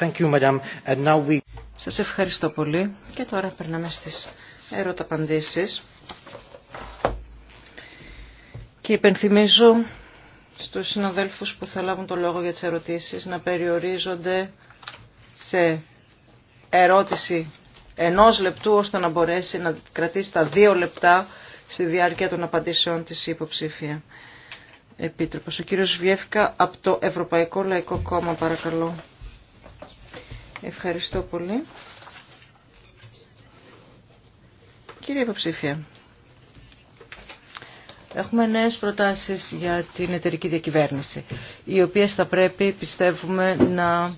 Thank Σας ευχαριστώ πολύ. Και τώρα περνάμε στις ερωταπαντήσεις. Και υπενθυμίζω στους συναδέλφους που θα λάβουν το λόγο για τις ερωτήσεις να περιορίζονται σε ερώτηση ενός λεπτού ώστε να μπορέσει να κρατήσει τα δύο λεπτά στη διάρκεια των απαντήσεων της υποψήφια. Επίτροπος, ο κύριος Βιέφκα από το Ευρωπαϊκό Λαϊκό Κόμμα, παρακαλώ. Ευχαριστώ πολύ. Κύριε υποψήφια, έχουμε νέες προτάσεις για την εταιρική διακυβέρνηση, οι οποίες θα πρέπει, πιστεύουμε, να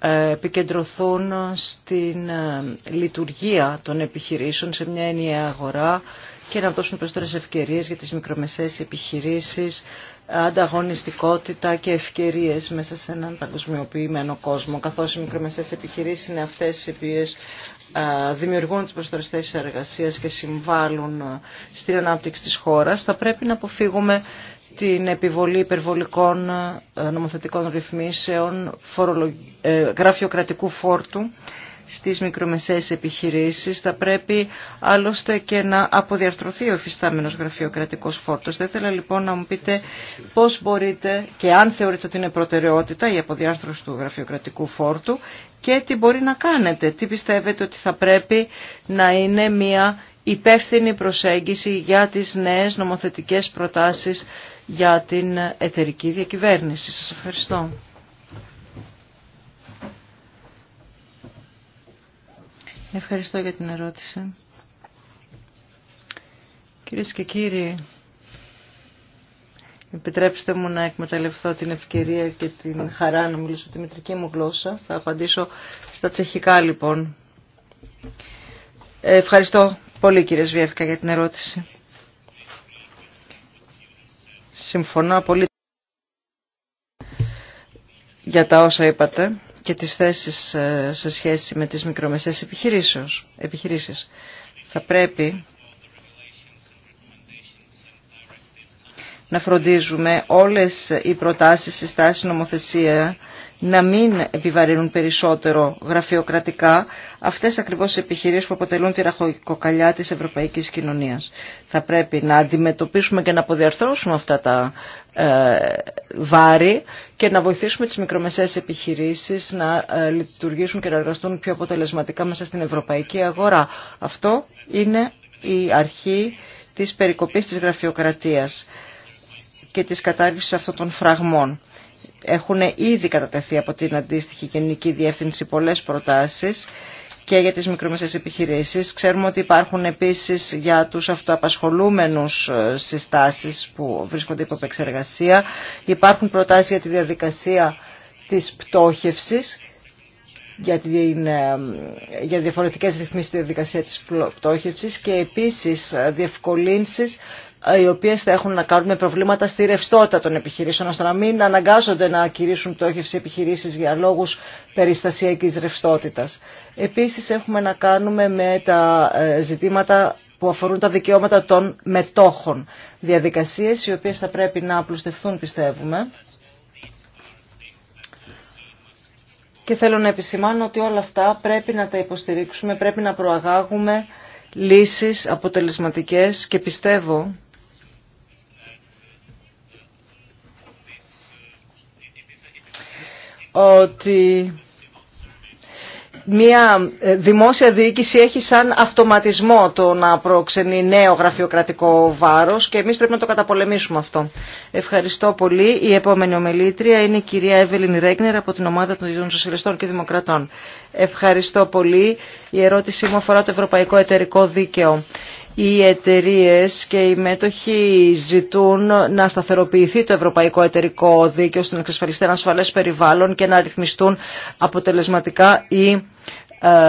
ε, επικεντρωθούν στην ε, λειτουργία των επιχειρήσεων σε μια ενιαία αγορά, και να δώσουν περισσότερες ευκαιρίες για τις μικρομεσαίες επιχειρήσεις, ανταγωνιστικότητα και ευκαιρίες μέσα σε έναν παγκοσμιοποιημένο κόσμο, καθώς οι μικρομεσαίες επιχειρήσεις είναι αυτές οι οποίες δημιουργούν τις περισσότερες εργασίες εργασία και συμβάλλουν στην ανάπτυξη της χώρας, θα πρέπει να αποφύγουμε την επιβολή υπερβολικών νομοθετικών ρυθμίσεων, ε, γραφειοκρατικού φόρτου στις μικρομεσαίες επιχειρήσεις. Θα πρέπει άλλωστε και να αποδιαρθρωθεί ο εφιστάμενος γραφειοκρατικός φόρτος. Δεν ήθελα λοιπόν να μου πείτε πώς μπορείτε και αν θεωρείτε ότι είναι προτεραιότητα η αποδιάρθρωση του γραφειοκρατικού φόρτου και τι μπορεί να κάνετε, τι πιστεύετε ότι θα πρέπει να είναι μια υπεύθυνη προσέγγιση για τις νέες νομοθετικές προτάσεις για την εταιρική διακυβέρνηση. Σας ευχαριστώ. Ευχαριστώ για την ερώτηση. Κυρίες και κύριοι, επιτρέψτε μου να εκμεταλλευθώ την ευκαιρία και την χαρά να μιλήσω τη μητρική μου γλώσσα. Θα απαντήσω στα τσεχικά λοιπόν. Ε, ευχαριστώ πολύ κύριε Σβιεύκα για την ερώτηση. Συμφωνώ πολύ για τα όσα είπατε και τις θέσεις ε, σε σχέση με τις μικρομεσαίες επιχειρήσεις. Θα πρέπει να φροντίζουμε όλες οι προτάσεις, οι στάση νομοθεσία να μην επιβαρύνουν περισσότερο γραφειοκρατικά αυτές ακριβώς οι επιχειρήσεις που αποτελούν τη ραχοκοκαλιά της ευρωπαϊκής κοινωνίας. Θα πρέπει να αντιμετωπίσουμε και να αποδιαρθρώσουμε αυτά τα ε, βάρη και να βοηθήσουμε τις μικρομεσαίες επιχειρήσεις να ε, λειτουργήσουν και να εργαστούν πιο αποτελεσματικά μέσα στην ευρωπαϊκή αγορά. Αυτό είναι η αρχή της περικοπής της γραφειοκρατίας και της κατάργησης αυτών των φραγμών. Έχουν ήδη κατατεθεί από την αντίστοιχη Γενική Διεύθυνση πολλές προτάσεις και για τις μικρομεσαίες επιχειρήσεις. Ξέρουμε ότι υπάρχουν επίσης για τους αυτοαπασχολούμενους ε, συστάσεις που βρίσκονται υπό επεξεργασία. Υπάρχουν προτάσεις για τη διαδικασία της πτώχευσης για, την, ε, για διαφορετικές ρυθμίσεις στη διαδικασία της πτώχευσης και επίσης ε, διευκολύνσεις ε, οι οποίε θα έχουν να κάνουν με προβλήματα στη ρευστότητα των επιχειρήσεων, ώστε να μην αναγκάζονται να κηρύσουν πτώχευση επιχειρήσει για λόγου περιστασιακή ρευστότητα. Επίση, έχουμε να κάνουμε με τα ε, ζητήματα που αφορούν τα δικαιώματα των μετόχων. διαδικασίε οι οποίε θα πρέπει να απλουστευτούν πιστεύουμε. Και θέλω να επισημάνω ότι όλα αυτά πρέπει να τα υποστηρίξουμε, πρέπει να προαγάγουμε λύσεις αποτελεσματικές και πιστεύω ότι μια ε, δημόσια διοίκηση έχει σαν αυτοματισμό το να προξενεί νέο γραφειοκρατικό βάρος και εμείς πρέπει να το καταπολεμήσουμε αυτό. Ευχαριστώ πολύ. Η επόμενη ομιλήτρια είναι η κυρία Εύελιν Ρέγνερ από την ομάδα των Σοσιαλιστών και Δημοκρατών. Ευχαριστώ πολύ. Η ερώτησή μου αφορά το Ευρωπαϊκό Εταιρικό Δίκαιο οι εταιρείε και οι μέτοχοι ζητούν να σταθεροποιηθεί το ευρωπαϊκό εταιρικό δίκαιο ώστε να εξασφαλιστεί ένα ασφαλές περιβάλλον και να ρυθμιστούν αποτελεσματικά οι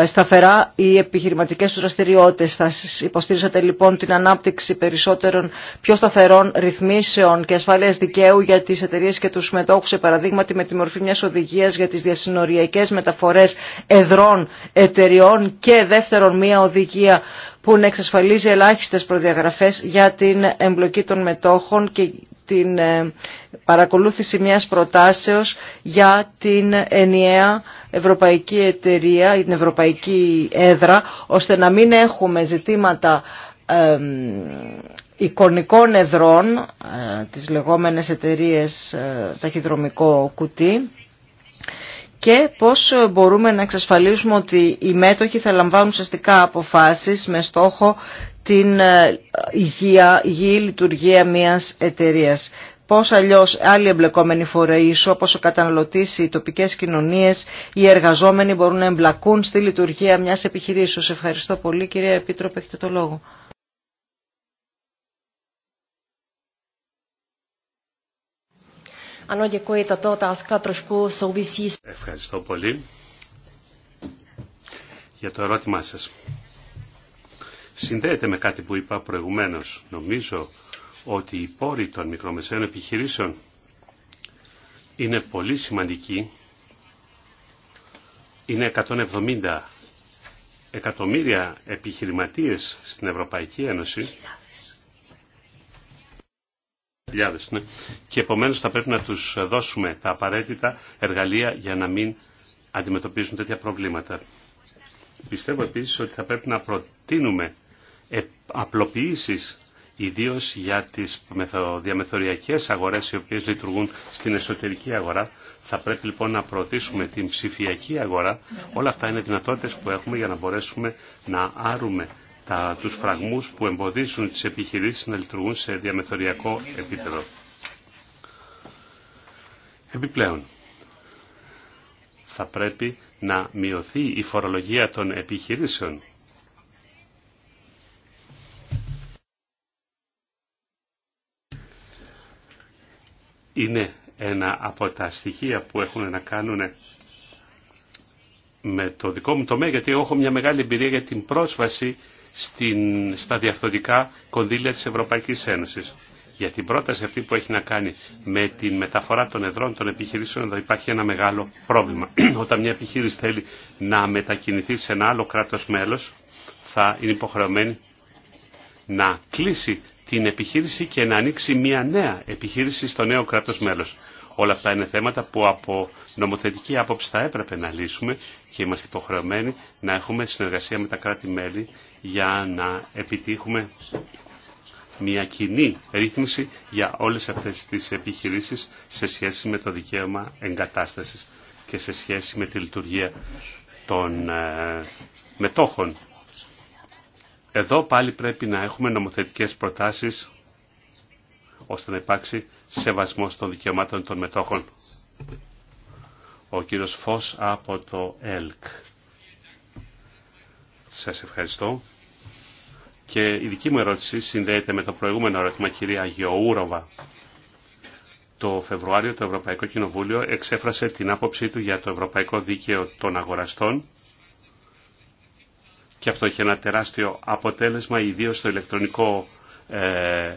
ε, σταθερά οι επιχειρηματικές του δραστηριότητε. Θα υποστήριζατε λοιπόν την ανάπτυξη περισσότερων πιο σταθερών ρυθμίσεων και ασφάλειας δικαίου για τις εταιρείε και τους μετόχους, σε παραδείγματι με τη μορφή μιας οδηγίας για τις διασυνοριακές μεταφορές εδρών εταιριών και δεύτερον μια οδηγία που να εξασφαλίζει ελάχιστες προδιαγραφές για την εμπλοκή των μετόχων και την ε, παρακολούθηση μιας προτάσεως για την ενιαία ευρωπαϊκή εταιρεία ή την ευρωπαϊκή έδρα, ώστε να μην έχουμε ζητήματα εικονικών εδρών, ε, τις λεγόμενες εταιρείες ε, ταχυδρομικό κουτί, και πώς μπορούμε να εξασφαλίσουμε ότι οι μέτοχοι θα λαμβάνουν ουσιαστικά αποφάσεις με στόχο την ε, υγεία, υγιή λειτουργία μιας εταιρείας. Πώς αλλιώς άλλοι εμπλεκόμενοι φορείς όπως ο καταναλωτής, οι τοπικές κοινωνίες, οι εργαζόμενοι μπορούν να εμπλακούν στη λειτουργία μιας επιχειρήσεως. Ευχαριστώ πολύ κυρία Επίτροπε, έχετε το λόγο. Ευχαριστώ πολύ για το ερώτημά σας. Συνδέεται με κάτι που είπα προηγουμένως. Νομίζω ότι οι πόροι των μικρομεσαίων επιχειρήσεων είναι πολύ σημαντικοί. Είναι 170 εκατομμύρια επιχειρηματίες στην Ευρωπαϊκή Ένωση ναι. Και επομένως θα πρέπει να τους δώσουμε τα απαραίτητα εργαλεία για να μην αντιμετωπίζουν τέτοια προβλήματα. Πιστεύω επίσης ότι θα πρέπει να προτείνουμε απλοποιήσεις ιδίω για τις διαμεθοριακές αγορές οι οποίες λειτουργούν στην εσωτερική αγορά. Θα πρέπει λοιπόν να προωθήσουμε την ψηφιακή αγορά. Όλα αυτά είναι δυνατότητες που έχουμε για να μπορέσουμε να άρουμε τα, τους φραγμούς που εμποδίσουν τις επιχειρήσεις να λειτουργούν σε διαμεθοριακό επίπεδο. Επιπλέον, θα πρέπει να μειωθεί η φορολογία των επιχειρήσεων. Είναι ένα από τα στοιχεία που έχουν να κάνουν με το δικό μου τομέα, γιατί έχω μια μεγάλη εμπειρία για την πρόσβαση στην, στα διαφθορτικά κονδύλια της Ευρωπαϊκής Ένωσης. Για την πρόταση αυτή που έχει να κάνει με τη μεταφορά των εδρών των επιχειρήσεων εδώ υπάρχει ένα μεγάλο πρόβλημα. Όταν μια επιχείρηση θέλει να μετακινηθεί σε ένα άλλο κράτος μέλος θα είναι υποχρεωμένη να κλείσει την επιχείρηση και να ανοίξει μια νέα επιχείρηση στο νέο κράτος μέλος. Όλα αυτά είναι θέματα που από νομοθετική άποψη θα έπρεπε να λύσουμε και είμαστε υποχρεωμένοι να έχουμε συνεργασία με τα κράτη-μέλη για να επιτύχουμε μια κοινή ρύθμιση για όλες αυτές τις επιχειρήσεις σε σχέση με το δικαίωμα εγκατάστασης και σε σχέση με τη λειτουργία των ε, μετόχων. Εδώ πάλι πρέπει να έχουμε νομοθετικές προτάσεις ώστε να υπάρξει σεβασμός των δικαιωμάτων των μετόχων. Ο κύριος Φως από το ΕΛΚ. Σας ευχαριστώ. Και η δική μου ερώτηση συνδέεται με το προηγούμενο ερώτημα κυρία Γεωούροβα. Το Φεβρουάριο το Ευρωπαϊκό Κοινοβούλιο εξέφρασε την άποψή του για το Ευρωπαϊκό Δίκαιο των Αγοραστών και αυτό είχε ένα τεράστιο αποτέλεσμα ιδίως στο ηλεκτρονικό ε,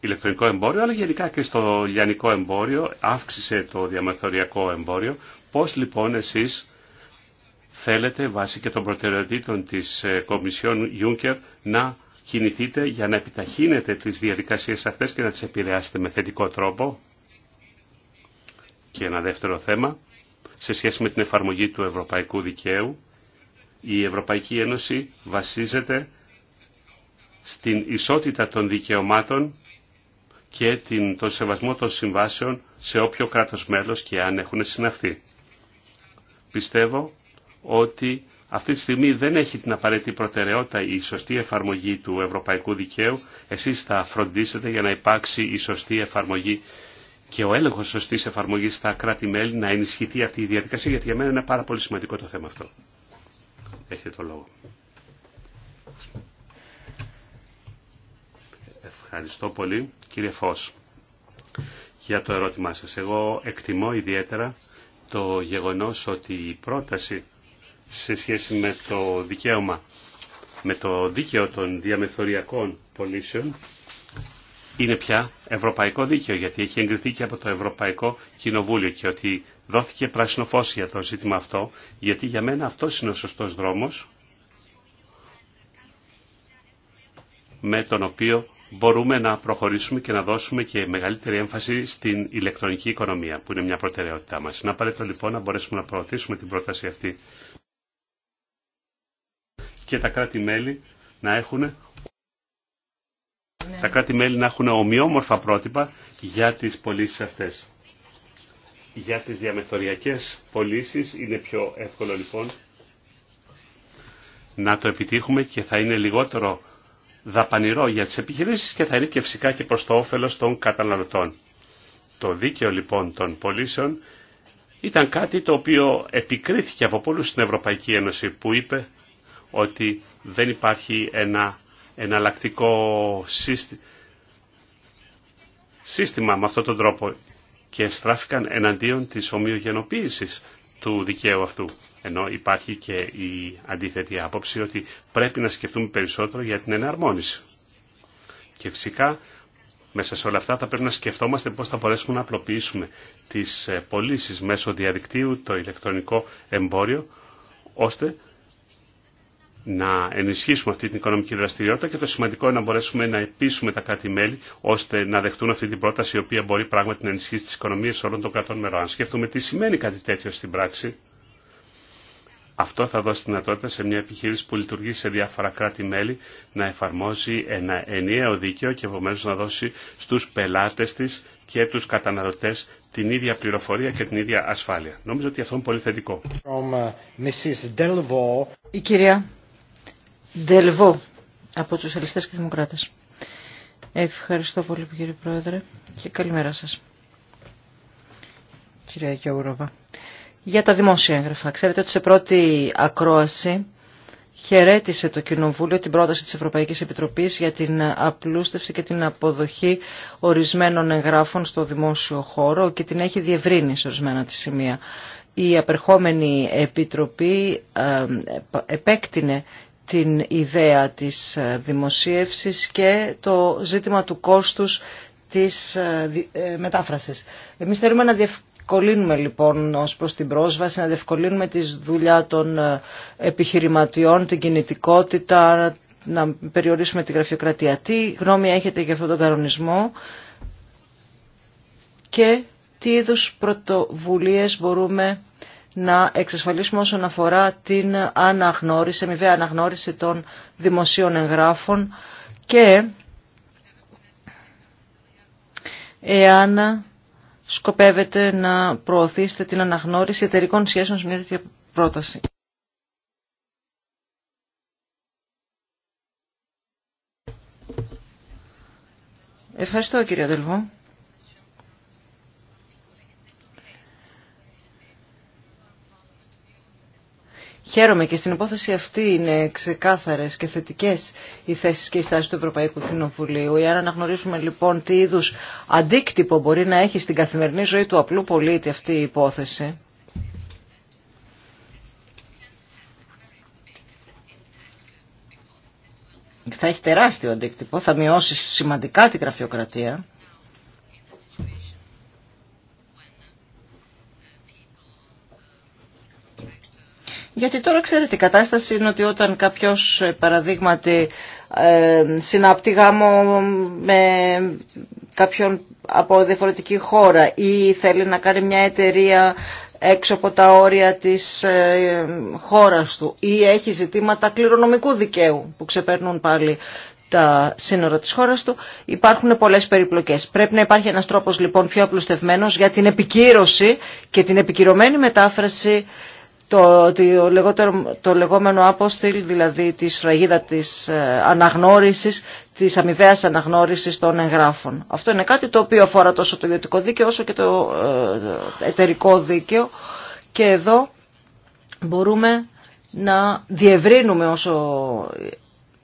ηλεκτρονικό εμπόριο, αλλά γενικά και στο λιανικό εμπόριο, αύξησε το διαμεθοριακό εμπόριο. Πώς λοιπόν εσείς θέλετε, βάσει και των προτεραιοτήτων της ε, Κομισιόν Juncker, να κινηθείτε για να επιταχύνετε τις διαδικασίες αυτές και να τις επηρεάσετε με θετικό τρόπο. Και ένα δεύτερο θέμα, σε σχέση με την εφαρμογή του ευρωπαϊκού δικαίου, η Ευρωπαϊκή Ένωση βασίζεται στην ισότητα των δικαιωμάτων και την, τον σεβασμό των συμβάσεων σε όποιο κράτος μέλος και αν έχουν συναυθεί. Πιστεύω ότι αυτή τη στιγμή δεν έχει την απαραίτητη προτεραιότητα η σωστή εφαρμογή του ευρωπαϊκού δικαίου. Εσείς θα φροντίσετε για να υπάρξει η σωστή εφαρμογή και ο έλεγχος σωστής εφαρμογής στα κράτη-μέλη να ενισχυθεί αυτή η διαδικασία, γιατί για μένα είναι πάρα πολύ σημαντικό το θέμα αυτό. Έχετε το λόγο. Ευχαριστώ πολύ κύριε Φως για το ερώτημά σας. Εγώ εκτιμώ ιδιαίτερα το γεγονός ότι η πρόταση σε σχέση με το δικαίωμα, με το δίκαιο των διαμεθοριακών πωλήσεων είναι πια ευρωπαϊκό δίκαιο γιατί έχει εγκριθεί και από το Ευρωπαϊκό Κοινοβούλιο και ότι δόθηκε πράσινο φως για το ζήτημα αυτό γιατί για μένα αυτό είναι ο σωστός δρόμος με τον οποίο μπορούμε να προχωρήσουμε και να δώσουμε και μεγαλύτερη έμφαση στην ηλεκτρονική οικονομία, που είναι μια προτεραιότητά μας. Να απαραίτητο λοιπόν να μπορέσουμε να προωθήσουμε την πρόταση αυτή και τα κράτη-μέλη να έχουν ναι. τα κράτη-μέλη να έχουν ομοιόμορφα πρότυπα για τις πωλήσει αυτές. Για τις διαμεθοριακές πωλήσει είναι πιο εύκολο λοιπόν να το επιτύχουμε και θα είναι λιγότερο δαπανηρό για τις επιχειρήσεις και θα είναι και φυσικά και προς το όφελος των καταναλωτών. Το δίκαιο λοιπόν των πωλήσεων ήταν κάτι το οποίο επικρίθηκε από πολλούς στην Ευρωπαϊκή Ένωση που είπε ότι δεν υπάρχει ένα εναλλακτικό σύστημα με αυτόν τον τρόπο και στράφηκαν εναντίον της ομοιογενοποίησης του δικαίου αυτού. Ενώ υπάρχει και η αντίθετη άποψη ότι πρέπει να σκεφτούμε περισσότερο για την εναρμόνιση. Και φυσικά μέσα σε όλα αυτά θα πρέπει να σκεφτόμαστε πώς θα μπορέσουμε να απλοποιήσουμε τις πωλήσει μέσω διαδικτύου, το ηλεκτρονικό εμπόριο, ώστε να ενισχύσουμε αυτή την οικονομική δραστηριότητα και το σημαντικό είναι να μπορέσουμε να επίσουμε τα κράτη-μέλη ώστε να δεχτούν αυτή την πρόταση η οποία μπορεί πράγματι να ενισχύσει τις οικονομίες όλων των κρατών μερών. Αν σκεφτούμε τι σημαίνει κάτι τέτοιο στην πράξη, αυτό θα δώσει δυνατότητα σε μια επιχείρηση που λειτουργεί σε διάφορα κράτη-μέλη να εφαρμόζει ένα ενιαίο δίκαιο και επομένω να δώσει στου πελάτε τη και του καταναλωτέ την ίδια πληροφορία και την ίδια ασφάλεια. Νομίζω ότι αυτό είναι πολύ θετικό. Uh, η κυρία Δελβό από τους Ελιστές και Δημοκράτες. Ευχαριστώ πολύ κύριε Πρόεδρε και καλημέρα σας. Κυρία Γιώργοβα. Για τα δημόσια έγγραφα. Ξέρετε ότι σε πρώτη ακρόαση χαιρέτησε το Κοινοβούλιο την πρόταση της Ευρωπαϊκής Επιτροπής για την απλούστευση και την αποδοχή ορισμένων εγγράφων στο δημόσιο χώρο και την έχει διευρύνει σε ορισμένα τη σημεία. Η απερχόμενη Επιτροπή ε, επέκτηνε την ιδέα της δημοσίευσης και το ζήτημα του κόστους της ε, ε, μετάφρασης. Εμείς θέλουμε να διευκολύνουμε λοιπόν ως προς την πρόσβαση, να διευκολύνουμε τη δουλειά των ε, επιχειρηματιών, την κινητικότητα, να περιορίσουμε τη γραφειοκρατία. Τι γνώμη έχετε για αυτόν τον κανονισμό και τι είδους πρωτοβουλίες μπορούμε να εξασφαλίσουμε όσον αφορά την αναγνώριση, αμοιβαία αναγνώριση των δημοσίων εγγράφων και εάν σκοπεύετε να προωθήσετε την αναγνώριση εταιρικών σχέσεων σε μια τέτοια πρόταση. Ευχαριστώ κύριε Αντελβό. Χαίρομαι και στην υπόθεση αυτή είναι ξεκάθαρε και θετικέ οι θέσει και οι στάσει του Ευρωπαϊκού Κοινοβουλίου. να αναγνωρίσουμε λοιπόν τι είδου αντίκτυπο μπορεί να έχει στην καθημερινή ζωή του απλού πολίτη αυτή η υπόθεση. Θα έχει τεράστιο αντίκτυπο, θα μειώσει σημαντικά την γραφειοκρατία Γιατί τώρα ξέρετε η κατάσταση είναι ότι όταν κάποιος ε, παραδείγματι ε, συνάπτει γάμο με κάποιον από διαφορετική χώρα ή θέλει να κάνει μια εταιρεία έξω από τα όρια της ε, χώρας του ή έχει ζητήματα κληρονομικού δικαίου που ξεπερνούν πάλι τα σύνορα της χώρας του, υπάρχουν πολλές περιπλοκές. Πρέπει να υπάρχει ένας τρόπος λοιπόν πιο απλουστευμένος για την επικύρωση και την επικυρωμένη μετάφραση το, το, λεγόμενο αποστήλ, δηλαδή τη σφραγίδα της ε, αναγνώρισης, της αμοιβαίας αναγνώρισης των εγγράφων. Αυτό είναι κάτι το οποίο αφορά τόσο το ιδιωτικό δίκαιο όσο και το ε, εταιρικό δίκαιο και εδώ μπορούμε να διευρύνουμε όσο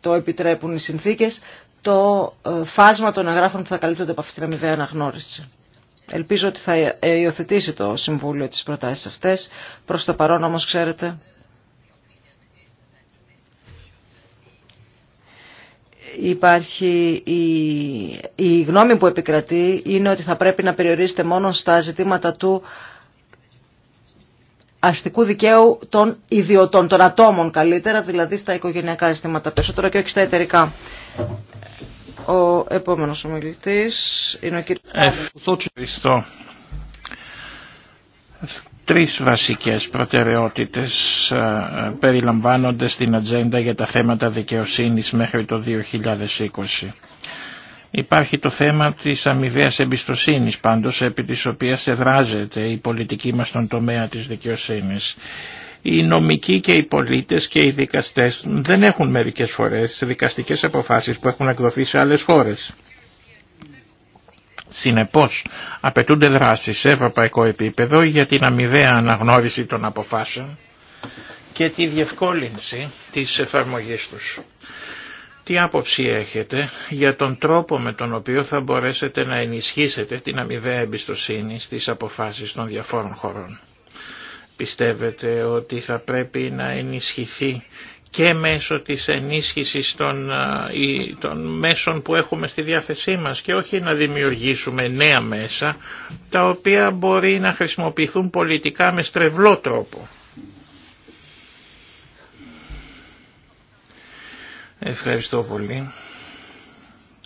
το επιτρέπουν οι συνθήκες το ε, φάσμα των εγγράφων που θα καλύπτονται από αυτή την αμοιβαία αναγνώριση. Ελπίζω ότι θα υιοθετήσει το Συμβούλιο τις προτάσεις αυτές. Προς το παρόν όμως ξέρετε υπάρχει η, η γνώμη που επικρατεί είναι ότι θα πρέπει να περιορίσετε μόνο στα ζητήματα του αστικού δικαίου των ιδιωτών, των ατόμων καλύτερα, δηλαδή στα οικογενειακά ζητήματα περισσότερο και όχι στα εταιρικά. Ο επόμενος ομιλητής είναι ο κύριος Ευχαριστώ. Τρεις βασικές προτεραιότητες ε, ε, περιλαμβάνονται στην ατζέντα για τα θέματα δικαιοσύνης μέχρι το 2020. Υπάρχει το θέμα της αμοιβαίας εμπιστοσύνης πάντως επί της οποίας εδράζεται η πολιτική μας στον τομέα της δικαιοσύνης οι νομικοί και οι πολίτες και οι δικαστές δεν έχουν μερικές φορές δικαστικές αποφάσεις που έχουν εκδοθεί σε άλλες χώρες. Συνεπώς απαιτούνται δράσεις σε ευρωπαϊκό επίπεδο για την αμοιβαία αναγνώριση των αποφάσεων και τη διευκόλυνση της εφαρμογής τους. Τι άποψη έχετε για τον τρόπο με τον οποίο θα μπορέσετε να ενισχύσετε την αμοιβαία εμπιστοσύνη στις αποφάσεις των διαφόρων χωρών. Πιστεύετε ότι θα πρέπει να ενισχυθεί και μέσω της ενίσχυσης των, των μέσων που έχουμε στη διάθεσή μας και όχι να δημιουργήσουμε νέα μέσα τα οποία μπορεί να χρησιμοποιηθούν πολιτικά με στρεβλό τρόπο. Ευχαριστώ πολύ.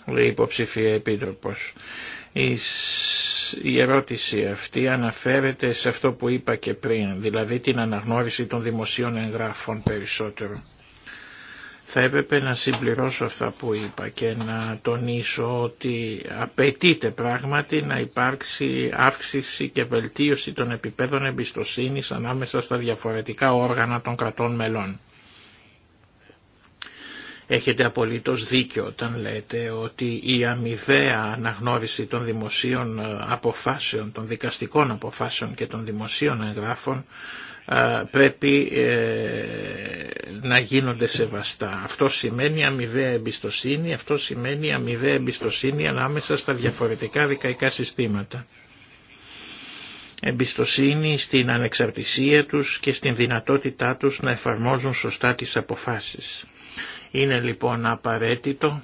Λέει υποψηφία επίτροπος η ερώτηση αυτή αναφέρεται σε αυτό που είπα και πριν, δηλαδή την αναγνώριση των δημοσίων εγγράφων περισσότερο. Θα έπρεπε να συμπληρώσω αυτά που είπα και να τονίσω ότι απαιτείται πράγματι να υπάρξει αύξηση και βελτίωση των επιπέδων εμπιστοσύνης ανάμεσα στα διαφορετικά όργανα των κρατών μελών. Έχετε απολύτως δίκιο όταν λέτε ότι η αμοιβαία αναγνώριση των δημοσίων ε, αποφάσεων, των δικαστικών αποφάσεων και των δημοσίων εγγράφων ε, πρέπει ε, να γίνονται σεβαστά. Αυτό σημαίνει αμοιβαία εμπιστοσύνη, αυτό σημαίνει αμοιβαία εμπιστοσύνη ανάμεσα στα διαφορετικά δικαϊκά συστήματα. Εμπιστοσύνη στην ανεξαρτησία τους και στην δυνατότητά τους να εφαρμόζουν σωστά τις αποφάσεις. Είναι λοιπόν απαραίτητο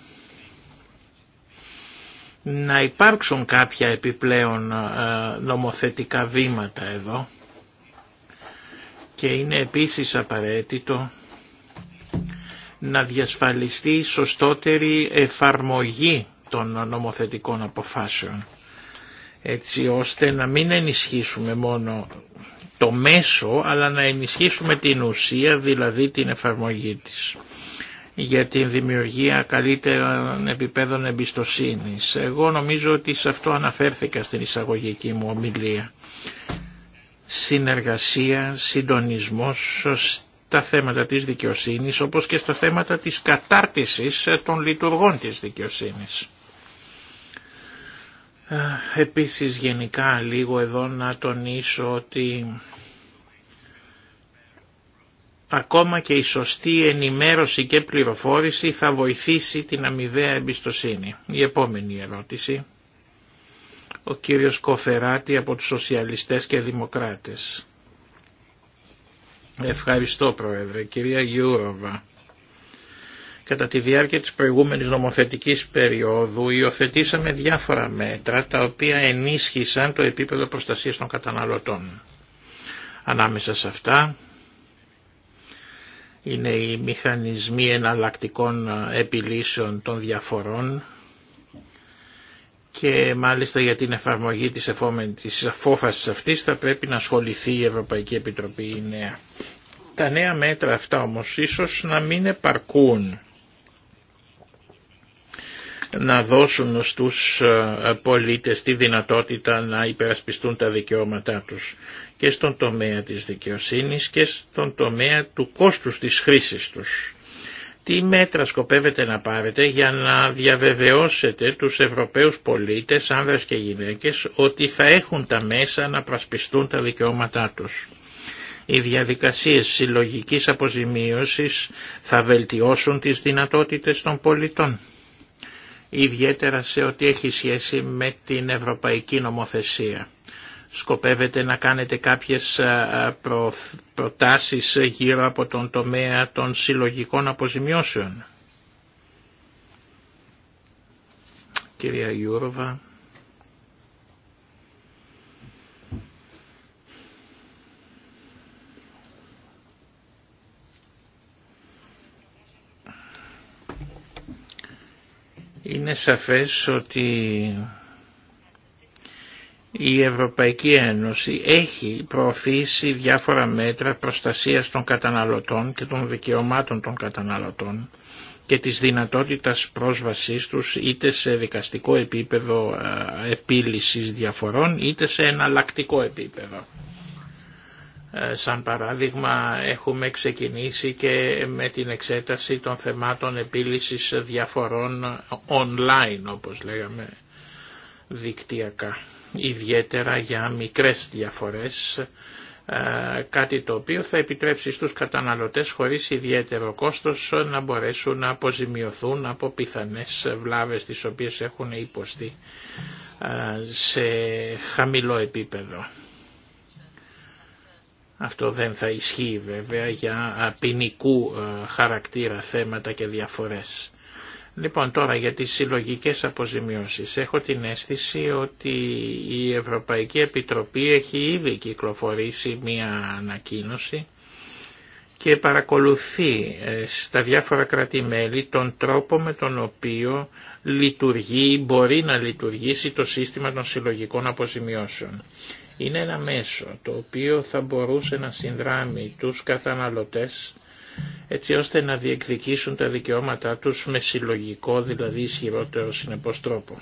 να υπάρξουν κάποια επιπλέον ε, νομοθετικά βήματα εδώ και είναι επίσης απαραίτητο να διασφαλιστεί σωστότερη εφαρμογή των νομοθετικών αποφάσεων έτσι ώστε να μην ενισχύσουμε μόνο το μέσο αλλά να ενισχύσουμε την ουσία δηλαδή την εφαρμογή της για την δημιουργία καλύτερων επιπέδων εμπιστοσύνης. Εγώ νομίζω ότι σε αυτό αναφέρθηκα στην εισαγωγική μου ομιλία. Συνεργασία, συντονισμός στα θέματα της δικαιοσύνης όπως και στα θέματα της κατάρτισης των λειτουργών της δικαιοσύνης. Ε, επίσης γενικά λίγο εδώ να τονίσω ότι ακόμα και η σωστή ενημέρωση και πληροφόρηση θα βοηθήσει την αμοιβαία εμπιστοσύνη. Η επόμενη ερώτηση. Ο κύριος Κοφεράτη από τους Σοσιαλιστές και Δημοκράτες. Ευχαριστώ Πρόεδρε. Κυρία Γιούροβα. Κατά τη διάρκεια της προηγούμενης νομοθετικής περίοδου υιοθετήσαμε διάφορα μέτρα τα οποία ενίσχυσαν το επίπεδο προστασίας των καταναλωτών. Ανάμεσα σε αυτά είναι οι μηχανισμοί εναλλακτικών ε, επιλύσεων των διαφορών και μάλιστα για την εφαρμογή της, εφόμενης, της αυτής θα πρέπει να ασχοληθεί η Ευρωπαϊκή Επιτροπή η νέα. Τα νέα μέτρα αυτά όμως ίσως να μην επαρκούν να δώσουν στους ε, πολίτες τη δυνατότητα να υπερασπιστούν τα δικαιώματά τους και στον τομέα της δικαιοσύνης και στον τομέα του κόστους της χρήσης τους. Τι μέτρα σκοπεύετε να πάρετε για να διαβεβαιώσετε τους Ευρωπαίους πολίτες, άνδρες και γυναίκες, ότι θα έχουν τα μέσα να πρασπιστούν τα δικαιώματά τους. Οι διαδικασίες συλλογικής αποζημίωσης θα βελτιώσουν τις δυνατότητες των πολιτών ιδιαίτερα σε ό,τι έχει σχέση με την ευρωπαϊκή νομοθεσία. Σκοπεύετε να κάνετε κάποιες προ... προτάσεις γύρω από τον τομέα των συλλογικών αποζημιώσεων. Κυρία Γιούροβα. Είναι σαφές ότι η Ευρωπαϊκή Ένωση έχει προωθήσει διάφορα μέτρα προστασίας των καταναλωτών και των δικαιωμάτων των καταναλωτών και της δυνατότητας πρόσβασής τους είτε σε δικαστικό επίπεδο ε, επίλυσης διαφορών είτε σε εναλλακτικό επίπεδο. Ε, σαν παράδειγμα έχουμε ξεκινήσει και με την εξέταση των θεμάτων επίλυσης διαφορών online όπως λέγαμε δικτυακά. Ιδιαίτερα για μικρές διαφορές, ε, κάτι το οποίο θα επιτρέψει στους καταναλωτές χωρίς ιδιαίτερο κόστος να μπορέσουν να αποζημιωθούν από πιθανές βλάβες τις οποίες έχουν υποστεί ε, σε χαμηλό επίπεδο. Αυτό δεν θα ισχύει βέβαια για ποινικού χαρακτήρα θέματα και διαφορές. Λοιπόν τώρα για τις συλλογικές αποζημιώσεις. Έχω την αίσθηση ότι η Ευρωπαϊκή Επιτροπή έχει ήδη κυκλοφορήσει μία ανακοίνωση και παρακολουθεί ε, στα διάφορα κράτη-μέλη τον τρόπο με τον οποίο λειτουργεί μπορεί να λειτουργήσει το σύστημα των συλλογικών αποζημιώσεων είναι ένα μέσο το οποίο θα μπορούσε να συνδράμει τους καταναλωτές έτσι ώστε να διεκδικήσουν τα δικαιώματά τους με συλλογικό δηλαδή ισχυρότερο συνεπώς τρόπο.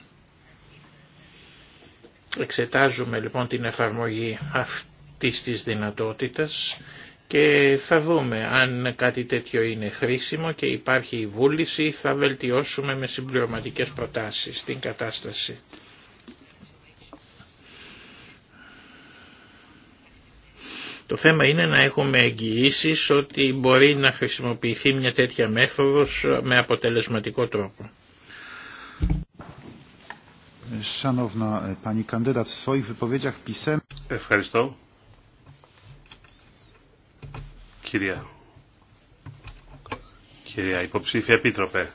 Εξετάζουμε λοιπόν την εφαρμογή αυτής της δυνατότητας και θα δούμε αν κάτι τέτοιο είναι χρήσιμο και υπάρχει η βούληση θα βελτιώσουμε με συμπληρωματικές προτάσεις την κατάσταση. Το θέμα είναι να έχουμε εγγυήσει ότι μπορεί να χρησιμοποιηθεί μια τέτοια μέθοδος με αποτελεσματικό τρόπο. Ε, Ευχαριστώ. Κυρία. Κυρία υποψήφια επίτροπε.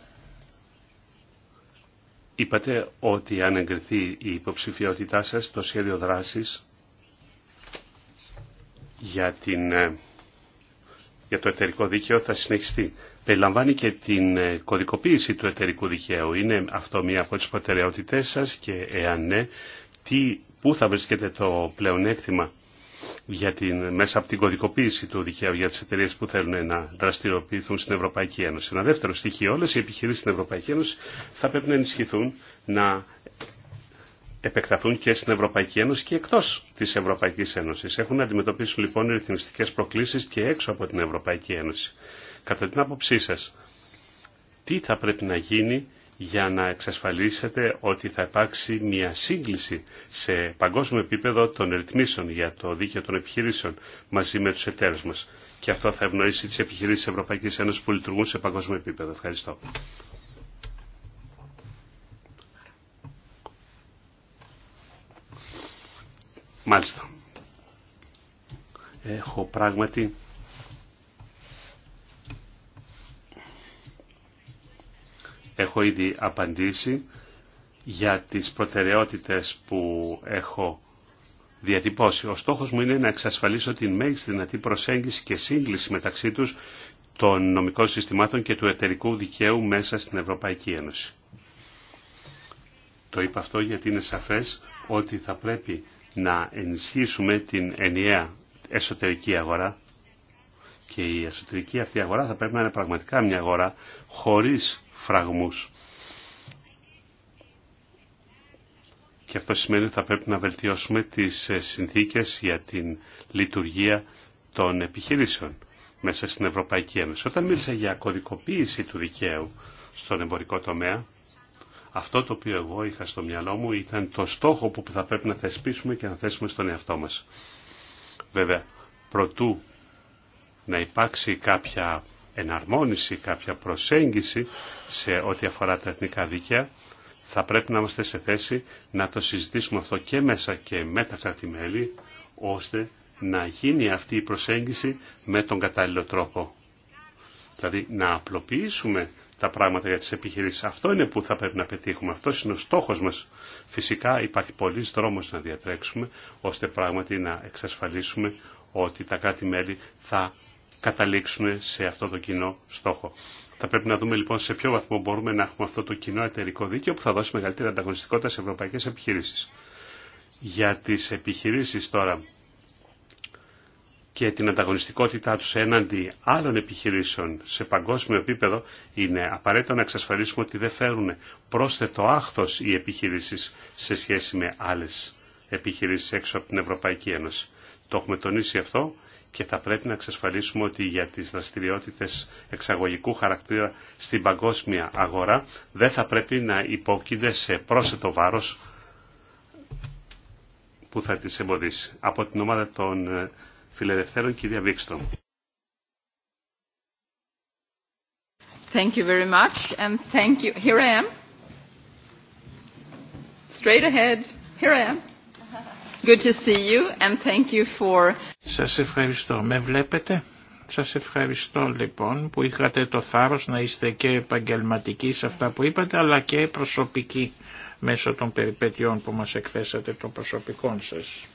Είπατε ότι αν εγκριθεί η υποψηφιότητά σας το σχέδιο δράσης για, την, ε, για το εταιρικό δίκαιο θα συνεχιστεί. Περιλαμβάνει και την ε, κωδικοποίηση του εταιρικού δικαίου. Είναι αυτό μία από τις προτεραιότητές σας και εάν ναι, τι, πού θα βρίσκεται το πλεονέκτημα για την, μέσα από την κωδικοποίηση του δικαίου για τις εταιρείες που θέλουν να δραστηριοποιηθούν στην Ευρωπαϊκή Ένωση. Ένα δεύτερο στοιχείο, όλες οι επιχειρήσεις στην Ευρωπαϊκή Ένωση θα πρέπει να ενισχυθούν, να επεκταθούν και στην Ευρωπαϊκή Ένωση και εκτός της Ευρωπαϊκής Ένωσης. Έχουν να αντιμετωπίσουν λοιπόν οι ρυθμιστικές προκλήσεις και έξω από την Ευρωπαϊκή Ένωση. Κατά την άποψή σας, τι θα πρέπει να γίνει για να εξασφαλίσετε ότι θα υπάρξει μια σύγκληση σε παγκόσμιο επίπεδο των ρυθμίσεων για το δίκαιο των επιχειρήσεων μαζί με τους εταίρους μας. Και αυτό θα ευνοήσει τις επιχειρήσεις της Ευρωπαϊκής Ένωσης που λειτουργούν σε παγκόσμιο επίπεδο. Ευχαριστώ. Μάλιστα. Έχω πράγματι έχω ήδη απαντήσει για τις προτεραιότητες που έχω διατυπώσει. Ο στόχος μου είναι να εξασφαλίσω την μέγιστη δυνατή προσέγγιση και σύγκληση μεταξύ τους των νομικών συστημάτων και του εταιρικού δικαίου μέσα στην Ευρωπαϊκή Ένωση. Το είπα αυτό γιατί είναι σαφές ότι θα πρέπει να ενισχύσουμε την ενιαία εσωτερική αγορά και η εσωτερική αυτή αγορά θα πρέπει να είναι πραγματικά μια αγορά χωρίς φραγμούς. Και αυτό σημαίνει ότι θα πρέπει να βελτιώσουμε τις ε, συνθήκες για την λειτουργία των επιχειρήσεων μέσα στην Ευρωπαϊκή Ένωση. Όταν μίλησα για κωδικοποίηση του δικαίου στον εμπορικό τομέα, αυτό το οποίο εγώ είχα στο μυαλό μου ήταν το στόχο που θα πρέπει να θεσπίσουμε και να θέσουμε στον εαυτό μας. Βέβαια, προτού να υπάρξει κάποια εναρμόνιση, κάποια προσέγγιση σε ό,τι αφορά τα εθνικά δίκαια, θα πρέπει να είμαστε σε θέση να το συζητήσουμε αυτό και μέσα και με τα κρατημέλη, ώστε να γίνει αυτή η προσέγγιση με τον κατάλληλο τρόπο. Δηλαδή να απλοποιήσουμε τα πράγματα για τις επιχειρήσεις. Αυτό είναι που θα πρέπει να πετύχουμε. Αυτό είναι ο στόχος μας. Φυσικά υπάρχει πολλής δρόμος να διατρέξουμε ώστε πράγματι να εξασφαλίσουμε ότι τα κράτη-μέλη θα καταλήξουν σε αυτό το κοινό στόχο. Θα πρέπει να δούμε λοιπόν σε ποιο βαθμό μπορούμε να έχουμε αυτό το κοινό εταιρικό δίκαιο που θα δώσει μεγαλύτερη ανταγωνιστικότητα σε ευρωπαϊκές επιχειρήσεις. Για τις επιχειρήσεις τώρα και την ανταγωνιστικότητά τους έναντι άλλων επιχειρήσεων σε παγκόσμιο επίπεδο είναι απαραίτητο να εξασφαλίσουμε ότι δεν φέρουν πρόσθετο άχθος οι επιχειρήσεις σε σχέση με άλλες επιχειρήσεις έξω από την Ευρωπαϊκή Ένωση. Το έχουμε τονίσει αυτό και θα πρέπει να εξασφαλίσουμε ότι για τις δραστηριότητες εξαγωγικού χαρακτήρα στην παγκόσμια αγορά δεν θα πρέπει να υπόκεινται σε πρόσθετο βάρος που θα τις εμποδίσει. Από την ομάδα των ε, Φιλελευθέρων, κυρία Βίξτρομ. Thank you very much and thank you. Here I am. Straight ahead. Here I am. Good to see you and thank you for... Σας ευχαριστώ. Με βλέπετε. Σας ευχαριστώ λοιπόν που είχατε το θάρρος να είστε και επαγγελματικοί σε αυτά που είπατε αλλά και προσωπικοί μέσω των περιπέτειών που μας εκθέσατε των προσωπικών σας.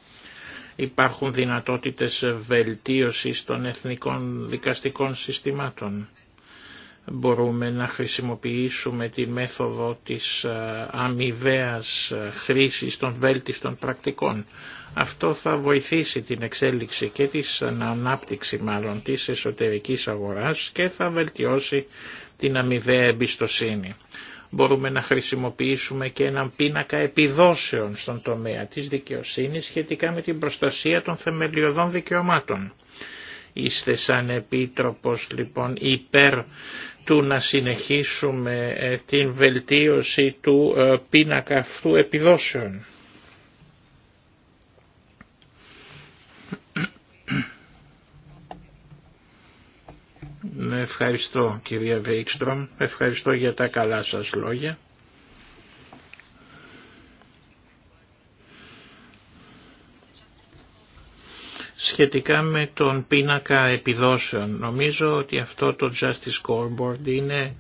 Υπάρχουν δυνατότητες βελτίωσης των εθνικών δικαστικών συστημάτων. Μπορούμε να χρησιμοποιήσουμε τη μέθοδο της ε, αμοιβαία ε, χρήσης των βέλτιστων πρακτικών. Αυτό θα βοηθήσει την εξέλιξη και την ε, ανάπτυξη μάλλον της εσωτερικής αγοράς και θα βελτιώσει την αμοιβαία εμπιστοσύνη. Μπορούμε να χρησιμοποιήσουμε και έναν πίνακα επιδόσεων στον τομέα της δικαιοσύνης σχετικά με την προστασία των θεμελιωδών δικαιωμάτων. Είστε σαν επίτροπος λοιπόν υπέρ του να συνεχίσουμε ε, την βελτίωση του ε, πίνακα αυτού επιδόσεων. Ναι, ευχαριστώ κυρία Βέικστρομ, ευχαριστώ για τα καλά σας λόγια. Σχετικά με τον πίνακα επιδόσεων, νομίζω ότι αυτό το Justice Scoreboard είναι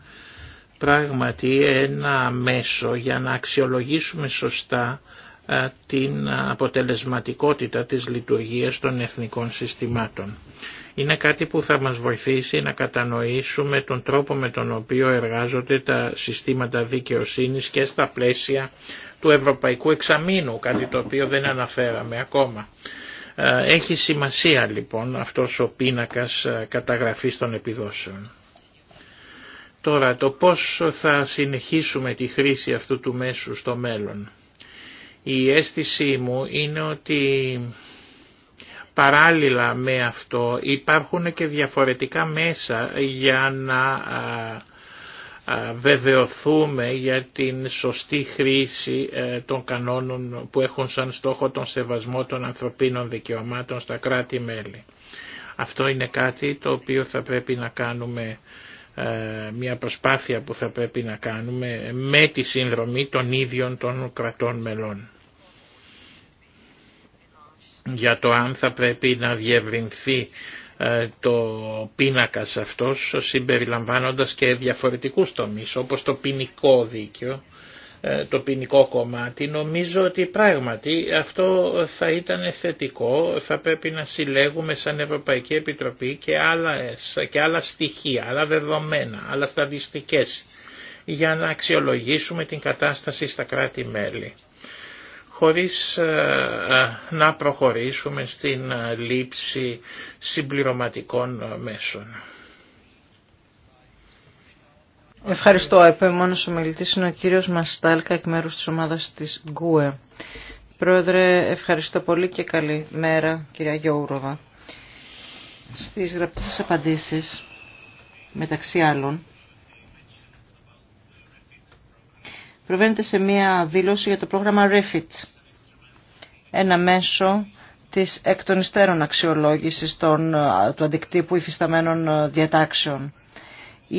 πράγματι ένα μέσο για να αξιολογήσουμε σωστά ε, την αποτελεσματικότητα της λειτουργίας των εθνικών συστημάτων. Είναι κάτι που θα μας βοηθήσει να κατανοήσουμε τον τρόπο με τον οποίο εργάζονται τα συστήματα δικαιοσύνης και στα πλαίσια του Ευρωπαϊκού Εξαμήνου, κάτι το οποίο δεν αναφέραμε ακόμα. Ε, έχει σημασία λοιπόν αυτός ο πίνακας ε, καταγραφής των επιδόσεων. Τώρα το πώς θα συνεχίσουμε τη χρήση αυτού του μέσου στο μέλλον. Η αίσθησή μου είναι ότι παράλληλα με αυτό υπάρχουν και διαφορετικά μέσα για να βεβαιωθούμε για την σωστή χρήση ε, των κανόνων που έχουν σαν στόχο τον σεβασμό των ανθρωπίνων δικαιωμάτων στα κράτη-μέλη. Αυτό είναι κάτι το οποίο θα πρέπει να κάνουμε, ε, μια προσπάθεια που θα πρέπει να κάνουμε με τη συνδρομή των ίδιων των κρατών μελών για το αν θα πρέπει να διευρυνθεί ε, το πίνακας αυτός συμπεριλαμβάνοντας και διαφορετικούς τομείς όπως το ποινικό δίκαιο, ε, το ποινικό κομμάτι. Νομίζω ότι πράγματι αυτό θα ήταν θετικό, θα πρέπει να συλλέγουμε σαν Ευρωπαϊκή Επιτροπή και άλλα, και άλλα στοιχεία, άλλα δεδομένα, άλλα στατιστικές για να αξιολογήσουμε την κατάσταση στα κράτη-μέλη χωρίς ε, ε, να προχωρήσουμε στην ε, λήψη συμπληρωματικών μέσων. Ευχαριστώ. Επέμονος ο μιλητής είναι ο κύριος Μαστάλκα εκ μέρους της ομάδας της ΓΚΟΕ. Πρόεδρε, ευχαριστώ πολύ και καλή μέρα κυρία Γιώργοβα. Στις γραπτές απαντήσεις, μεταξύ άλλων, προβαίνεται σε μία δήλωση για το πρόγραμμα REFIT, ένα μέσο της εκ των υστέρων αξιολόγησης των, του αντικτύπου υφισταμένων διατάξεων. Η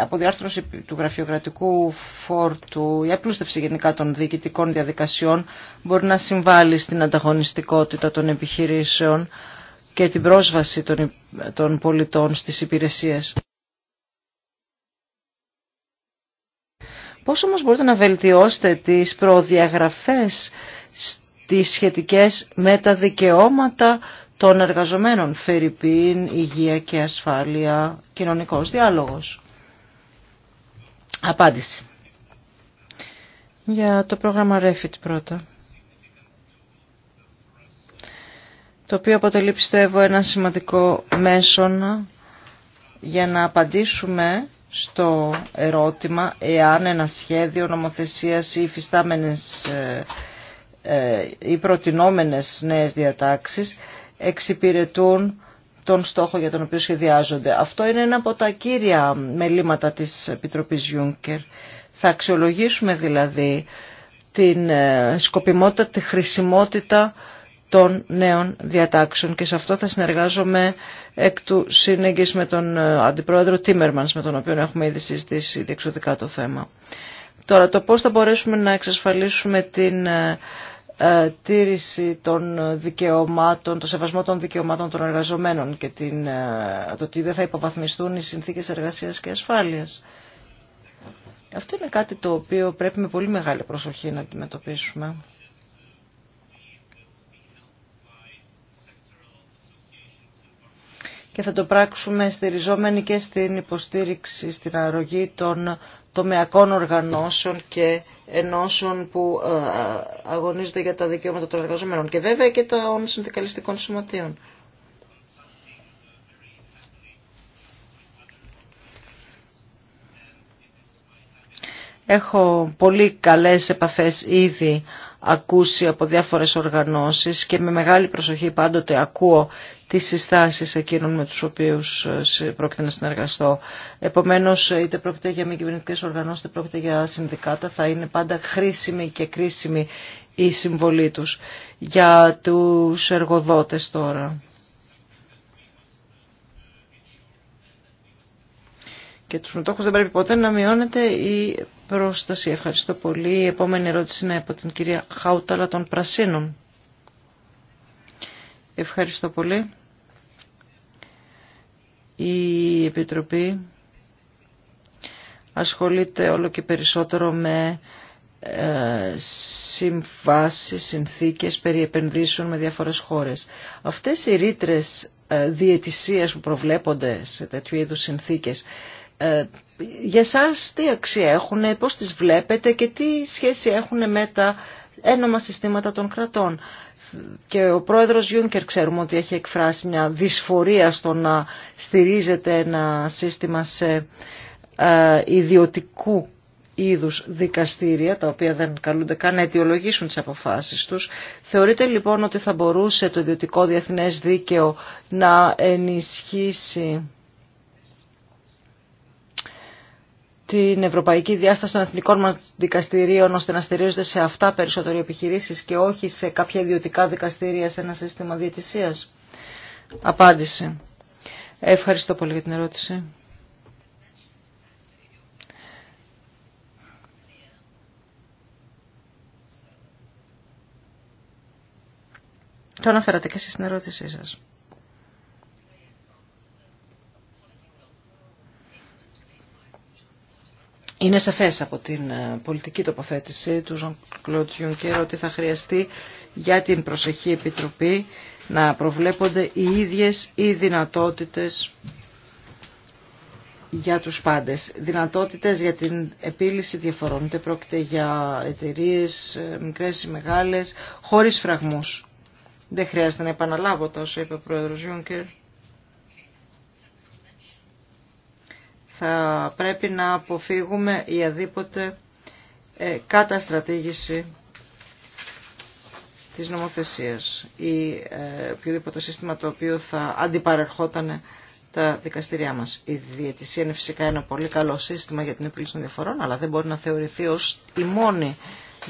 αποδιάρθρωση του γραφειοκρατικού φόρτου, η απλούστευση γενικά των διοικητικών διαδικασιών μπορεί να συμβάλλει στην ανταγωνιστικότητα των επιχειρήσεων και την πρόσβαση των πολιτών στις υπηρεσίες. Πώς όμως μπορείτε να βελτιώσετε τις προδιαγραφές στις σχετικές με τα δικαιώματα των εργαζομένων, φερρυπίν, υγεία και ασφάλεια, κοινωνικός διάλογος. Απάντηση. Για το πρόγραμμα REFIT πρώτα. Το οποίο αποτελεί πιστεύω ένα σημαντικό μέσον για να απαντήσουμε στο ερώτημα εάν ένα σχέδιο νομοθεσίας ή ε, ε, ή προτινόμενες νέες διατάξεις εξυπηρετούν τον στόχο για τον οποίο σχεδιάζονται. Αυτό είναι ένα από τα κύρια μελήματα της Επιτροπής Juncker. Θα αξιολογήσουμε δηλαδή την ε, σκοπιμότητα, τη χρησιμότητα των νέων διατάξεων και σε αυτό θα συνεργάζομαι εκ του σύνεγγης με τον ε, Αντιπρόεδρο Τίμερμανς με τον οποίο έχουμε ήδη συζητήσει διεξοδικά το θέμα. Τώρα το πώς θα μπορέσουμε να εξασφαλίσουμε την ε, ε, τήρηση των δικαιωμάτων, το σεβασμό των δικαιωμάτων των εργαζομένων και την, το ότι δεν θα υποβαθμιστούν οι συνθήκες εργασίας και ασφάλειας. Αυτό είναι κάτι το οποίο πρέπει με πολύ μεγάλη προσοχή να αντιμετωπίσουμε. και θα το πράξουμε στηριζόμενοι και στην υποστήριξη, στην αρρωγή των τομεακών οργανώσεων και ενώσεων που ε, αγωνίζονται για τα δικαιώματα των εργαζομένων και βέβαια και των συνδικαλιστικών σωματείων. Έχω πολύ καλές επαφές ήδη ακούσει από διάφορες οργανώσεις και με μεγάλη προσοχή πάντοτε ακούω τις συστάσεις εκείνων με τους οποίους ε, πρόκειται να συνεργαστώ. Επομένως, είτε πρόκειται για μη κυβερνητικές οργανώσεις, είτε πρόκειται για συνδικάτα, θα είναι πάντα χρήσιμη και κρίσιμη η συμβολή τους. Για τους εργοδότες τώρα. και τους μετόχους δεν πρέπει ποτέ να μειώνεται η πρόσταση. Ευχαριστώ πολύ. Η επόμενη ερώτηση είναι από την κυρία Χάουταλα των Πρασίνων. Ευχαριστώ πολύ. Η Επιτροπή ασχολείται όλο και περισσότερο με ε, συμβάσεις, συνθήκες περί με διάφορες χώρες. Αυτές οι ρήτρε ε, διαιτησίας που προβλέπονται σε τέτοιου είδους συνθήκες, ε, για σας τι αξία έχουν, πώς τις βλέπετε και τι σχέση έχουν με τα ένομα συστήματα των κρατών και ο πρόεδρος Γιούνκερ ξέρουμε ότι έχει εκφράσει μια δυσφορία στο να στηρίζεται ένα σύστημα σε ε, ιδιωτικού είδους δικαστήρια, τα οποία δεν καλούνται καν να αιτιολογήσουν τις αποφάσεις τους. Θεωρείτε λοιπόν ότι θα μπορούσε το ιδιωτικό διεθνές δίκαιο να ενισχύσει την ευρωπαϊκή διάσταση των εθνικών μας δικαστηρίων ώστε να στηρίζονται σε αυτά περισσότερο επιχειρήσεις και όχι σε κάποια ιδιωτικά δικαστήρια σε ένα σύστημα διαιτησίας. Απάντηση. Ευχαριστώ πολύ για την ερώτηση. Το αναφέρατε και εσείς στην ερώτησή σας. Είναι σαφές από την ε, πολιτική τοποθέτηση του Ζων Κλωτιούν και ότι θα χρειαστεί για την προσεχή επιτροπή να προβλέπονται οι ίδιες οι δυνατότητες για τους πάντες. Δυνατότητες για την επίλυση διαφορών, είτε πρόκειται για εταιρείε ε, μικρές ή μεγάλες, χωρίς φραγμούς. Δεν χρειάζεται να επαναλάβω τόσο, είπε ο Πρόεδρος Γιούνκερ. θα πρέπει να αποφύγουμε η αδίποτε ε, καταστρατήγηση της νομοθεσίας ή ε, οποιοδήποτε σύστημα το οποίο θα αντιπαρερχόταν τα δικαστηριά μας. Η διαιτησία είναι φυσικά ένα πολύ καλό σύστημα για την επίλυση των διαφορών, αλλά δεν μπορεί να θεωρηθεί ως η μόνη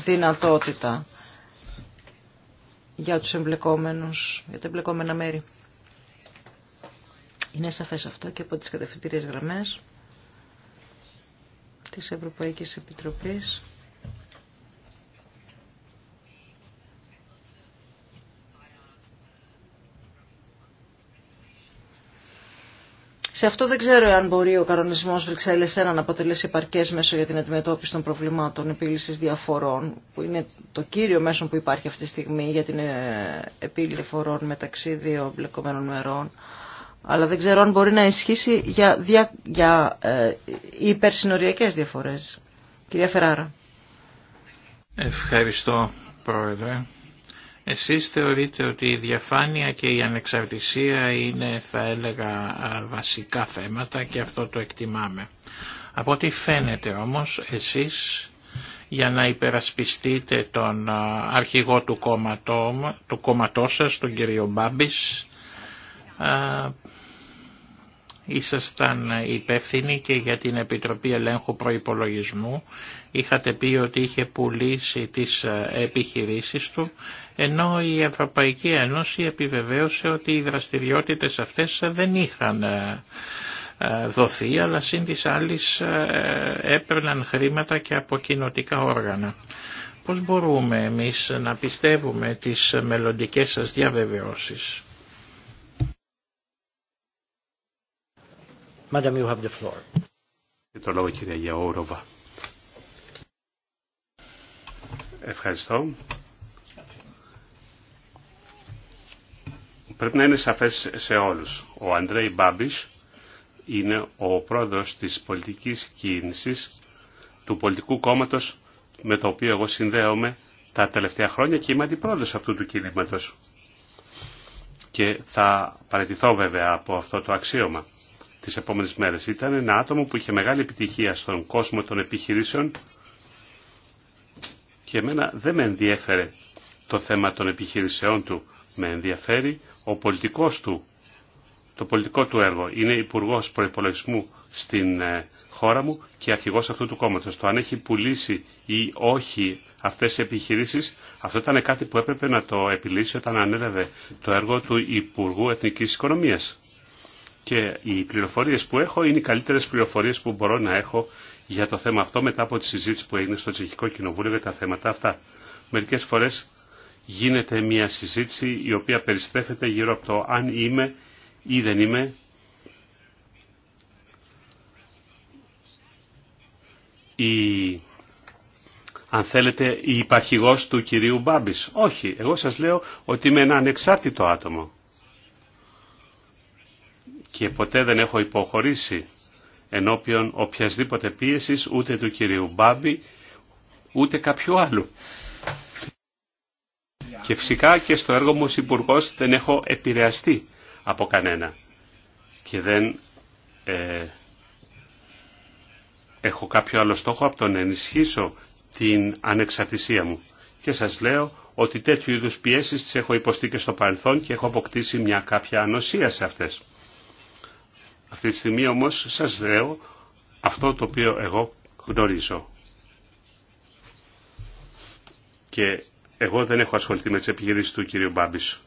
δυνατότητα για τους εμπλεκόμενους, για τα εμπλεκόμενα μέρη. Είναι σαφές αυτό και από τις κατευθυντήριες γραμμές της Ευρωπαϊκής Επιτροπής. Σε αυτό δεν ξέρω αν μπορεί ο κανονισμό Βρυξέλλε 1 να αποτελέσει επαρκέ μέσο για την αντιμετώπιση των προβλημάτων επίλυση διαφορών, που είναι το κύριο μέσο που υπάρχει αυτή τη στιγμή για την ε, επίλυση διαφορών μεταξύ δύο μπλεκομένων μερών αλλά δεν ξέρω αν μπορεί να ισχύσει για, δια, για ε, υπερσυνοριακές διαφορές. Κυρία Φεράρα. Ευχαριστώ Πρόεδρε. Εσείς θεωρείτε ότι η διαφάνεια και η ανεξαρτησία είναι θα έλεγα βασικά θέματα και αυτό το εκτιμάμε. Από ό,τι φαίνεται όμως εσείς για να υπερασπιστείτε τον αρχηγό του, κόμματό, του κόμματός σας, τον κύριο Μπάμπης, ήσασταν υπεύθυνοι και για την Επιτροπή Ελέγχου Προϋπολογισμού. Είχατε πει ότι είχε πουλήσει τις ε, επιχειρήσεις του, ενώ η Ευρωπαϊκή Ένωση επιβεβαίωσε ότι οι δραστηριότητες αυτές δεν είχαν ε, ε, δοθεί, αλλά σύν της άλλης έπαιρναν χρήματα και από κοινοτικά όργανα. Πώς μπορούμε εμείς να πιστεύουμε τις μελλοντικές σας διαβεβαιώσεις. Madam, you have Ευχαριστώ. Πρέπει να είναι σαφές σε όλους. Ο Αντρέι Μπάμπης είναι ο πρόεδρος της πολιτικής κίνησης του πολιτικού κόμματος με το οποίο εγώ συνδέομαι τα τελευταία χρόνια και είμαι αντιπρόεδρος αυτού του κινήματος. Και θα παραιτηθώ βέβαια από αυτό το αξίωμα τις επόμενες μέρες. Ήταν ένα άτομο που είχε μεγάλη επιτυχία στον κόσμο των επιχειρήσεων και εμένα δεν με ενδιέφερε το θέμα των επιχειρησεών του. Με ενδιαφέρει ο πολιτικός του, το πολιτικό του έργο. Είναι υπουργό προπολογισμού στην ε, χώρα μου και αρχηγός αυτού του κόμματος. Το αν έχει πουλήσει ή όχι αυτές οι επιχειρήσεις, αυτό ήταν κάτι που έπρεπε να το επιλύσει όταν ανέλαβε το έργο του Υπουργού Εθνικής Οικονομίας. Και οι πληροφορίες που έχω είναι οι καλύτερες πληροφορίες που μπορώ να έχω για το θέμα αυτό μετά από τη συζήτηση που έγινε στο Τσεχικό Κοινοβούλιο για τα θέματα αυτά. Μερικές φορές γίνεται μια συζήτηση η οποία περιστρέφεται γύρω από το αν είμαι ή δεν είμαι η, αν θέλετε, η υπαρχηγός του κυρίου Μπάμπης. Όχι, εγώ σας λέω ότι είμαι ένα ανεξάρτητο άτομο και ποτέ δεν έχω υποχωρήσει ενώπιον οποιασδήποτε πίεσης ούτε του κυρίου Μπάμπη ούτε κάποιου άλλου. Και φυσικά και στο έργο μου ως υπουργό δεν έχω επηρεαστεί από κανένα και δεν ε, έχω κάποιο άλλο στόχο από το να ενισχύσω την ανεξαρτησία μου. Και σας λέω ότι τέτοιου είδους πιέσεις τις έχω υποστεί και στο παρελθόν και έχω αποκτήσει μια κάποια ανοσία σε αυτές. Αυτή τη στιγμή όμως σας λέω αυτό το οποίο εγώ γνωρίζω. Και εγώ δεν έχω ασχοληθεί με τις επιχειρήσεις του κύριου Μπάμπης.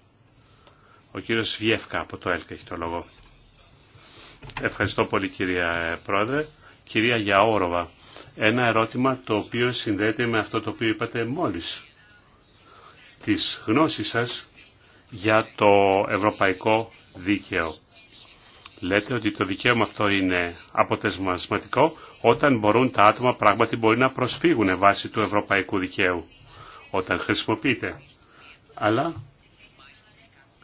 Ο κύριος Βιεύκα από το ΕΛΚ έχει το λόγο. Ευχαριστώ πολύ κυρία Πρόεδρε. Κυρία Γιαόροβα, ένα ερώτημα το οποίο συνδέεται με αυτό το οποίο είπατε μόλις. Της γνώσης σας για το ευρωπαϊκό δίκαιο. Λέτε ότι το δικαίωμα αυτό είναι αποτελεσματικό όταν μπορούν τα άτομα πράγματι μπορεί να προσφύγουν βάσει του ευρωπαϊκού δικαίου όταν χρησιμοποιείται. Αλλά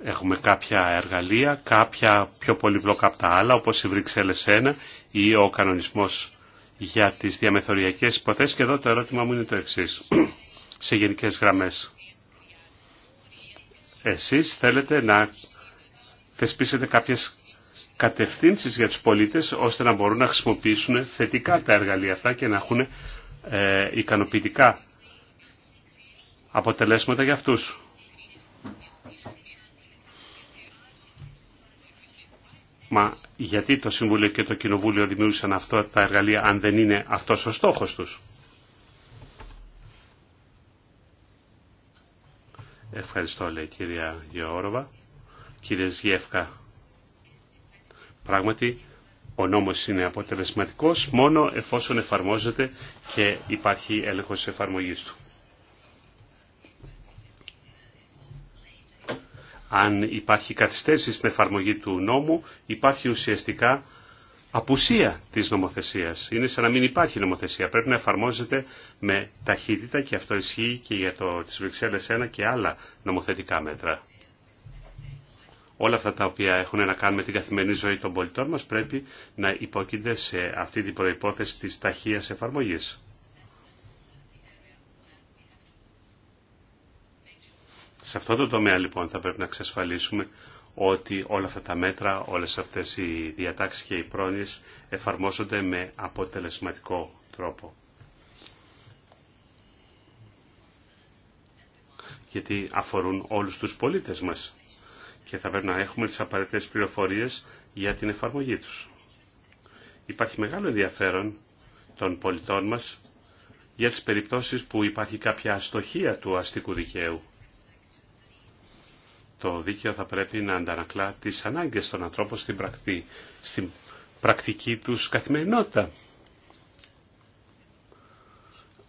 έχουμε κάποια εργαλεία, κάποια πιο πολύπλοκα από τα άλλα όπως η Βρυξέλλες 1 ή ο κανονισμός για τις διαμεθοριακές υποθέσεις και εδώ το ερώτημα μου είναι το εξής σε γενικές γραμμές. Εσείς θέλετε να θεσπίσετε κάποιες κατευθύνσεις για τους πολίτες ώστε να μπορούν να χρησιμοποιήσουν θετικά τα εργαλεία αυτά και να έχουν ε, ικανοποιητικά αποτελέσματα για αυτούς. Μα γιατί το Συμβούλιο και το Κοινοβούλιο δημιούργησαν αυτά τα εργαλεία αν δεν είναι αυτός ο στόχος τους. Ευχαριστώ λέει κυρία Γεώροβα. Κύριε Ζιεύκα, Πράγματι, ο νόμος είναι αποτελεσματικός μόνο εφόσον εφαρμόζεται και υπάρχει έλεγχος εφαρμογής του. Αν υπάρχει καθυστέρηση στην εφαρμογή του νόμου, υπάρχει ουσιαστικά απουσία της νομοθεσίας. Είναι σαν να μην υπάρχει νομοθεσία. Πρέπει να εφαρμόζεται με ταχύτητα και αυτό ισχύει και για το, τις Βρυξέλλες 1 και άλλα νομοθετικά μέτρα όλα αυτά τα οποία έχουν να κάνουν με την καθημερινή ζωή των πολιτών μας πρέπει να υπόκεινται σε αυτή την προϋπόθεση της ταχείας εφαρμογής. Σε αυτό το τομέα λοιπόν θα πρέπει να εξασφαλίσουμε ότι όλα αυτά τα μέτρα, όλες αυτές οι διατάξεις και οι πρόνοιες εφαρμόζονται με αποτελεσματικό τρόπο. Γιατί αφορούν όλους τους πολίτες μας και θα πρέπει να έχουμε τις απαραίτητες πληροφορίες για την εφαρμογή τους. Υπάρχει μεγάλο ενδιαφέρον των πολιτών μας για τις περιπτώσεις που υπάρχει κάποια αστοχία του αστικού δικαίου. Το δίκαιο θα πρέπει να αντανακλά τις ανάγκες των ανθρώπων στην, πρακτή, στην πρακτική τους καθημερινότητα.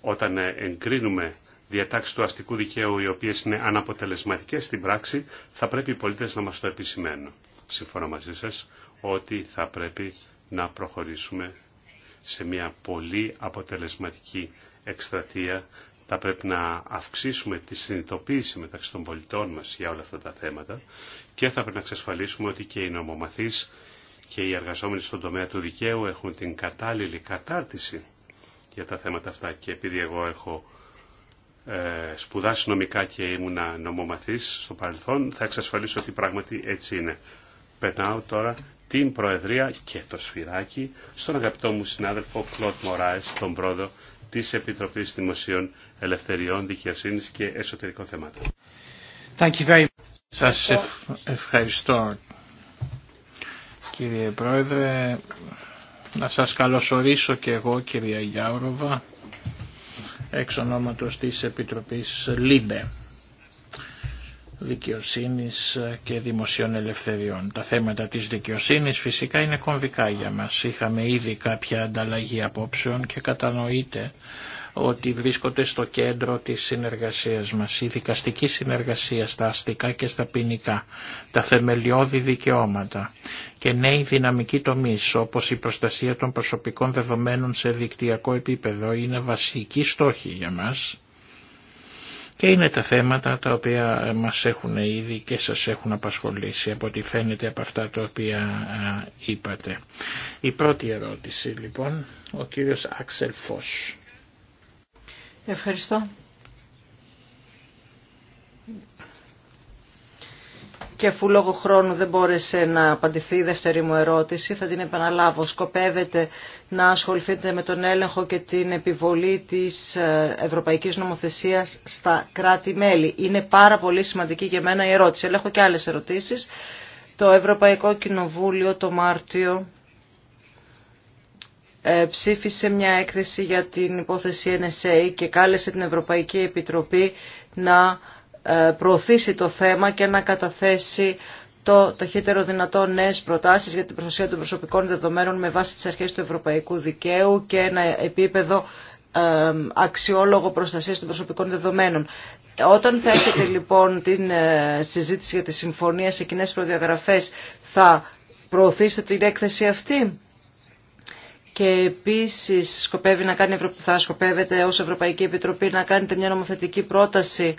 Όταν εγκρίνουμε διατάξει του αστικού δικαίου οι οποίες είναι αναποτελεσματικές στην πράξη, θα πρέπει οι πολίτες να μας το επισημαίνουν. Συμφωνώ μαζί σας ότι θα πρέπει να προχωρήσουμε σε μια πολύ αποτελεσματική εκστρατεία. Θα πρέπει να αυξήσουμε τη συνειδητοποίηση μεταξύ των πολιτών μας για όλα αυτά τα θέματα και θα πρέπει να εξασφαλίσουμε ότι και οι νομομαθείς και οι εργαζόμενοι στον τομέα του δικαίου έχουν την κατάλληλη κατάρτιση για τα θέματα αυτά και επειδή εγώ έχω ε, σπουδάσει νομικά και ήμουνα νομομαθής στο παρελθόν, θα εξασφαλίσω ότι πράγματι έτσι είναι. Περνάω τώρα την Προεδρία και το σφυράκι στον αγαπητό μου συνάδελφο Κλοτ Μωράες, τον πρόεδρο της Επιτροπής Δημοσίων Ελευθεριών, Δικαιοσύνης και Εσωτερικών Θεμάτων. Thank Σας ε, ευχαριστώ. ευχαριστώ κύριε Πρόεδρε. Να σας καλωσορίσω και εγώ κυρία Γιάουροβα εξ ονόματος της Επιτροπής ΛΥΜΠΕ δικαιοσύνης και δημοσίων ελευθεριών. Τα θέματα της δικαιοσύνης φυσικά είναι κομβικά για μας. Είχαμε ήδη κάποια ανταλλαγή απόψεων και κατανοείται ότι βρίσκονται στο κέντρο της συνεργασίας μας. Η δικαστική συνεργασία στα αστικά και στα ποινικά, τα θεμελιώδη δικαιώματα και νέοι δυναμικοί τομείς όπως η προστασία των προσωπικών δεδομένων σε δικτυακό επίπεδο είναι βασική στόχοι για μας και είναι τα θέματα τα οποία μας έχουν ήδη και σας έχουν απασχολήσει από ό,τι φαίνεται από αυτά τα οποία είπατε. Η πρώτη ερώτηση λοιπόν, ο κύριος Άξελ Φως. Ευχαριστώ. Και αφού λόγω χρόνου δεν μπόρεσε να απαντηθεί η δεύτερη μου ερώτηση, θα την επαναλάβω. Σκοπεύετε να ασχοληθείτε με τον έλεγχο και την επιβολή της ε, Ευρωπαϊκής Νομοθεσίας στα κράτη-μέλη. Είναι πάρα πολύ σημαντική για μένα η ερώτηση. Έχω και άλλες ερωτήσεις. Το Ευρωπαϊκό Κοινοβούλιο το Μάρτιο ε, ψήφισε μια έκθεση για την υπόθεση NSA και κάλεσε την Ευρωπαϊκή Επιτροπή να ε, προωθήσει το θέμα και να καταθέσει το ταχύτερο δυνατό νέες προτάσεις για την προστασία των προσωπικών δεδομένων με βάση τις αρχές του ευρωπαϊκού δικαίου και ένα επίπεδο ε, αξιόλογο προστασίας των προσωπικών δεδομένων. Όταν θα έχετε λοιπόν την συζήτηση για τη συμφωνία σε κοινέ προδιαγραφές θα προωθήσετε την έκθεση αυτή και επίση σκοπεύει να κάνει, θα σκοπεύετε ω Ευρωπαϊκή Επιτροπή να κάνετε μια νομοθετική πρόταση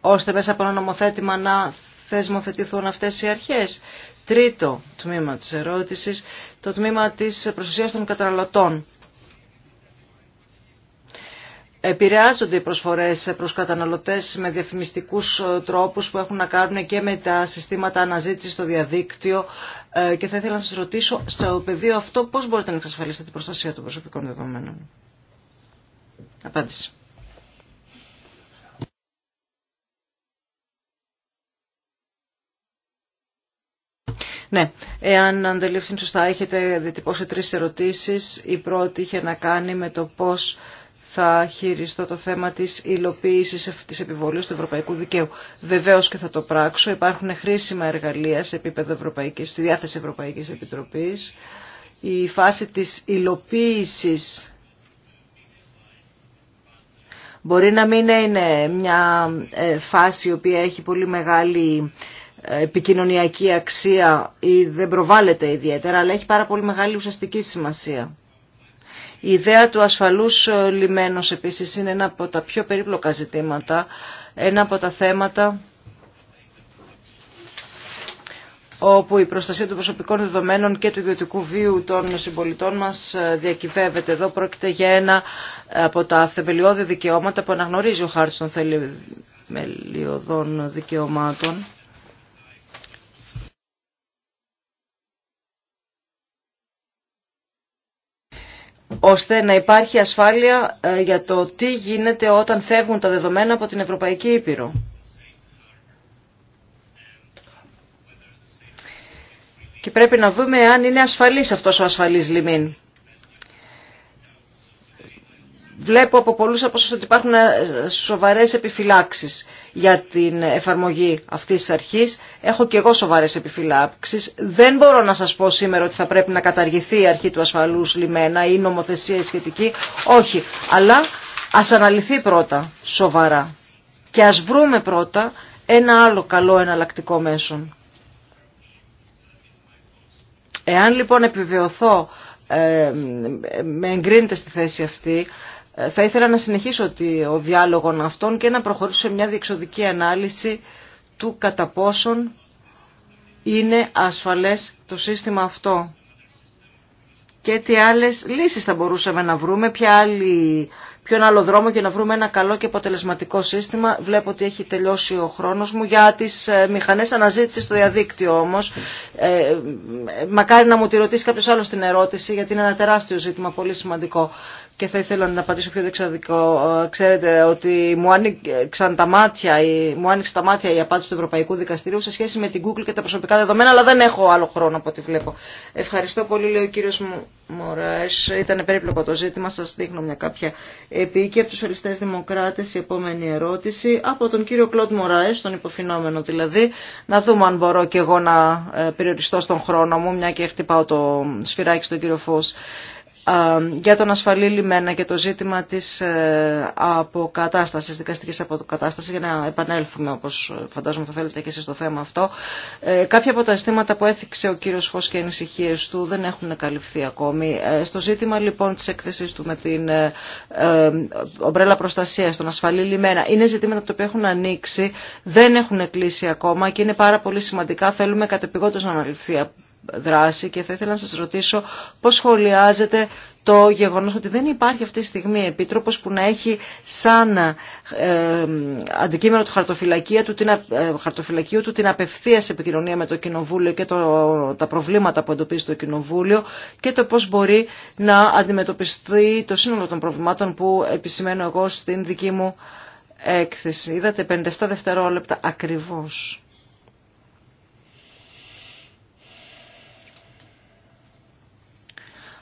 ώστε μέσα από ένα νομοθέτημα να θεσμοθετηθούν αυτές οι αρχές. Τρίτο τμήμα της ερώτησης, το τμήμα της προστασίας των καταναλωτών επηρεάζονται οι προσφορές προς καταναλωτές με διαφημιστικούς ε, τρόπους που έχουν να κάνουν και με τα συστήματα αναζήτησης στο διαδίκτυο ε, και θα ήθελα να σας ρωτήσω στο πεδίο αυτό πώς μπορείτε να εξασφαλίσετε την προστασία των προσωπικών δεδομένων. Απάντηση. Ναι, εάν αντελήφθην σωστά έχετε διατυπώσει τρεις ερωτήσεις. Η πρώτη είχε να κάνει με το πώς θα χειριστώ το θέμα της υλοποίησης της επιβολή του ευρωπαϊκού δικαίου. Βεβαίως και θα το πράξω. Υπάρχουν χρήσιμα εργαλεία σε επίπεδο ευρωπαϊκής, στη διάθεση Ευρωπαϊκής Επιτροπής. Η φάση της υλοποίησης μπορεί να μην είναι μια ε, φάση η οποία έχει πολύ μεγάλη ε, επικοινωνιακή αξία ή δεν προβάλλεται ιδιαίτερα, αλλά έχει πάρα πολύ μεγάλη ουσιαστική σημασία. Η ιδέα του ασφαλούς ε, λιμένος επίσης είναι ένα από τα πιο περίπλοκα ζητήματα, ένα από τα θέματα όπου η προστασία των προσωπικών δεδομένων και του ιδιωτικού βίου των συμπολιτών μας ε, διακυβεύεται. Εδώ πρόκειται για ένα από τα θεμελιώδη δικαιώματα που αναγνωρίζει ο χάρτης των θεμελιωδών δικαιωμάτων. ώστε να υπάρχει ασφάλεια ε, για το τι γίνεται όταν φεύγουν τα δεδομένα από την Ευρωπαϊκή Ήπειρο. Και πρέπει να δούμε αν είναι ασφαλής αυτός ο ασφαλής λιμήν. Βλέπω από πολλούς από σας ότι υπάρχουν ε, σοβαρές επιφυλάξεις για την εφαρμογή αυτής της αρχής. Έχω και εγώ σοβαρές επιφυλάξεις. Δεν μπορώ να σας πω σήμερα ότι θα πρέπει να καταργηθεί η αρχή του ασφαλούς λιμένα ή η νομοθεσία σχετική. Όχι. Αλλά ας αναλυθεί πρώτα σοβαρά. Και ας βρούμε πρώτα ένα άλλο καλό εναλλακτικό μέσο. Εάν λοιπόν επιβεβαιωθώ ε, με εγκρίνεται στη θέση αυτή, θα ήθελα να συνεχίσω ο διάλογο αυτών και να προχωρήσω σε μια διεξοδική ανάλυση του κατά πόσον είναι ασφαλές το σύστημα αυτό και τι άλλες λύσεις θα μπορούσαμε να βρούμε, ποια άλλη, ποιον άλλο δρόμο για να βρούμε ένα καλό και αποτελεσματικό σύστημα. Βλέπω ότι έχει τελειώσει ο χρόνος μου για τις ε, μηχανές αναζήτησης στο διαδίκτυο όμως. Ε, ε, μακάρι να μου τη ρωτήσει κάποιος άλλος την ερώτηση γιατί είναι ένα τεράστιο ζήτημα, πολύ σημαντικό και θα ήθελα να απαντήσω πιο δεξαδικό. Ε, ξέρετε ότι μου άνοιξαν τα μάτια, μου άνοιξε τα μάτια η απάντηση του Ευρωπαϊκού Δικαστηρίου σε σχέση με την Google και τα προσωπικά δεδομένα, αλλά δεν έχω άλλο χρόνο από ό,τι βλέπω. Ευχαριστώ πολύ, λέει ο κύριο Μωρέ. Ήταν περίπλοκο το ζήτημα, σα δείχνω μια κάποια επίκαια Από του οριστέ Δημοκράτε. η επόμενη ερώτηση από τον κύριο Κλοντ Μωρέ, τον υποφινόμενο δηλαδή. Να δούμε αν μπορώ και εγώ να ε, περιοριστώ στον χρόνο μου, μια και χτυπάω το σφυράκι στον κύριο Φω για τον ασφαλή λιμένα και το ζήτημα της ε, αποκατάστασης, δικαστικής αποκατάστασης, για να επανέλθουμε όπως φαντάζομαι θα θέλετε και εσείς στο θέμα αυτό. Ε, κάποια από τα αισθήματα που έθιξε ο κύριος Φως και οι ανησυχίε του δεν έχουν καλυφθεί ακόμη. Ε, στο ζήτημα λοιπόν της έκθεσης του με την ομπρέλα προστασίας, τον ασφαλή λιμένα, είναι ζητήματα τα οποία έχουν ανοίξει, δεν έχουν κλείσει ακόμα και είναι πάρα πολύ σημαντικά. Θέλουμε κατεπηγόντως να αναλυφθεί δράση και θα ήθελα να σας ρωτήσω πώς σχολιάζετε το γεγονός ότι δεν υπάρχει αυτή τη στιγμή επίτροπος που να έχει σαν ε, αντικείμενο του, χαρτοφυλακίου του, την, ε, χαρτοφυλακίου του την απευθείας επικοινωνία με το Κοινοβούλιο και τα προβλήματα που εντοπίζει το Κοινοβούλιο και το πώς μπορεί να αντιμετωπιστεί το σύνολο των προβλημάτων που επισημαίνω εγώ στην δική μου έκθεση. Είδατε 57 δευτερόλεπτα ακριβώς.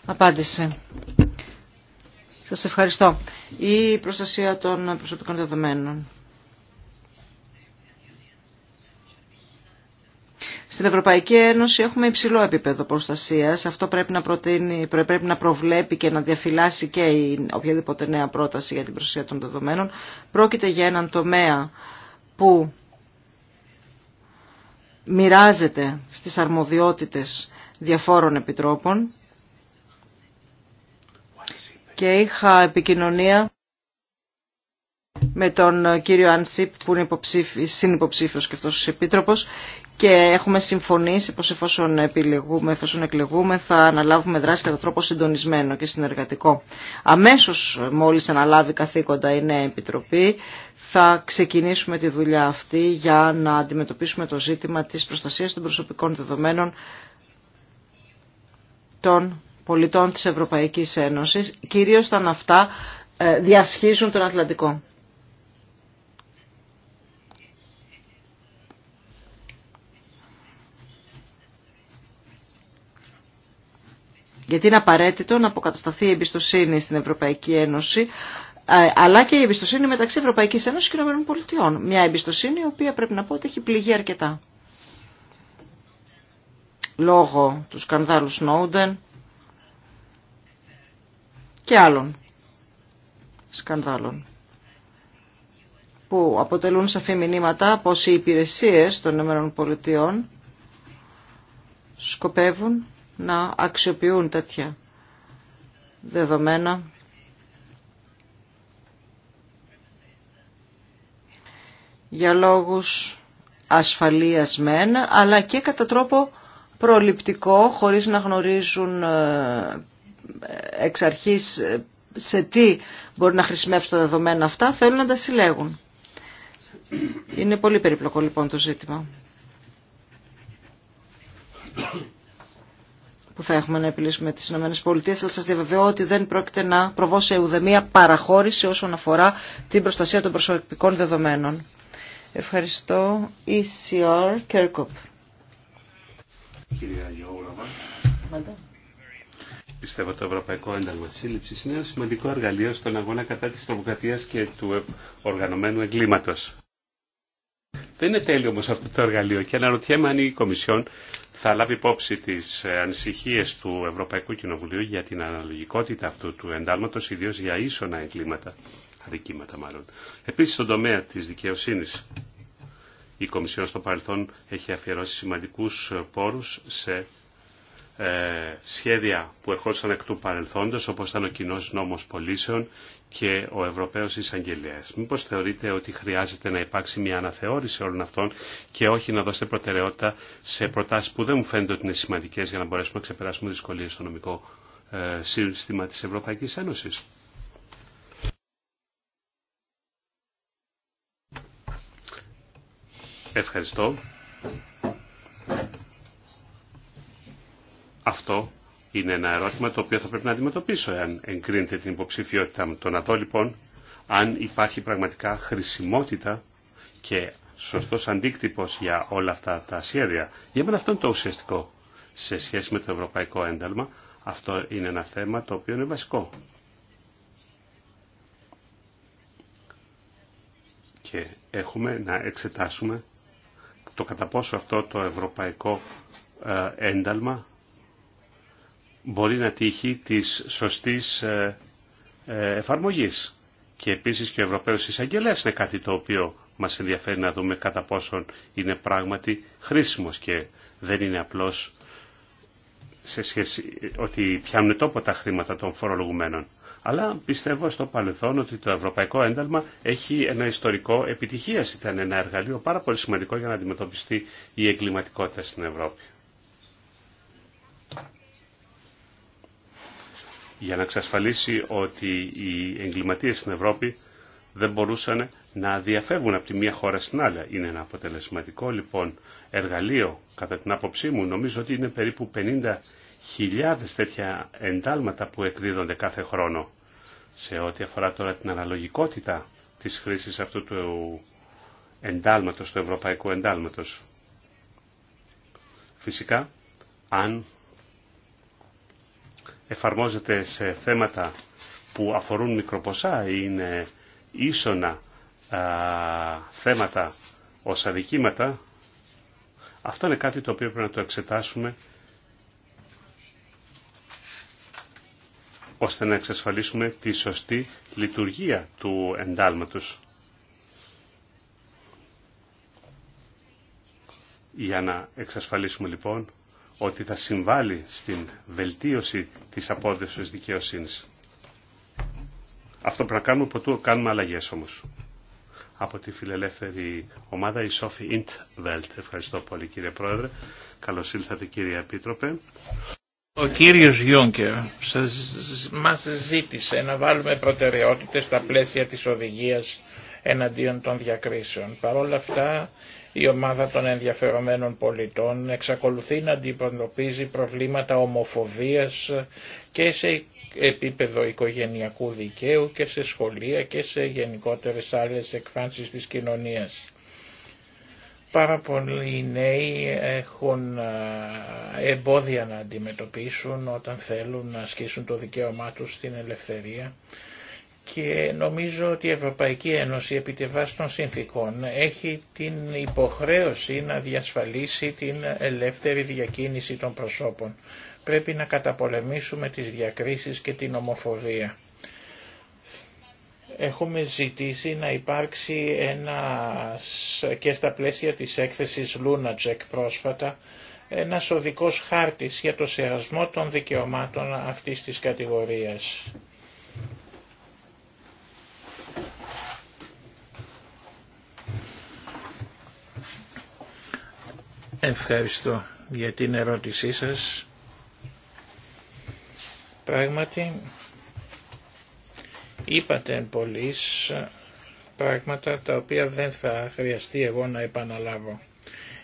Απάντηση. Σας ευχαριστώ. Η προστασία των προσωπικών δεδομένων. Στην Ευρωπαϊκή Ένωση έχουμε υψηλό επίπεδο προστασία. Αυτό πρέπει να, πρέπει να προβλέπει και να διαφυλάσει και η οποιαδήποτε νέα πρόταση για την προστασία των δεδομένων. Πρόκειται για έναν τομέα που μοιράζεται στις αρμοδιότητες διαφόρων επιτρόπων και είχα επικοινωνία με τον κύριο Ανσίπ που είναι συνυποψήφιος και αυτός επίτροπος και έχουμε συμφωνήσει πως εφόσον, επιλεγούμε, εφόσον εκλεγούμε θα αναλάβουμε δράση κατά τρόπο συντονισμένο και συνεργατικό. Αμέσως μόλις αναλάβει καθήκοντα η νέα επιτροπή θα ξεκινήσουμε τη δουλειά αυτή για να αντιμετωπίσουμε το ζήτημα της προστασίας των προσωπικών δεδομένων των πολιτών της Ευρωπαϊκής Ένωσης, κυρίως όταν αυτά ε, διασχίζουν τον Ατλαντικό. Γιατί είναι απαραίτητο να αποκατασταθεί η εμπιστοσύνη στην Ευρωπαϊκή Ένωση, ε, αλλά και η εμπιστοσύνη μεταξύ Ευρωπαϊκής Ένωσης και ΗΠΑ. Μια εμπιστοσύνη η οποία πρέπει να πω ότι έχει πληγεί αρκετά. Λόγω του σκανδάλου Σνόουντεν, και άλλων σκανδάλων που αποτελούν σαφή μηνύματα πως οι υπηρεσίες των ΗΠΑ σκοπεύουν να αξιοποιούν τέτοια δεδομένα για λόγους ασφαλείας μεν, αλλά και κατά τρόπο προληπτικό, χωρίς να γνωρίζουν ε, εξ αρχής ε, σε τι μπορεί να χρησιμεύσει το δεδομένα αυτά, θέλουν να τα συλλέγουν. Είναι πολύ περίπλοκο λοιπόν το ζήτημα που θα έχουμε να επιλύσουμε τις ΗΠΑ, αλλά σας διαβεβαιώ ότι δεν πρόκειται να προβώ σε ουδεμία παραχώρηση όσον αφορά την προστασία των προσωπικών δεδομένων. Ευχαριστώ. ECR Κυρία Γιώργα πιστεύω το Ευρωπαϊκό Ένταλμα Σύλληψης είναι ένα σημαντικό εργαλείο στον αγώνα κατά της τρομοκρατίας και του ε, οργανωμένου εγκλήματος. Δεν είναι τέλειο όμως αυτό το εργαλείο και αναρωτιέμαι αν η Κομισιόν θα λάβει υπόψη τις ε, ανησυχίες του Ευρωπαϊκού Κοινοβουλίου για την αναλογικότητα αυτού του εντάλματος, ιδίως για ίσονα εγκλήματα, αδικήματα μάλλον. Επίσης στον τομέα της δικαιοσύνης, η Κομισιόν στο παρελθόν έχει αφιερώσει σημαντικούς ε, πόρους σε ε, σχέδια που ερχόντουσαν εκ του παρελθόντος, όπως ήταν ο κοινό νόμος πολίσεων και ο Ευρωπαίος Εισαγγελία. Μήπως θεωρείτε ότι χρειάζεται να υπάρξει μια αναθεώρηση όλων αυτών και όχι να δώσετε προτεραιότητα σε προτάσεις που δεν μου φαίνεται ότι είναι σημαντικές για να μπορέσουμε να ξεπεράσουμε δυσκολίες στο νομικό ε, σύστημα της Ευρωπαϊκής Ένωσης. Ευχαριστώ. Αυτό είναι ένα ερώτημα το οποίο θα πρέπει να αντιμετωπίσω εάν εγκρίνεται την υποψηφιότητά μου. Το να δω λοιπόν αν υπάρχει πραγματικά χρησιμότητα και σωστός αντίκτυπος για όλα αυτά τα σχέδια. Για μένα αυτό είναι το ουσιαστικό σε σχέση με το ευρωπαϊκό ένταλμα. Αυτό είναι ένα θέμα το οποίο είναι βασικό. Και έχουμε να εξετάσουμε το κατά πόσο αυτό το ευρωπαϊκό ε, ένταλμα μπορεί να τύχει της σωστής ε, ε, εφαρμογής. Και επίσης και ο Ευρωπαίος Εισαγγελέας είναι κάτι το οποίο μας ενδιαφέρει να δούμε κατά πόσον είναι πράγματι χρήσιμος και δεν είναι απλώς σε σχέση ότι πιάνουν τόπο τα χρήματα των φορολογουμένων. Αλλά πιστεύω στο παρελθόν ότι το ευρωπαϊκό ένταλμα έχει ένα ιστορικό επιτυχία. Ήταν ένα εργαλείο πάρα πολύ σημαντικό για να αντιμετωπιστεί η εγκληματικότητα στην Ευρώπη. για να εξασφαλίσει ότι οι εγκληματίες στην Ευρώπη δεν μπορούσαν να διαφεύγουν από τη μία χώρα στην άλλη. Είναι ένα αποτελεσματικό λοιπόν εργαλείο, κατά την άποψή μου, νομίζω ότι είναι περίπου 50.000 τέτοια εντάλματα που εκδίδονται κάθε χρόνο. Σε ό,τι αφορά τώρα την αναλογικότητα της χρήσης αυτού του εντάλματος, του ευρωπαϊκού εντάλματος. Φυσικά, αν εφαρμόζεται σε θέματα που αφορούν μικροποσά ή είναι ίσονα θέματα ως αδικήματα, αυτό είναι κάτι το οποίο πρέπει να το εξετάσουμε ώστε να εξασφαλίσουμε τη σωστή λειτουργία του εντάλματος. Για να εξασφαλίσουμε λοιπόν ότι θα συμβάλλει στην βελτίωση της απόδοσης δικαιοσύνης. Αυτό πρέπει να κάνουμε, ποτού κάνουμε αλλαγές όμως. Από τη φιλελεύθερη ομάδα η Σόφη Βέλτ. Ευχαριστώ πολύ κύριε Πρόεδρε. Καλώς ήλθατε κύριε Επίτροπε. Ο κύριος Γιούγκερ σας, μας ζήτησε να βάλουμε προτεραιότητες στα πλαίσια της οδηγίας εναντίον των διακρίσεων. Παρ' όλα αυτά η ομάδα των ενδιαφερομένων πολιτών εξακολουθεί να αντιμετωπίζει προβλήματα ομοφοβίας και σε επίπεδο οικογενειακού δικαίου και σε σχολεία και σε γενικότερες άλλες εκφάνσεις της κοινωνίας. Πάρα πολλοί νέοι έχουν εμπόδια να αντιμετωπίσουν όταν θέλουν να ασκήσουν το δικαίωμά τους στην ελευθερία και ε, νομίζω ότι η Ευρωπαϊκή Ένωση επί των συνθήκων έχει την υποχρέωση να διασφαλίσει την ελεύθερη διακίνηση των προσώπων. Πρέπει να καταπολεμήσουμε τις διακρίσεις και την ομοφοβία. Έχουμε ζητήσει να υπάρξει ένα και στα πλαίσια της έκθεσης Λούνατζεκ πρόσφατα ένας οδικός χάρτης για το σερασμό των δικαιωμάτων αυτής της κατηγορίας. Ευχαριστώ για την ερώτησή σας. Πράγματι, είπατε πολλοί πράγματα τα οποία δεν θα χρειαστεί εγώ να επαναλάβω.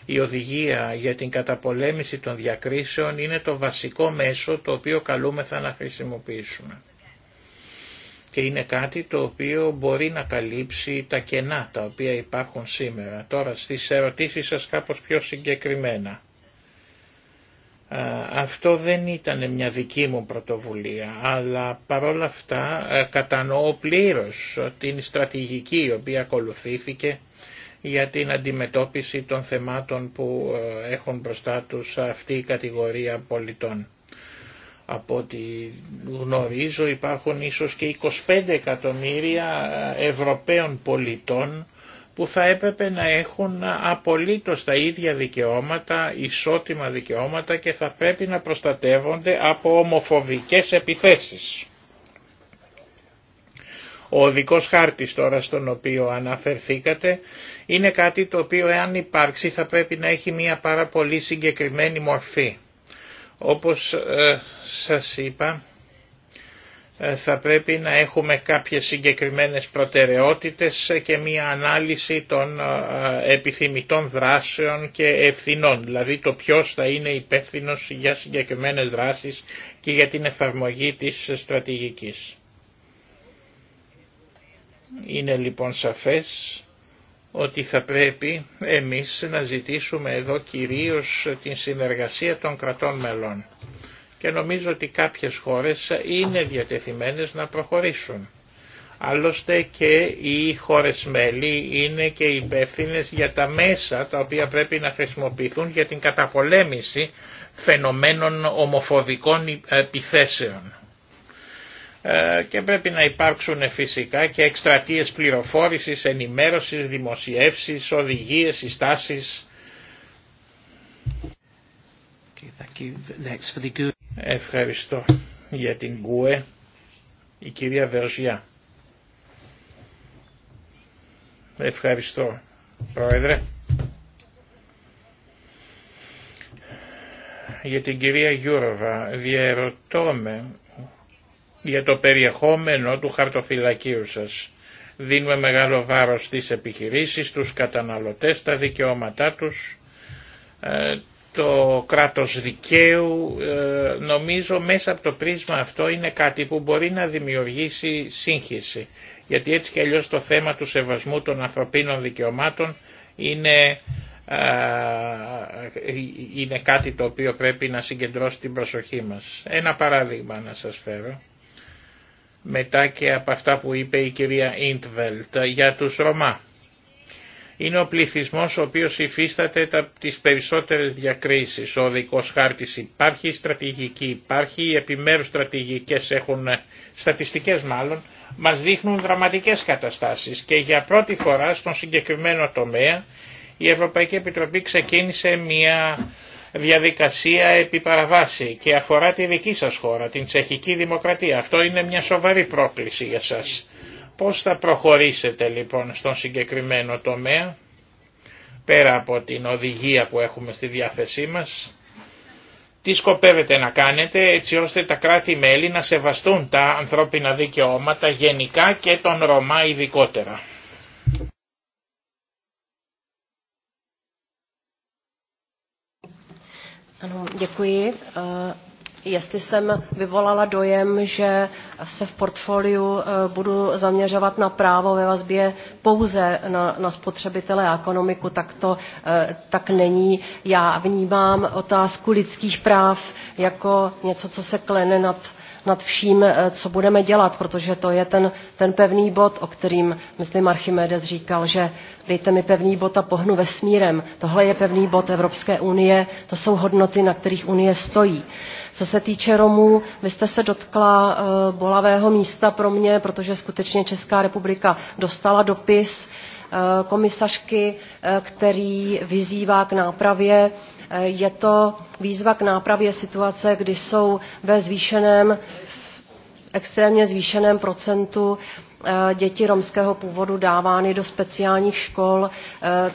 Η οδηγία για την καταπολέμηση των διακρίσεων είναι το βασικό μέσο το οποίο καλούμεθα να χρησιμοποιήσουμε και είναι κάτι το οποίο μπορεί να καλύψει τα κενά τα οποία υπάρχουν σήμερα. Τώρα στις ερωτήσεις σας κάπως πιο συγκεκριμένα. Αυτό δεν ήταν μια δική μου πρωτοβουλία, αλλά παρόλα αυτά ε, κατανοώ πλήρως την στρατηγική η οποία ακολουθήθηκε για την αντιμετώπιση των θεμάτων που ε, έχουν μπροστά τους αυτή η κατηγορία πολιτών από ό,τι γνωρίζω υπάρχουν ίσως και 25 εκατομμύρια Ευρωπαίων πολιτών που θα έπρεπε να έχουν απολύτως τα ίδια δικαιώματα, ισότιμα δικαιώματα και θα πρέπει να προστατεύονται από ομοφοβικές επιθέσεις. Ο οδικός χάρτης τώρα στον οποίο αναφερθήκατε είναι κάτι το οποίο εάν υπάρξει θα πρέπει να έχει μια πάρα πολύ συγκεκριμένη μορφή. Όπως ε, σας είπα, ε, θα πρέπει να έχουμε κάποιες συγκεκριμένες προτεραιότητες και μία ανάλυση των ε, επιθυμητών δράσεων και ευθυνών, δηλαδή το ποιος θα είναι υπεύθυνο για συγκεκριμένες δράσεις και για την εφαρμογή της στρατηγικής. Είναι λοιπόν σαφές ότι θα πρέπει εμείς να ζητήσουμε εδώ κυρίως την συνεργασία των κρατών μελών. Και νομίζω ότι κάποιες χώρες είναι διατεθειμένες να προχωρήσουν. Άλλωστε και οι χώρες μέλη είναι και υπεύθυνε για τα μέσα τα οποία πρέπει να χρησιμοποιηθούν για την καταπολέμηση φαινομένων ομοφοβικών επιθέσεων. Ε, και πρέπει να υπάρξουν φυσικά και εκστρατείες πληροφόρησης, ενημέρωσης, δημοσιεύσεις, οδηγίες, συστάσεις. E. Ευχαριστώ για την ΚΟΕ, e, η κυρία Βεργιά. Ευχαριστώ, Πρόεδρε. Για την κυρία Γιούροβα, διαρωτώ με για το περιεχόμενο του χαρτοφυλακίου σας. Δίνουμε μεγάλο βάρος στις επιχειρήσεις, τους καταναλωτές, τα δικαιώματά τους, ε, το κράτος δικαίου. Ε, νομίζω μέσα από το πρίσμα αυτό είναι κάτι που μπορεί να δημιουργήσει σύγχυση. Γιατί έτσι και αλλιώς το θέμα του σεβασμού των ανθρωπίνων δικαιωμάτων είναι ε, είναι κάτι το οποίο πρέπει να συγκεντρώσει την προσοχή μας. Ένα παράδειγμα να σας φέρω μετά και από αυτά που είπε η κυρία Ιντβελτ για τους Ρωμά. Είναι ο πληθυσμός ο οποίος υφίσταται τα, τις περισσότερες διακρίσεις. Ο δικός χάρτης υπάρχει, η στρατηγική υπάρχει, οι επιμέρους στρατηγικές έχουν, ε, στατιστικές μάλλον, μας δείχνουν δραματικές καταστάσεις και για πρώτη φορά στον συγκεκριμένο τομέα η Ευρωπαϊκή Επιτροπή ξεκίνησε μια διαδικασία επί παραβάση και αφορά τη δική σας χώρα, την Τσεχική Δημοκρατία. Αυτό είναι μια σοβαρή πρόκληση για σας. Πώς θα προχωρήσετε λοιπόν στον συγκεκριμένο τομέα, πέρα από την οδηγία που έχουμε στη διάθεσή μας, τι σκοπεύετε να κάνετε έτσι ώστε τα κράτη-μέλη να σεβαστούν τα ανθρώπινα δικαιώματα γενικά και τον Ρωμά ειδικότερα. Ano, děkuji. Jestli jsem vyvolala dojem, že se v portfoliu budu zaměřovat na právo ve vazbě pouze na, na spotřebitele a ekonomiku, tak to tak není. Já vnímám otázku lidských práv jako něco, co se klene nad nad vším, co budeme dělat, protože to je ten, ten pevný bod, o kterým, myslím, Archimedes říkal, že dejte mi pevný bod a pohnu vesmírem. Tohle je pevný bod Evropské unie, to jsou hodnoty, na kterých unie stojí. Co se týče Romů, vy jste se dotkla bolavého místa pro mě, protože skutečně Česká republika dostala dopis komisařky, který vyzývá k nápravě. Je to výzva k nápravě situace, kdy jsou ve zvýšeném, extrémně zvýšeném procentu děti romského původu dávány do speciálních škol,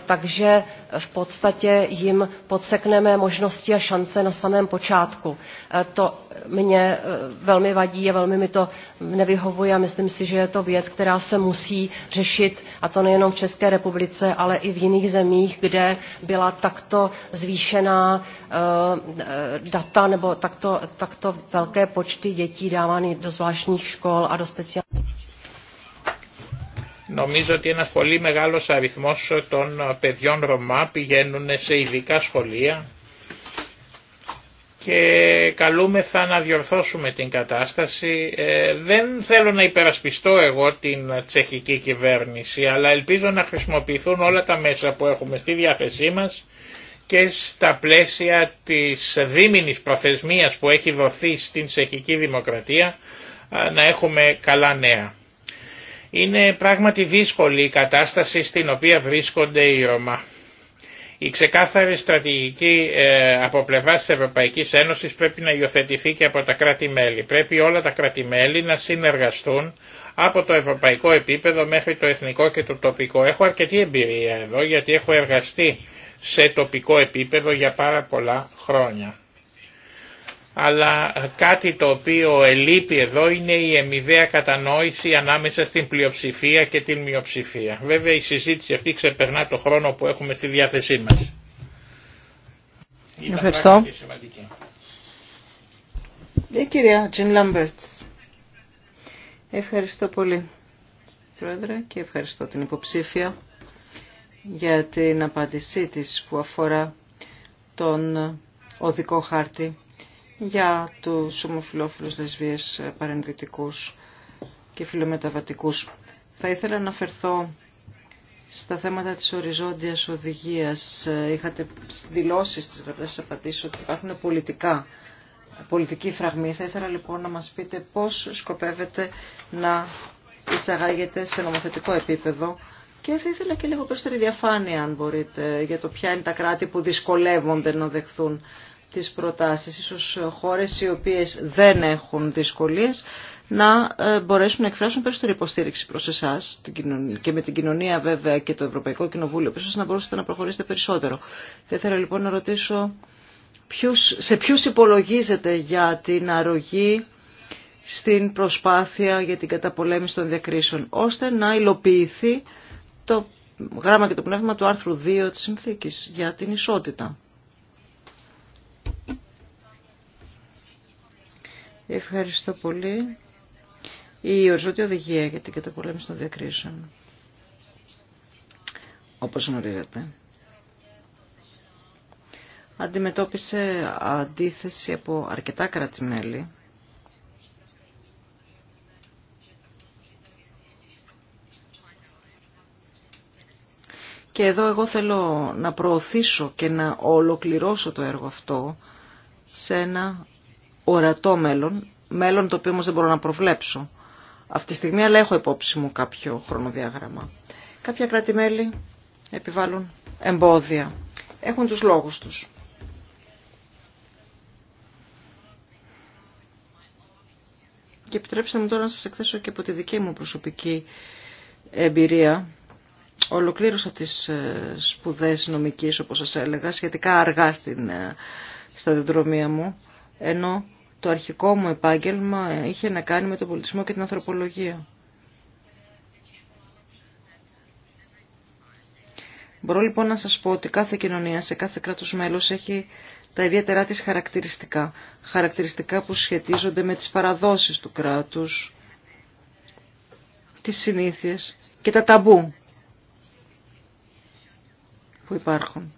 takže v podstatě jim podsekneme možnosti a šance na samém počátku. To mě velmi vadí a velmi mi to nevyhovuje a myslím si, že je to věc, která se musí řešit a to nejenom v České republice, ale i v jiných zemích, kde byla takto zvýšená data nebo takto, takto velké počty dětí dávány do zvláštních škol a do speciálních Νομίζω ότι ένας πολύ μεγάλος αριθμός των παιδιών Ρωμά πηγαίνουν σε ειδικά σχολεία και καλούμεθα να διορθώσουμε την κατάσταση. Ε, δεν θέλω να υπερασπιστώ εγώ την τσεχική κυβέρνηση, αλλά ελπίζω να χρησιμοποιηθούν όλα τα μέσα που έχουμε στη διάθεσή μας και στα πλαίσια της δίμηνης προθεσμίας που έχει δοθεί στην τσεχική δημοκρατία να έχουμε καλά νέα. Είναι πράγματι δύσκολη η κατάσταση στην οποία βρίσκονται οι Ρωμά. Η ξεκάθαρη στρατηγική ε, από πλευρά τη Ευρωπαϊκή Ένωση πρέπει να υιοθετηθεί και από τα κράτη-μέλη. Πρέπει όλα τα κράτη-μέλη να συνεργαστούν από το ευρωπαϊκό επίπεδο μέχρι το εθνικό και το τοπικό. Έχω αρκετή εμπειρία εδώ γιατί έχω εργαστεί σε τοπικό επίπεδο για πάρα πολλά χρόνια αλλά ε, κάτι το οποίο ελείπει εδώ είναι η εμιβαία κατανόηση ανάμεσα στην πλειοψηφία και την μειοψηφία. Βέβαια η συζήτηση αυτή ξεπερνά το χρόνο που έχουμε στη διάθεσή μας. Ευχαριστώ. Η ε, κυρία Τζιν Λάμπερτς. Ευχαριστώ πολύ, Πρόεδρε, και ευχαριστώ την υποψήφια για την απάντησή της που αφορά τον οδικό χάρτη για τους ομοφιλόφιλους λεσβείες παρενδυτικούς και φιλομεταβατικούς. Θα ήθελα να αναφερθώ στα θέματα της οριζόντιας οδηγίας. Είχατε δηλώσει στις γραπτές απαντήσεις ότι υπάρχουν πολιτικά, πολιτική φραγμή. Θα ήθελα λοιπόν να μας πείτε πώς σκοπεύετε να εισαγάγετε σε νομοθετικό επίπεδο και θα ήθελα και λίγο περισσότερη διαφάνεια αν μπορείτε για το ποια είναι τα κράτη που δυσκολεύονται να δεχθούν τις προτάσεις. Ίσως χώρες οι οποίες δεν έχουν δυσκολίες να ε, μπορέσουν να εκφράσουν περισσότερη υποστήριξη προς εσάς και με την κοινωνία βέβαια και το Ευρωπαϊκό Κοινοβούλιο που να μπορούσατε να προχωρήσετε περισσότερο. Θα ήθελα λοιπόν να ρωτήσω ποιους, σε ποιους υπολογίζετε για την αρρωγή στην προσπάθεια για την καταπολέμηση των διακρίσεων ώστε να υλοποιηθεί το γράμμα και το πνεύμα του άρθρου 2 της συνθήκης για την ισότητα. Ευχαριστώ πολύ. Η οριζόντια οδηγία για την καταπολέμηση των διακρίσεων. Όπως γνωρίζετε. Αντιμετώπισε αντίθεση από αρκετά κράτη-μέλη Και εδώ εγώ θέλω να προωθήσω και να ολοκληρώσω το έργο αυτό σε ένα ορατό μέλλον, μέλλον το οποίο όμως δεν μπορώ να προβλέψω αυτή τη στιγμή, αλλά έχω υπόψη μου κάποιο χρονοδιάγραμμα. Κάποια κράτη-μέλη επιβάλλουν εμπόδια. Έχουν τους λόγους τους. Και επιτρέψτε μου τώρα να σας εκθέσω και από τη δική μου προσωπική εμπειρία. Ολοκλήρωσα τις ε, σπουδές νομικής, όπως σας έλεγα, σχετικά αργά στην ε, σταδιοδρομία μου, ενώ το αρχικό μου επάγγελμα είχε να κάνει με τον πολιτισμό και την ανθρωπολογία. Μπορώ λοιπόν να σας πω ότι κάθε κοινωνία σε κάθε κράτος μέλος έχει τα ιδιαίτερά της χαρακτηριστικά. Χαρακτηριστικά που σχετίζονται με τις παραδόσεις του κράτους, τις συνήθειες και τα ταμπού που υπάρχουν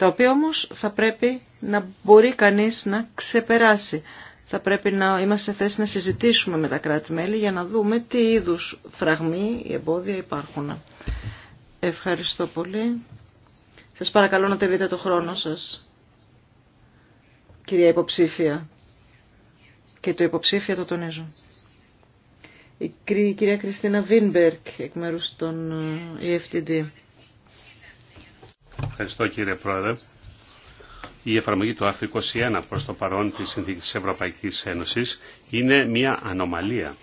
τα οποία όμως θα πρέπει να μπορεί κανείς να ξεπεράσει. Θα πρέπει να είμαστε σε να συζητήσουμε με τα κράτη-μέλη για να δούμε τι είδους φραγμοί ή εμπόδια υπάρχουν. Ευχαριστώ πολύ. Σας παρακαλώ να τελείτε το χρόνο σας, κυρία υποψήφια. Και το υποψήφια το τονίζω. Η κυρία Κριστίνα Βίνμπερκ εκ μέρους των EFTD. Ε, Ευχαριστώ κύριε Πρόεδρε. Η εφαρμογή του άρθρου 21 προς το παρόν της Συνθήκης Ευρωπαϊκής Ένωσης είναι μια ανομαλία.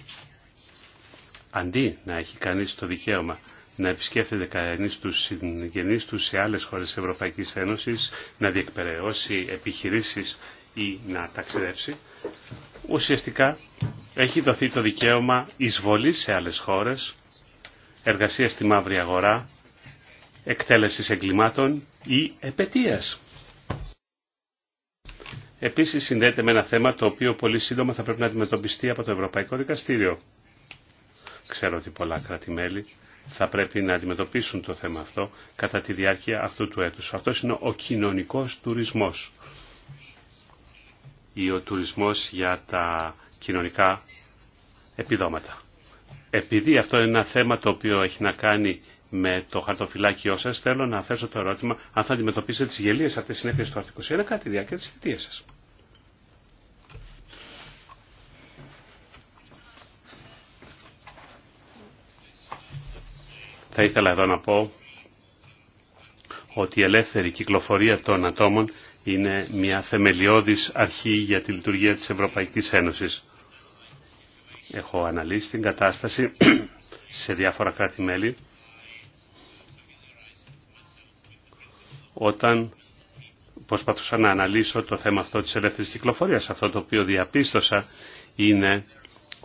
Αντί να έχει κανείς το δικαίωμα να επισκέφτεται κανείς τους συγγενείς του σε άλλες χώρες της Ευρωπαϊκής Ένωσης, να διεκπαιρεώσει επιχειρήσεις ή να ταξιδέψει, ουσιαστικά έχει δοθεί το δικαίωμα εισβολή σε άλλες χώρες, εργασία στη μαύρη αγορά, εκτέλεσης εγκλημάτων ή επαιτίας. Επίσης συνδέεται με ένα θέμα το οποίο πολύ σύντομα θα πρέπει να αντιμετωπιστεί από το Ευρωπαϊκό Δικαστήριο. Ξέρω ότι πολλά κράτη-μέλη θα πρέπει να αντιμετωπίσουν το θέμα αυτό κατά τη διάρκεια αυτού του έτους. Αυτό είναι ο κοινωνικός τουρισμός ή ο τουρισμός για τα κοινωνικά επιδόματα. Επειδή αυτό είναι ένα θέμα το οποίο έχει να κάνει με το χαρτοφυλάκιό σα, θέλω να θέσω το ερώτημα αν θα αντιμετωπίσετε τι γελίε αυτέ τι συνέπειε του άρθρου 21 κατά τη διάρκεια τη θητεία σα. Θα ήθελα εδώ να πω ότι η ελεύθερη κυκλοφορία των ατόμων είναι μια θεμελιώδης αρχή για τη λειτουργία της Ευρωπαϊκής Ένωσης. Έχω αναλύσει την κατάσταση σε διάφορα κράτη-μέλη. Όταν προσπαθούσα να αναλύσω το θέμα αυτό της ελεύθερης κυκλοφορίας, αυτό το οποίο διαπίστωσα είναι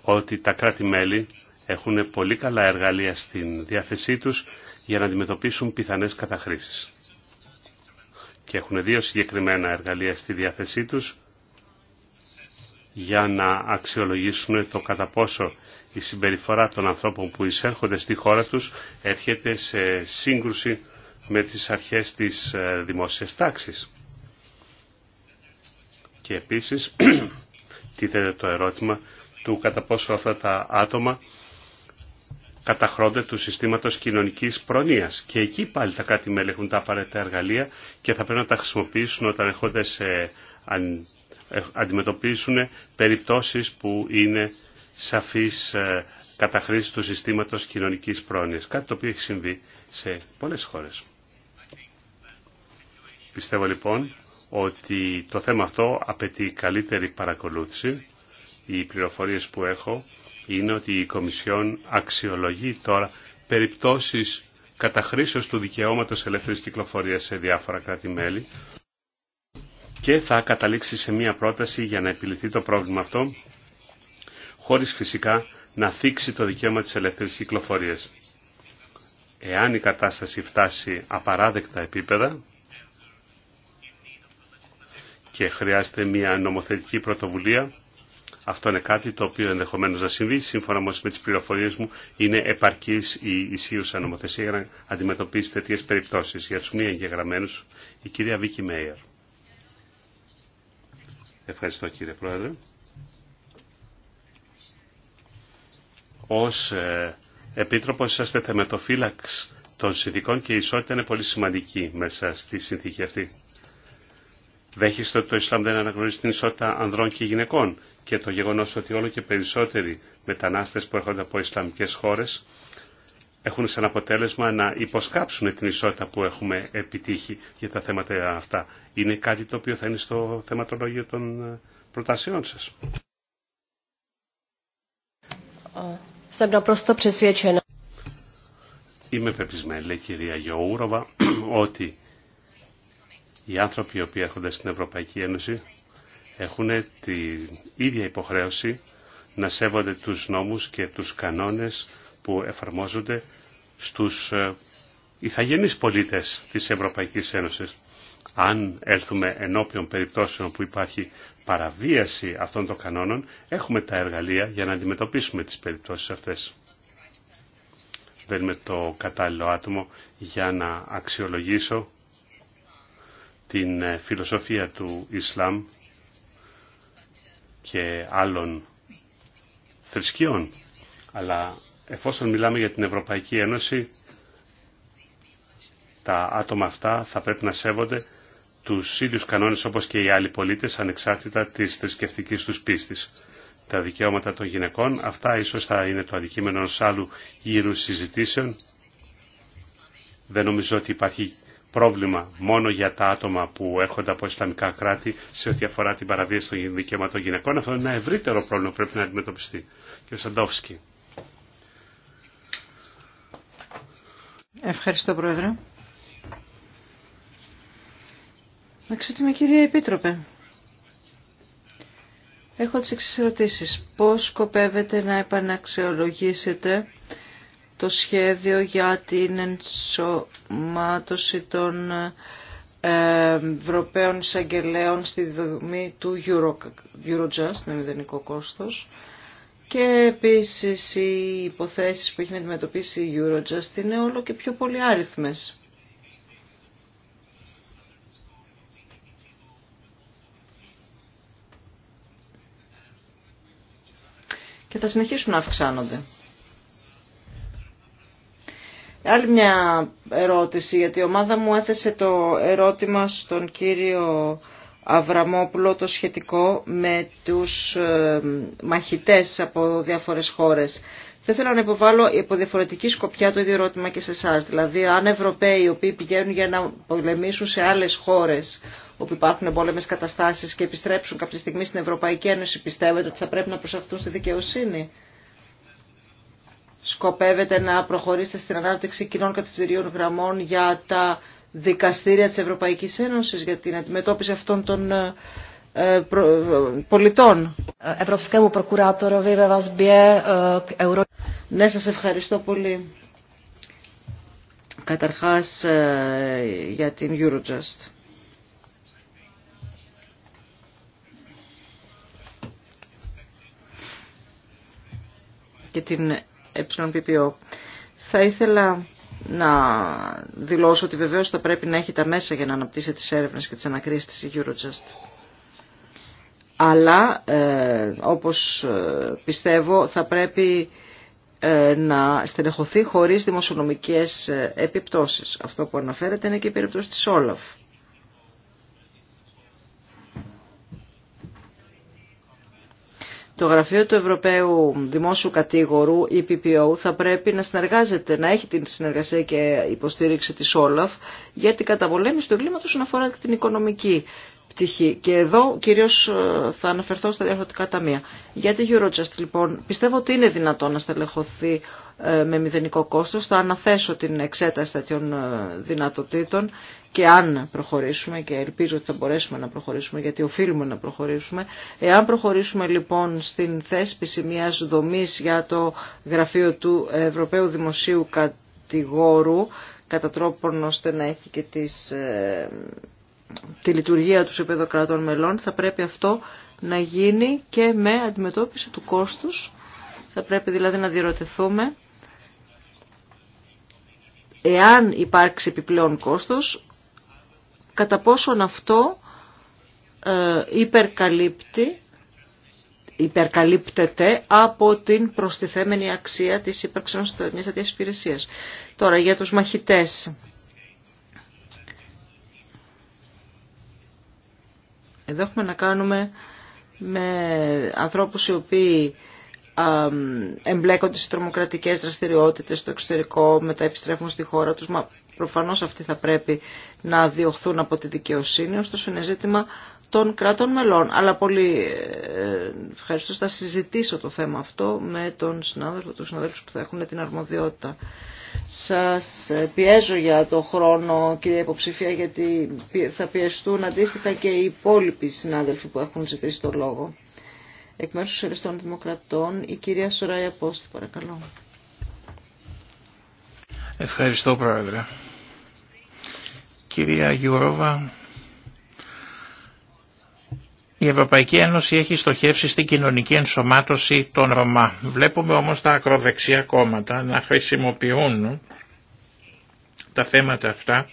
ότι τα κράτη-μέλη έχουν πολύ καλά εργαλεία στην διάθεσή τους για να αντιμετωπίσουν πιθανές καταχρήσεις. Και έχουν δύο συγκεκριμένα εργαλεία στη διάθεσή τους για να αξιολογήσουν το κατά πόσο η συμπεριφορά των ανθρώπων που εισέρχονται στη χώρα τους έρχεται σε σύγκρουση με τις αρχές της ε, δημόσιας τάξης. Και επίσης τίθεται το ερώτημα του κατά πόσο αυτά τα άτομα καταχρώνται του συστήματος κοινωνικής προνοίας. Και εκεί πάλι τα κάτι μελέχουν τα απαραίτητα εργαλεία και θα πρέπει να τα χρησιμοποιήσουν όταν έρχονται σε ε, αντιμετωπίσουν περιπτώσεις που είναι σαφής ε, καταχρήση του συστήματος κοινωνικής πρόνοιας. Κάτι το οποίο έχει συμβεί σε πολλές χώρες. Πιστεύω λοιπόν ότι το θέμα αυτό απαιτεί καλύτερη παρακολούθηση. Οι πληροφορίες που έχω είναι ότι η Κομισιόν αξιολογεί τώρα περιπτώσεις καταχρήσεως του δικαιώματος ελεύθερης κυκλοφορίας σε διάφορα κράτη-μέλη και θα καταλήξει σε μια πρόταση για να επιληθεί το πρόβλημα αυτό, χωρίς φυσικά να θίξει το δικαίωμα της ελεύθερης κυκλοφορίας. Εάν η κατάσταση φτάσει απαράδεκτα επίπεδα και χρειάζεται μια νομοθετική πρωτοβουλία, αυτό είναι κάτι το οποίο ενδεχομένως να συμβεί. Σύμφωνα όμως με τις πληροφορίες μου είναι επαρκής η ισχύουσα νομοθεσία για να αντιμετωπίσει τέτοιε περιπτώσεις. Για τους μη εγγεγραμμένους, η κυρία Βίκη Μέιερ. Ευχαριστώ κύριε Πρόεδρε. Ως ε, Επίτροπος το θεμετοφύλαξ των συνθηκών και η ισότητα είναι πολύ σημαντική μέσα στη συνθήκη αυτή. Δέχεστε ότι το Ισλάμ δεν αναγνωρίζει την ισότητα ανδρών και γυναικών και το γεγονός ότι όλο και περισσότεροι μετανάστες που έρχονται από Ισλαμικές χώρες έχουν σαν αποτέλεσμα να υποσκάψουν την ισότητα που έχουμε επιτύχει για τα θέματα αυτά. Είναι κάτι το οποίο θα είναι στο θεματολόγιο των ε, προτάσεών σας. Ε, Είμαι πεπισμένη, λέει κυρία Γιώουροβα, ότι οι άνθρωποι οι οποίοι έρχονται στην Ευρωπαϊκή Ένωση έχουν την ίδια υποχρέωση να σέβονται τους νόμους και τους κανόνες που εφαρμόζονται στους ε, ηθαγενείς πολίτες της Ευρωπαϊκής Ένωσης. Αν έλθουμε ενώπιον περιπτώσεων που υπάρχει παραβίαση αυτών των κανόνων, έχουμε τα εργαλεία για να αντιμετωπίσουμε τις περιπτώσεις αυτές. Δεν είμαι το κατάλληλο άτομο για να αξιολογήσω την ε, φιλοσοφία του Ισλάμ και άλλων θρησκειών. Αλλά Εφόσον μιλάμε για την Ευρωπαϊκή Ένωση, τα άτομα αυτά θα πρέπει να σέβονται τους ίδιους κανόνες όπως και οι άλλοι πολίτες ανεξάρτητα της θρησκευτική τους πίστης. Τα δικαιώματα των γυναικών, αυτά ίσως θα είναι το αντικείμενο ενός άλλου γύρου συζητήσεων. Δεν νομίζω ότι υπάρχει πρόβλημα μόνο για τα άτομα που έρχονται από Ισλαμικά κράτη σε ό,τι αφορά την παραβίαση των δικαιωμάτων των γυναικών. Αυτό είναι ένα ευρύτερο πρόβλημα που πρέπει να αντιμετωπιστεί. Κύριε Σαντόφσκι. Ευχαριστώ, Πρόεδρε. με κυρία Επίτροπε, έχω τις εξής ερωτήσεις. Πώς σκοπεύετε να επαναξιολογήσετε το σχέδιο για την ενσωμάτωση των ε, Ευρωπαίων εισαγγελέων στη δομή του Eurojust με μηδενικό κόστος. Και επίσης οι υποθέσεις που έχει να αντιμετωπίσει η Eurojust είναι όλο και πιο άριθμες. Και θα συνεχίσουν να αυξάνονται. Άλλη μια ερώτηση, γιατί η ομάδα μου έθεσε το ερώτημα στον κύριο Αβραμόπουλο το σχετικό με τους ε, μαχητές από διάφορες χώρες. Θα ήθελα να υποβάλω από διαφορετική σκοπιά το ίδιο ερώτημα και σε εσά. Δηλαδή, αν Ευρωπαίοι οι οποίοι πηγαίνουν για να πολεμήσουν σε άλλε χώρε όπου υπάρχουν εμπόλεμε καταστάσει και επιστρέψουν κάποια στιγμή στην Ευρωπαϊκή Ένωση, πιστεύετε ότι θα πρέπει να προσαχθούν στη δικαιοσύνη σκοπεύετε να προχωρήσετε στην ανάπτυξη κοινών κατευθυντηρίων γραμμών για τα δικαστήρια της Ευρωπαϊκής Ένωσης για την αντιμετώπιση αυτών των ε, ε, ε, πολιτών. Ναι, σας ευχαριστώ πολύ. Καταρχάς για την Eurojust. και την ΕΠΠΟ. Θα ήθελα να δηλώσω ότι βεβαίως θα πρέπει να έχει τα μέσα για να αναπτύσσει τις έρευνες και τις ανακρίσεις της Eurojust. Αλλά, ε, όπως ε, πιστεύω, θα πρέπει ε, να στελεχωθεί χωρίς δημοσιονομικές ε, επιπτώσεις. Αυτό που αναφέρεται είναι και η περίπτωση της Όλαφ. το Γραφείο του Ευρωπαίου Δημόσιου Κατήγορου, PPO, θα πρέπει να συνεργάζεται, να έχει την συνεργασία και υποστήριξη της Όλαφ για την καταπολέμηση του εγκλήματος όσον αφορά την οικονομική και εδώ κυρίως ε, θα αναφερθώ στα διαφορετικά ταμεία. Για τη Eurojust λοιπόν πιστεύω ότι είναι δυνατό να στελεχωθεί ε, με μηδενικό κόστος. Θα αναθέσω την εξέταση τέτοιων ε, δυνατοτήτων και αν προχωρήσουμε και ελπίζω ότι θα μπορέσουμε να προχωρήσουμε γιατί οφείλουμε να προχωρήσουμε. Εάν προχωρήσουμε λοιπόν στην θέσπιση μιας δομής για το γραφείο του Ευρωπαίου Δημοσίου Κατηγόρου κατά τρόπον ώστε να έχει και τις τη λειτουργία του σε μελών θα πρέπει αυτό να γίνει και με αντιμετώπιση του κόστους. Θα πρέπει δηλαδή να διερωτηθούμε εάν υπάρξει επιπλέον κόστος, κατά πόσον αυτό ε, υπερκαλύπτει, υπερκαλύπτεται από την προστιθέμενη αξία της ύπαρξης μιας τις υπηρεσίας. Τώρα για τους μαχητές Εδώ έχουμε να κάνουμε με ανθρώπους οι οποίοι εμπλέκονται σε τρομοκρατικές δραστηριότητες στο εξωτερικό, μετά επιστρέφουν στη χώρα τους, μα προφανώς αυτοί θα πρέπει να διωχθούν από τη δικαιοσύνη, ωστόσο είναι ζήτημα των κρατών μελών. Αλλά πολύ ε, ευχαριστώ, θα συζητήσω το θέμα αυτό με τον συνάδελφο, τους συναδέλφους που θα έχουν την αρμοδιότητα. Σας πιέζω για το χρόνο, κυρία υποψηφία, γιατί θα πιεστούν αντίστοιχα και οι υπόλοιποι συνάδελφοι που έχουν ζητήσει το λόγο. Εκ μέρους των Δημοκρατών, η κυρία Σωράια Πόστη παρακαλώ. Ευχαριστώ, Πρόεδρε. Κυρία Γιουρόβα, η Ευρωπαϊκή Ένωση έχει στοχεύσει στην κοινωνική ενσωμάτωση των Ρωμά. Βλέπουμε όμως τα ακροδεξιά κόμματα να χρησιμοποιούν τα θέματα αυτά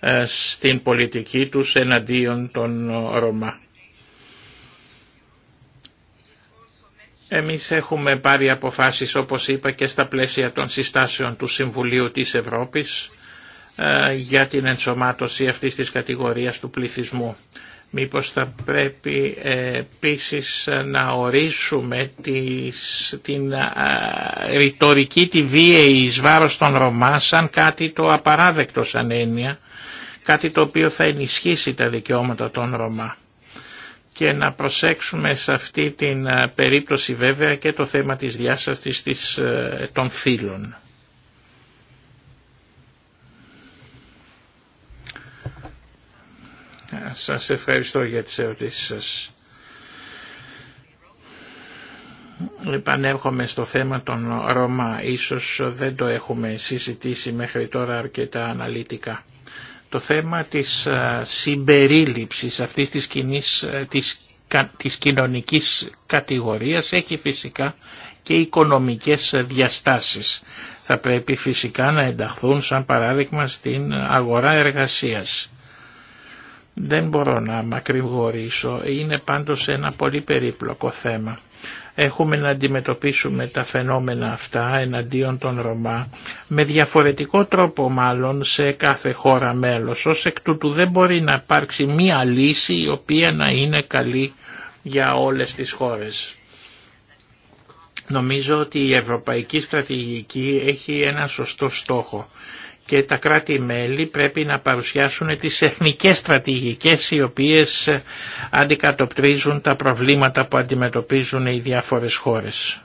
ε, στην πολιτική τους εναντίον των Ρωμά. Εμείς έχουμε πάρει αποφάσεις όπως είπα και στα πλαίσια των συστάσεων του Συμβουλίου της Ευρώπης ε, για την ενσωμάτωση αυτής της κατηγορίας του πληθυσμού. Μήπως θα πρέπει ε, επίσης να ορίσουμε τις, την ρητορική τη βία εις βάρος των Ρωμά σαν κάτι το απαράδεκτο σαν έννοια, κάτι το οποίο θα ενισχύσει τα δικαιώματα των Ρωμά. Και να προσέξουμε σε αυτή την περίπτωση βέβαια και το θέμα της διάστασης ε, των φίλων. Σας ευχαριστώ για τις ερωτήσεις σας. Λοιπόν, έρχομαι στο θέμα των Ρώμα, ίσως δεν το έχουμε συζητήσει μέχρι τώρα αρκετά αναλυτικά. Το θέμα της συμπερίληψης αυτής της, κοινής, της, της κοινωνικής κατηγορίας έχει φυσικά και οικονομικές διαστάσεις. Θα πρέπει φυσικά να ενταχθούν σαν παράδειγμα στην αγορά εργασίας. Δεν μπορώ να μακρηγορήσω, είναι πάντως ένα πολύ περίπλοκο θέμα. Έχουμε να αντιμετωπίσουμε τα φαινόμενα αυτά εναντίον των Ρωμά με διαφορετικό τρόπο μάλλον σε κάθε χώρα μέλος. Ως εκ τούτου δεν μπορεί να υπάρξει μία λύση η οποία να είναι καλή για όλες τις χώρες. Νομίζω ότι η Ευρωπαϊκή Στρατηγική έχει ένα σωστό στόχο και τα κράτη-μέλη πρέπει να παρουσιάσουν τις εθνικές στρατηγικές οι οποίες αντικατοπτρίζουν τα προβλήματα που αντιμετωπίζουν οι διάφορες χώρες.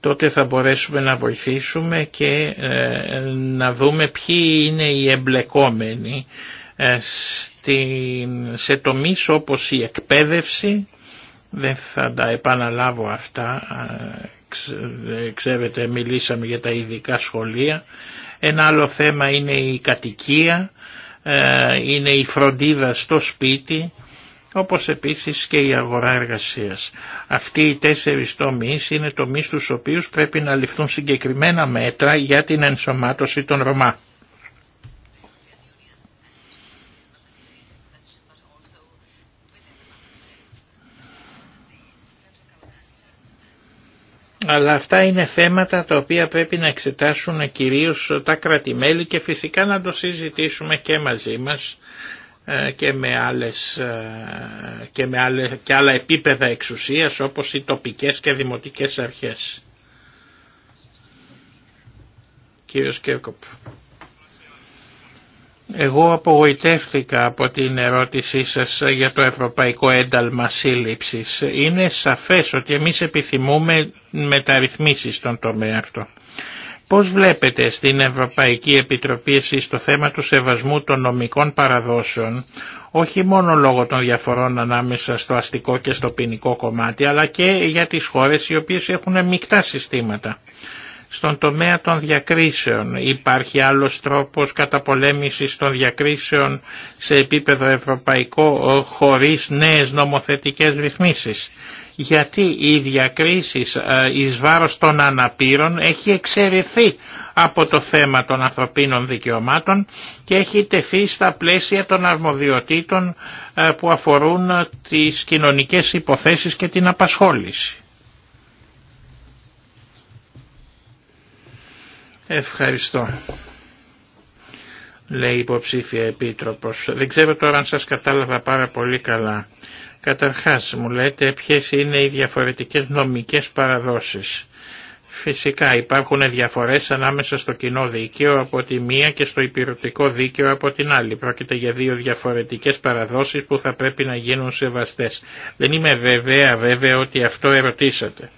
τότε θα μπορέσουμε να βοηθήσουμε και ε, να δούμε ποιοι είναι οι εμπλεκόμενοι ε, σε τομείς όπως η εκπαίδευση, δεν θα τα επαναλάβω αυτά ε, ξέρετε μιλήσαμε για τα ειδικά σχολεία. Ένα άλλο θέμα είναι η κατοικία, ε, είναι η φροντίδα στο σπίτι, όπως επίσης και η αγορά εργασίας. Αυτοί οι τέσσερις τομείς είναι τομείς στους οποίους πρέπει να ληφθούν συγκεκριμένα μέτρα για την ενσωμάτωση των Ρωμά. αλλά αυτά είναι θέματα τα οποία πρέπει να εξετάσουν κυρίως τα κρατημέλη και φυσικά να το συζητήσουμε και μαζί μας ε, και με, άλλες, ε, και με άλλες, και άλλα επίπεδα εξουσίας όπως οι τοπικές και δημοτικές αρχές. Κύριος Κέρκοπ. Εγώ απογοητεύτηκα από την ερώτησή σας για το Ευρωπαϊκό Ένταλμα Σύλληψης. Είναι σαφές ότι εμείς επιθυμούμε μεταρρυθμίσεις στον τομέα αυτό. Πώς βλέπετε στην Ευρωπαϊκή Επιτροπή εσείς το θέμα του σεβασμού των νομικών παραδόσεων, όχι μόνο λόγω των διαφορών ανάμεσα στο αστικό και στο ποινικό κομμάτι, αλλά και για τις χώρες οι οποίες έχουν μεικτά συστήματα. Στον τομέα των διακρίσεων υπάρχει άλλος τρόπος καταπολέμησης των διακρίσεων σε επίπεδο ευρωπαϊκό ε, χωρίς νέες νομοθετικές ρυθμίσεις. Γιατί οι διακρίσεις ε, εις βάρος των αναπήρων έχει εξαιρεθεί από το θέμα των ανθρωπίνων δικαιωμάτων και έχει τεθεί στα πλαίσια των αρμοδιοτήτων ε, που αφορούν τις κοινωνικές υποθέσεις και την απασχόληση. Ευχαριστώ. Λέει υποψήφια επίτροπος. Δεν ξέρω τώρα αν σας κατάλαβα πάρα πολύ καλά. Καταρχάς μου λέτε ποιες είναι οι διαφορετικές νομικές παραδόσεις. Φυσικά υπάρχουν διαφορές ανάμεσα στο κοινό δίκαιο από τη μία και στο υπηρετικό δίκαιο από την άλλη. Πρόκειται για δύο διαφορετικές παραδόσεις που θα πρέπει να γίνουν σεβαστές. Δεν είμαι βέβαια βέβαια ότι αυτό ερωτήσατε.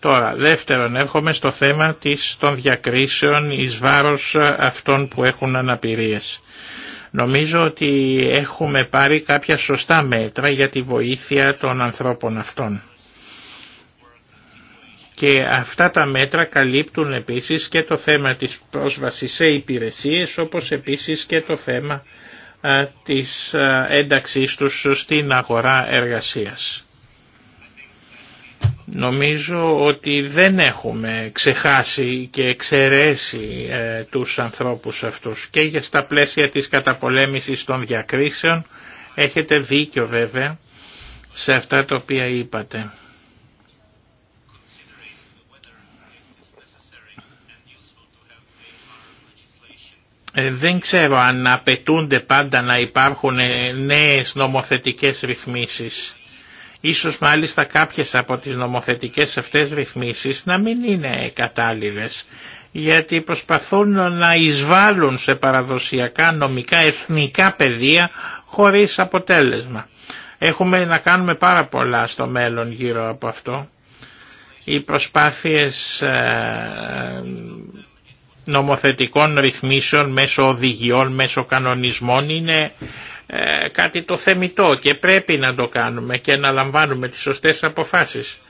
Τώρα, δεύτερον, έρχομαι στο θέμα της, των διακρίσεων εις βάρος ε, αυτών που έχουν αναπηρίες. Νομίζω ότι έχουμε πάρει κάποια σωστά μέτρα για τη βοήθεια των ανθρώπων αυτών. Και αυτά τα μέτρα καλύπτουν επίσης και το θέμα της πρόσβασης σε υπηρεσίες, όπως επίσης και το θέμα ε, της ε, ένταξής τους στην αγορά εργασίας. Νομίζω ότι δεν έχουμε ξεχάσει και εξαιρέσει ε, τους ανθρώπους αυτούς και για στα πλαίσια της καταπολέμησης των διακρίσεων έχετε δίκιο βέβαια σε αυτά τα οποία είπατε. Ε, δεν ξέρω αν απαιτούνται πάντα να υπάρχουν ε, νέες νομοθετικές ρυθμίσεις Ίσως μάλιστα κάποιες από τις νομοθετικές αυτές ρυθμίσεις να μην είναι κατάλληλες γιατί προσπαθούν να εισβάλλουν σε παραδοσιακά νομικά εθνικά πεδία χωρίς αποτέλεσμα. Έχουμε να κάνουμε πάρα πολλά στο μέλλον γύρω από αυτό. Οι προσπάθειες ε, νομοθετικών ρυθμίσεων μέσω οδηγιών, μέσω κανονισμών είναι ε, κάτι το θεμητό και πρέπει να το κάνουμε και να λαμβάνουμε τις σωστές αποφάσεις.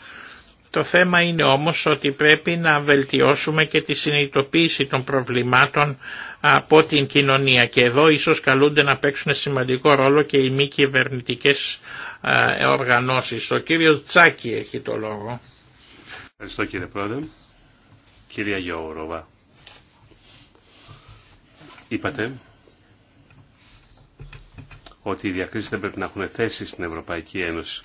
Το θέμα είναι όμως ότι πρέπει να βελτιώσουμε και τη συνειδητοποίηση των προβλημάτων από την κοινωνία και εδώ ίσως καλούνται να παίξουν σημαντικό ρόλο και οι μη κυβερνητικέ ε, οργανώσεις. Ο κύριος Τσάκη έχει το λόγο. Ευχαριστώ κύριε Πρόεδρε. Κυρία Ρόβα. είπατε ότι οι διακρίσεις δεν πρέπει να έχουν θέση στην Ευρωπαϊκή Ένωση.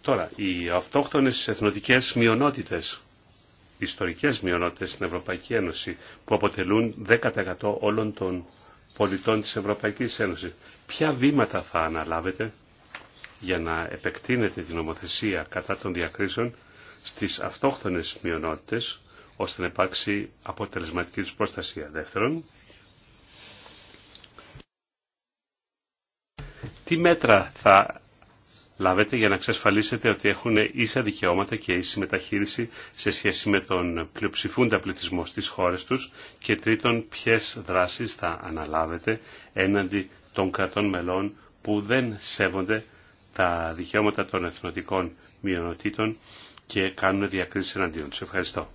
Τώρα, οι αυτόχθονες εθνοτικές μειονότητες, ιστορικές μειονότητες στην Ευρωπαϊκή Ένωση, που αποτελούν 10% όλων των πολιτών της Ευρωπαϊκής Ένωσης, ποια βήματα θα αναλάβετε για να επεκτείνετε την νομοθεσία κατά των διακρίσεων στις αυτόχθονες μειονότητες, ώστε να υπάρξει αποτελεσματική τους προστασία. Δεύτερον, τι μέτρα θα λάβετε για να εξασφαλίσετε ότι έχουν ίσα δικαιώματα και ίση μεταχείριση σε σχέση με τον πλειοψηφούντα πληθυσμό στις χώρες τους και τρίτον ποιες δράσεις θα αναλάβετε έναντι των κρατών μελών που δεν σέβονται τα δικαιώματα των εθνοτικών μειονοτήτων και κάνουν διακρίσεις εναντίον τους. Ευχαριστώ.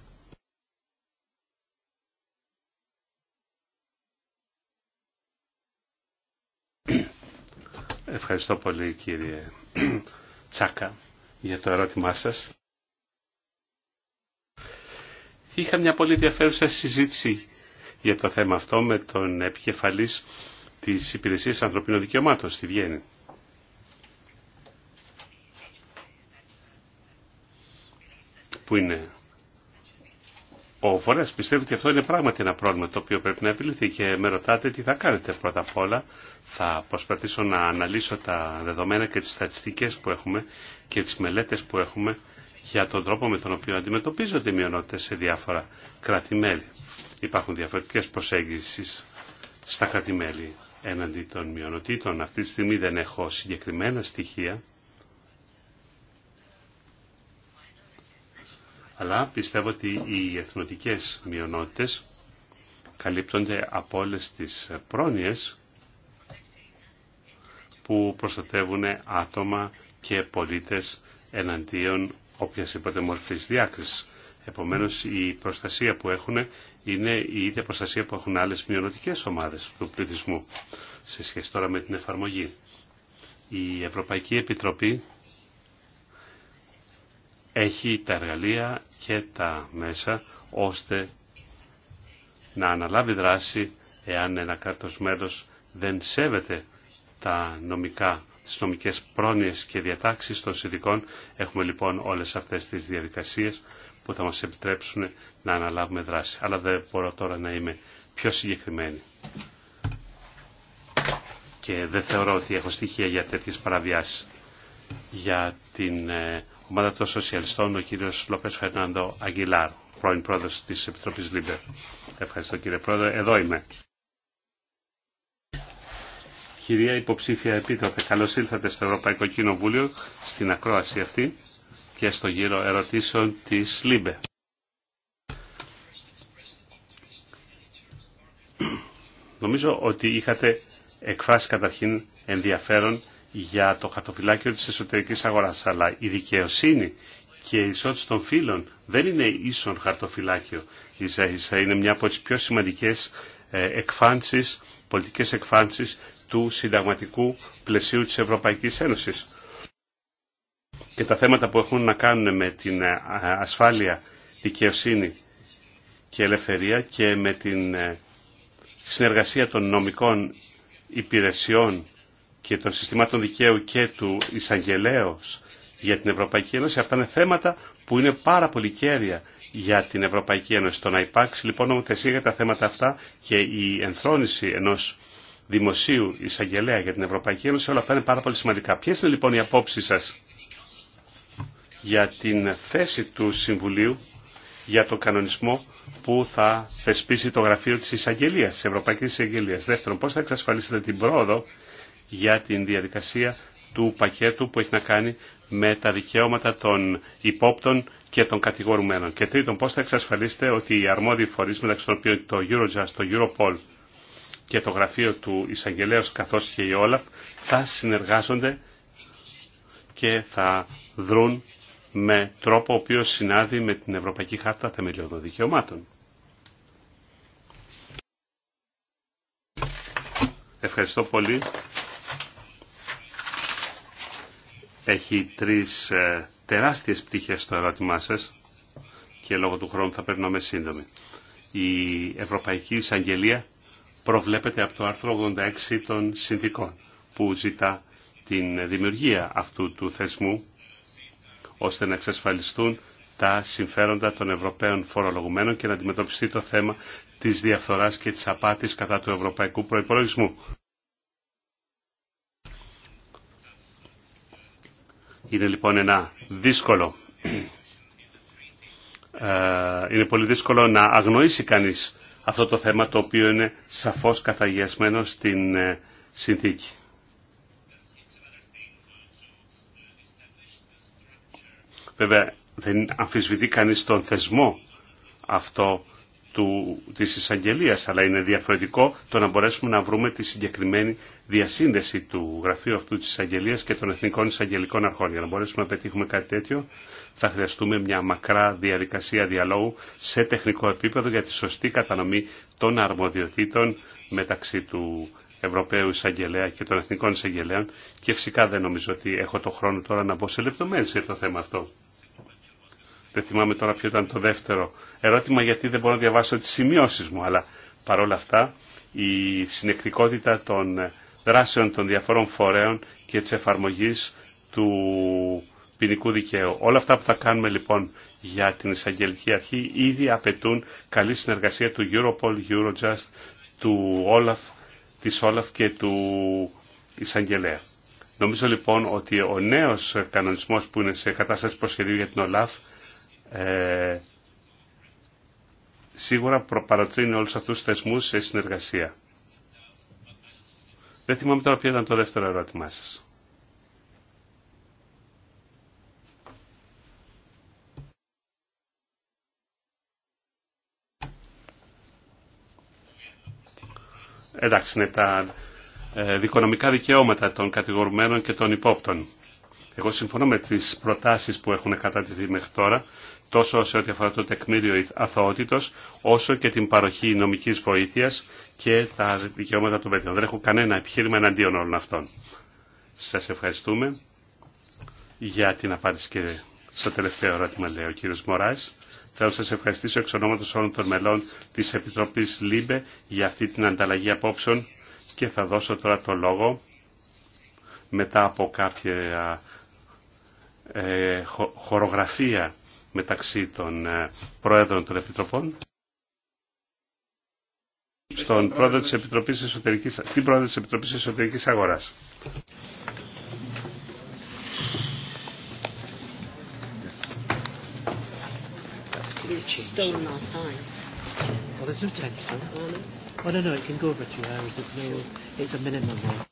Ευχαριστώ πολύ κύριε Τσάκα για το ερώτημά σας. Είχα μια πολύ ενδιαφέρουσα συζήτηση για το θέμα αυτό με τον επικεφαλής της Υπηρεσίας Ανθρωπίνων Δικαιωμάτων στη Βιέννη. που είναι ο φορέας πιστεύει ότι αυτό είναι πράγματι ένα πρόβλημα το οποίο πρέπει να επιληθεί και με ρωτάτε τι θα κάνετε πρώτα απ' όλα. Θα προσπαθήσω να αναλύσω τα δεδομένα και τις στατιστικές που έχουμε και τις μελέτες που έχουμε για τον τρόπο με τον οποίο αντιμετωπίζονται οι μειονότητες σε διάφορα κράτη-μέλη. Υπάρχουν διαφορετικές προσέγγισεις στα κράτη-μέλη έναντι των μειονοτήτων. Αυτή τη στιγμή δεν έχω συγκεκριμένα στοιχεία αλλά πιστεύω ότι οι εθνοτικές μειονότητες καλύπτονται από όλε τις πρόνοιες που προστατεύουν άτομα και πολίτες εναντίον οποιασδήποτε μορφής διάκρισης. Επομένως η προστασία που έχουν είναι η ίδια προστασία που έχουν άλλες μειονοτικές ομάδες του πληθυσμού σε σχέση τώρα με την εφαρμογή. Η Ευρωπαϊκή Επιτροπή έχει τα εργαλεία και τα μέσα ώστε να αναλάβει δράση εάν ένα κράτος μέλος δεν σέβεται τα νομικά, τις νομικές πρόνοιες και διατάξεις των συνδικών. Έχουμε λοιπόν όλες αυτές τις διαδικασίες που θα μας επιτρέψουν να αναλάβουμε δράση. Αλλά δεν μπορώ τώρα να είμαι πιο συγκεκριμένη. Και δεν θεωρώ ότι έχω στοιχεία για τέτοιες παραβιάσεις. Για την ε, ομάδα των Σοσιαλιστών, ο κύριο Λοπέ Φερνάντο Αγγιλάρ, πρώην πρόεδρος της Επιτροπής Λίμπερ. Ευχαριστώ κύριε πρόεδρε, εδώ είμαι. Κυρία υποψήφια επίτροπε, καλώ ήλθατε στο Ευρωπαϊκό Κοινοβούλιο, στην ακρόαση αυτή και στο γύρο ερωτήσεων της Λίμπε. Νομίζω ότι είχατε εκφράσει καταρχήν ενδιαφέρον για το χαρτοφυλάκιο της εσωτερικής αγοράς, αλλά η δικαιοσύνη και η ισότητα των φύλων δεν είναι ίσον χαρτοφυλάκιο. Ίσα ίσα είναι μια από τις πιο σημαντικές ε, εκφάνσεις, πολιτικές εκφάνσεις του συνταγματικού πλαισίου της Ευρωπαϊκής Ένωσης. Και τα θέματα που έχουν να κάνουν με την ε, ασφάλεια, δικαιοσύνη και ελευθερία και με την ε, συνεργασία των νομικών υπηρεσιών και των συστημάτων δικαίου και του εισαγγελέω για την Ευρωπαϊκή Ένωση, αυτά είναι θέματα που είναι πάρα πολύ κέρια για την Ευρωπαϊκή Ένωση. Το να υπάρξει λοιπόν νομοθεσία για τα θέματα αυτά και η ενθρόνηση ενό δημοσίου εισαγγελέα για την Ευρωπαϊκή Ένωση, όλα αυτά είναι πάρα πολύ σημαντικά. Ποιε είναι λοιπόν οι απόψει σα για την θέση του Συμβουλίου για τον κανονισμό που θα θεσπίσει το γραφείο της εισαγγελίας, της Ευρωπαϊκής Εισαγγελίας. Δεύτερον, πώς θα εξασφαλίσετε την πρόοδο για την διαδικασία του πακέτου που έχει να κάνει με τα δικαιώματα των υπόπτων και των κατηγορουμένων. Και τρίτον, πώς θα εξασφαλίσετε ότι οι αρμόδιοι φορείς μεταξύ των οποίων το Eurojust, το Europol και το γραφείο του Ισαγγελέως καθώς και η Όλαφ θα συνεργάζονται και θα δρουν με τρόπο ο οποίος συνάδει με την Ευρωπαϊκή Χάρτα Θεμελιωδών Δικαιωμάτων. Ευχαριστώ πολύ. έχει τρεις ε, τεράστιες πτυχές στο ερώτημά σας και λόγω του χρόνου θα περνάμε σύντομη. Η Ευρωπαϊκή Εισαγγελία προβλέπεται από το άρθρο 86 των συνθήκων που ζητά την δημιουργία αυτού του θεσμού ώστε να εξασφαλιστούν τα συμφέροντα των Ευρωπαίων φορολογουμένων και να αντιμετωπιστεί το θέμα της διαφθοράς και της απάτης κατά του ευρωπαϊκού προϋπολογισμού. Είναι λοιπόν ένα δύσκολο. Ε, είναι πολύ δύσκολο να αγνοήσει κανείς αυτό το θέμα το οποίο είναι σαφώς καθαγιασμένο στην ε, συνθήκη. Βέβαια δεν αμφισβητεί κανείς τον θεσμό αυτό του, της εισαγγελία, αλλά είναι διαφορετικό το να μπορέσουμε να βρούμε τη συγκεκριμένη διασύνδεση του γραφείου αυτού της εισαγγελία και των εθνικών εισαγγελικών αρχών. Για να μπορέσουμε να πετύχουμε κάτι τέτοιο θα χρειαστούμε μια μακρά διαδικασία διαλόγου σε τεχνικό επίπεδο για τη σωστή κατανομή των αρμοδιοτήτων μεταξύ του Ευρωπαίου Εισαγγελέα και των Εθνικών Εισαγγελέων και φυσικά δεν νομίζω ότι έχω το χρόνο τώρα να μπω σε το θέμα αυτό. Δεν θυμάμαι τώρα ποιο ήταν το δεύτερο ερώτημα γιατί δεν μπορώ να διαβάσω τις σημειώσεις μου. Αλλά παρόλα αυτά η συνεκτικότητα των δράσεων των διαφορών φορέων και της εφαρμογής του ποινικού δικαίου. Όλα αυτά που θα κάνουμε λοιπόν για την εισαγγελική αρχή ήδη απαιτούν καλή συνεργασία του Europol, Eurojust, του Olaf, της Olaf και του εισαγγελέα. Νομίζω λοιπόν ότι ο νέος κανονισμός που είναι σε κατάσταση προσχεδίου για την ΟΛΑΦ ε, σίγουρα παρατρύνει όλους αυτούς τους θεσμούς σε συνεργασία. Δεν θυμάμαι τώρα ποιο ήταν το δεύτερο ερώτημά σας. Εντάξει, είναι τα ε, δικονομικά δικαιώματα των κατηγορουμένων και των υπόπτων. Εγώ συμφωνώ με τι προτάσει που έχουν κατατεθεί μέχρι τώρα, τόσο σε ό,τι αφορά το τεκμήριο αθωότητο, όσο και την παροχή νομική βοήθεια και τα δικαιώματα των παιδιών. Δεν έχω κανένα επιχείρημα εναντίον όλων αυτών. Σα ευχαριστούμε για την απάντηση και στο τελευταίο ερώτημα, λέει ο κύριο Μωράης. Θέλω να σας ευχαριστήσω εξ ονόματος όλων των μελών τη Επιτροπής ΛΥΜΠΕ για αυτή την ανταλλαγή απόψεων και θα δώσω τώρα το λόγο μετά από κάποια ε, χορογραφία μεταξύ των ε, Προέδρων των Επιτροπών στον πρόεδρο της Επιτροπής Εσωτερικής, στην πρόεδρο της Επιτροπής Εσωτερικής Αγοράς. Well, there's no time, Oh, no, no, it can go over two hours. It's, no, it's a minimum.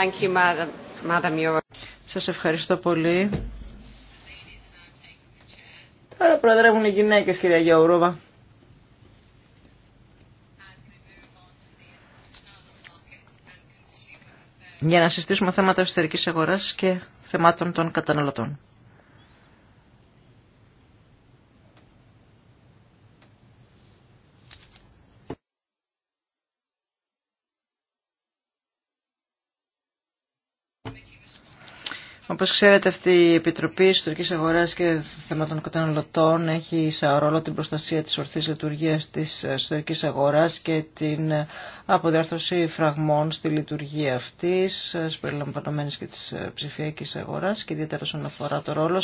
Thank Σας ευχαριστώ πολύ. Τώρα προεδρεύουν οι γυναίκες, κυρία Γεωρούβα. για να συστήσουμε θέματα εσωτερικής αγοράς και θεμάτων των καταναλωτών. Όπω ξέρετε αυτή η Επιτροπή Ιστορική αγορά και Θεμάτων Καταναλωτών έχει σαν ρόλο την προστασία τη ορθή λειτουργία τη ιστορική αγορά και την αποδιάρθρωση φραγμών στη λειτουργία αυτή, συμπεριλαμβανομένη και τη ψηφιακή αγορά, και ιδιαίτερα όσον αφορά το ρόλο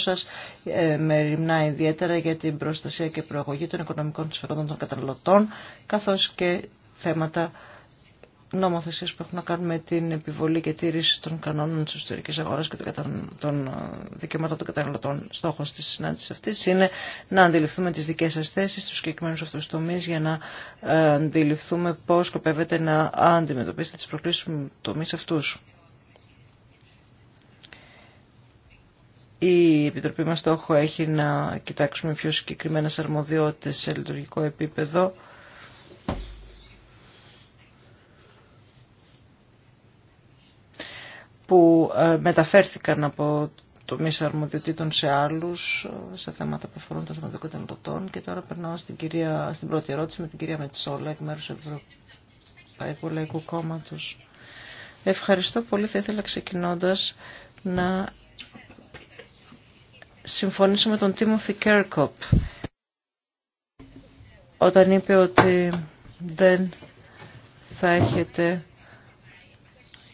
ε, με ρημνά ιδιαίτερα για την προστασία και προαγωγή των οικονομικών συμφερόντων των καταναλωτών, καθώ και θέματα νομοθεσίες που έχουν να κάνουν με την επιβολή και τήρηση των κανόνων της εσωτερικής αγοράς και των ε, δικαιωμάτων των καταναλωτών στόχων της συνάντησης αυτής είναι να αντιληφθούμε τις δικές σας θέσεις στους συγκεκριμένους αυτούς τομείς για να ε, αντιληφθούμε πώς σκοπεύετε να αντιμετωπίσετε τις προκλήσεις τομείς αυτούς. Η Επιτροπή μας στόχο έχει να κοιτάξουμε πιο συγκεκριμένες αρμοδιότητες σε λειτουργικό επίπεδο που ε, μεταφέρθηκαν από το το αρμοδιοτήτων σε άλλου, ε, σε θέματα που αφορούν το των καταναλωτών. Και τώρα περνάω στην, κυρία, στην πρώτη ερώτηση με την κυρία Μετσόλα, εκ μέρου του Ευρωπαϊκού Λαϊκού Κόμματο. Ευχαριστώ πολύ. Θα ήθελα ξεκινώντα να συμφωνήσω με τον Τίμωθη Κέρκοπ όταν είπε ότι δεν θα έχετε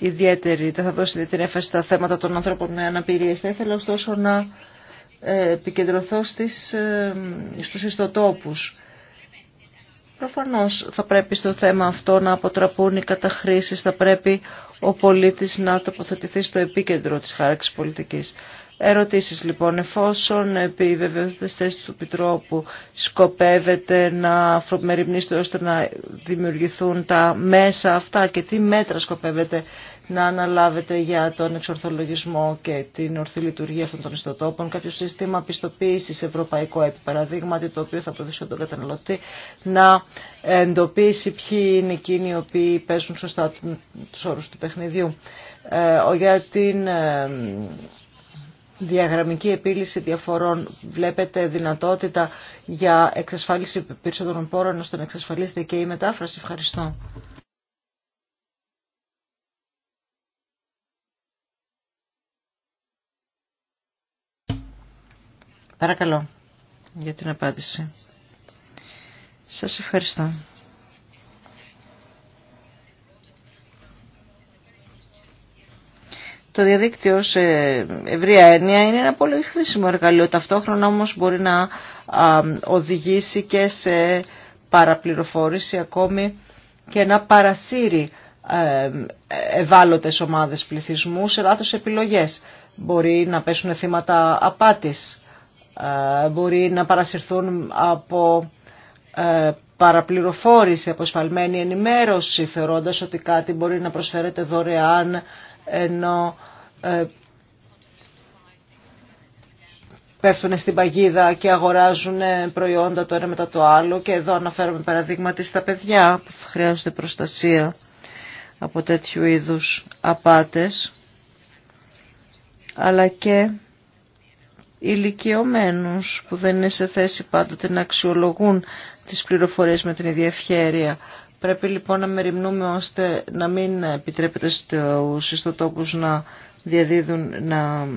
ιδιαίτερη, θα δώσει ιδιαίτερη έμφαση στα θέματα των ανθρώπων με αναπηρία Θα ήθελα ωστόσο να ε, επικεντρωθώ στις, ε, στους ιστοτόπους Προφανώς θα πρέπει στο θέμα αυτό να αποτραπούν οι καταχρήσει, θα πρέπει ο πολίτης να τοποθετηθεί στο επίκεντρο της χάραξη πολιτικής. Ερωτήσεις λοιπόν, εφόσον επί στι θέσει του Πιτρόπου σκοπεύετε να μεριμνήσετε ώστε να δημιουργηθούν τα μέσα αυτά και τι μέτρα σκοπεύετε να αναλάβετε για τον εξορθολογισμό και την ορθή λειτουργία αυτών των ιστοτόπων, κάποιο σύστημα πιστοποίηση σε ευρωπαϊκό επίπεδο, το οποίο θα βοηθήσει τον καταναλωτή να εντοπίσει ποιοι είναι εκείνοι οι οποίοι παίζουν σωστά του όρου του παιχνιδιού. Ε, για την ε, διαγραμμική επίλυση διαφορών βλέπετε δυνατότητα για εξασφάλιση περισσότερων πόρων ώστε να εξασφαλίσετε και η μετάφραση. Ευχαριστώ. Παρακαλώ για την απάντηση. Σας ευχαριστώ. Το διαδίκτυο σε ευρία έννοια είναι ένα πολύ χρήσιμο εργαλείο. Ταυτόχρονα όμως μπορεί να οδηγήσει και σε παραπληροφόρηση ακόμη και να παρασύρει ε, ευάλωτες ομάδες πληθυσμού σε λάθος επιλογές. Μπορεί να πέσουν θύματα απάτης ε, μπορεί να παρασυρθούν από ε, παραπληροφόρηση, από σφαλμένη ενημέρωση, θεωρώντας ότι κάτι μπορεί να προσφέρεται δωρεάν, ενώ ε, πέφτουν στην παγίδα και αγοράζουν προϊόντα το ένα μετά το άλλο και εδώ αναφέρομαι παραδείγματι στα παιδιά που χρειάζονται προστασία από τέτοιου είδους απάτες αλλά και ηλικιωμένους που δεν είναι σε θέση πάντοτε να αξιολογούν τις πληροφορίες με την ίδια ευχέρεια. Πρέπει λοιπόν να μεριμνούμε ώστε να μην επιτρέπεται στους ιστοτόπους να διαδίδουν, να,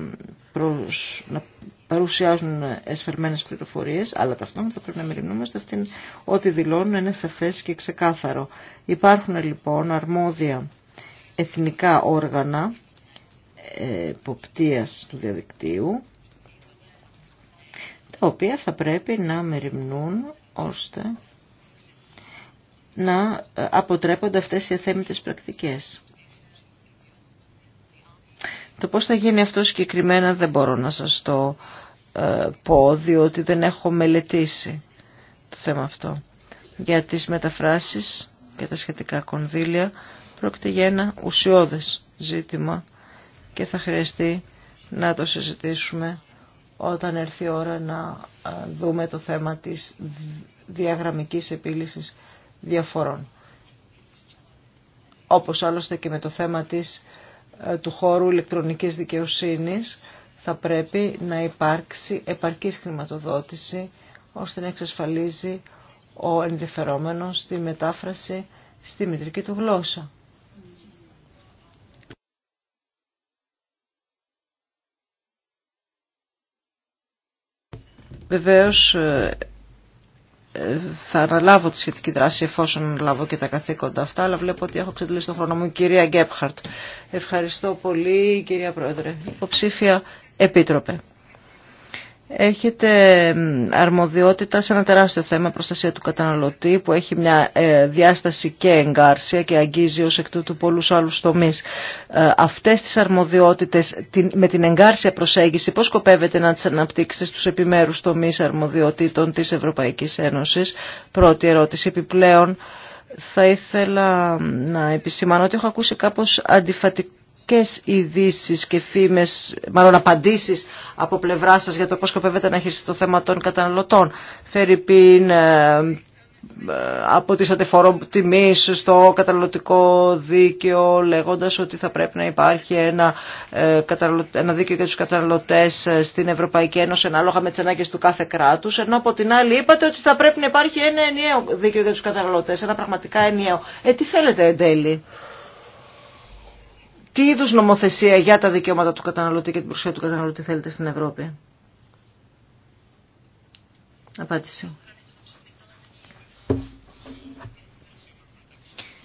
παρουσιάζουν εσφερμένες πληροφορίες, αλλά ταυτόχρονα θα πρέπει να μεριμνούμε ώστε αυτήν ό,τι δηλώνουν είναι σαφές και ξεκάθαρο. Υπάρχουν λοιπόν αρμόδια εθνικά όργανα ε, εποπτείας του διαδικτύου, τα οποία θα πρέπει να μεριμνούν ώστε να ε, αποτρέπονται αυτές οι αθέμητες πρακτικές. Το πώς θα γίνει αυτό συγκεκριμένα δεν μπορώ να σας το ε, πω, διότι δεν έχω μελετήσει το θέμα αυτό. Για τις μεταφράσεις και τα σχετικά κονδύλια πρόκειται για ένα ουσιώδες ζήτημα και θα χρειαστεί να το συζητήσουμε όταν έρθει η ώρα να ε, δούμε το θέμα της διαγραμμικής επίλυσης διαφορών. Όπως άλλωστε και με το θέμα της, ε, του χώρου ηλεκτρονικής δικαιοσύνης θα πρέπει να υπάρξει επαρκής χρηματοδότηση ώστε να εξασφαλίζει ο ενδιαφερόμενος τη μετάφραση στη μητρική του γλώσσα. Βεβαίως ε, ε, θα αναλάβω τη σχετική δράση εφόσον λάβω και τα καθήκοντα αυτά, αλλά βλέπω ότι έχω ξετλήσει τον χρόνο μου. Κυρία Γκέπχαρτ, ευχαριστώ πολύ κυρία Πρόεδρε. Υποψήφια Επίτροπε έχετε αρμοδιότητα σε ένα τεράστιο θέμα προστασία του καταναλωτή που έχει μια ε, διάσταση και εγκάρσια και αγγίζει ως εκ τούτου πολλούς άλλους τομείς. Ε, αυτές τις αρμοδιότητες με την εγκάρσια προσέγγιση πώς σκοπεύετε να τις αναπτύξετε στους επιμέρους τομείς αρμοδιοτήτων της Ευρωπαϊκής Ένωσης. Πρώτη ερώτηση επιπλέον. Θα ήθελα να επισημανώ ότι έχω ακούσει κάπως αντιφατικό θετικές ειδήσει και φήμες, μάλλον απαντήσεις από πλευρά σας για το πώς σκοπεύετε να χειριστεί το θέμα των καταναλωτών. Φέρει ε, ε από τις τιμής στο καταναλωτικό δίκαιο λέγοντας ότι θα πρέπει να υπάρχει ένα, ε, ένα δίκαιο για τους καταναλωτές ε, στην Ευρωπαϊκή Ένωση ανάλογα με τις ανάγκες του κάθε κράτους ενώ από την άλλη είπατε ότι θα πρέπει να υπάρχει ένα ενιαίο δίκαιο για τους καταναλωτές, ένα πραγματικά ενιαίο. Ε, τι θέλετε εν τέλει. Τι είδους νομοθεσία για τα δικαιώματα του καταναλωτή και την προστασία του καταναλωτή θέλετε στην Ευρώπη. Απάντηση.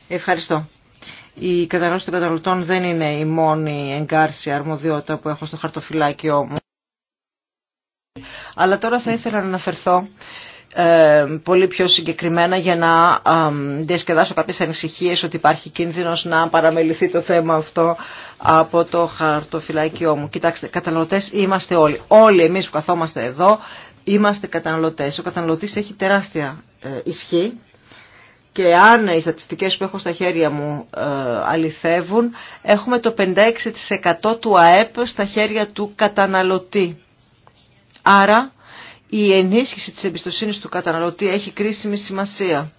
Ευχαριστώ. Η κατανάλωση των καταναλωτών δεν είναι η μόνη εγκάρση αρμοδιότητα που έχω στο χαρτοφυλάκιό μου. Αλλά τώρα θα ήθελα να αναφερθώ ε, πολύ πιο συγκεκριμένα για να ε, διασκεδάσω κάποιες ανησυχίες ότι υπάρχει κίνδυνος να παραμεληθεί το θέμα αυτό από το χαρτοφυλάκιό μου. Κοιτάξτε, καταναλωτές είμαστε όλοι. Όλοι εμείς που καθόμαστε εδώ είμαστε καταναλωτές. Ο καταναλωτής έχει τεράστια ε, ισχύ και αν οι στατιστικές που έχω στα χέρια μου αληθεύουν, έχουμε το 56% του ΑΕΠ στα χέρια του καταναλωτή. Άρα η ενίσχυση της εμπιστοσύνης του καταναλωτή έχει κρίσιμη σημασία.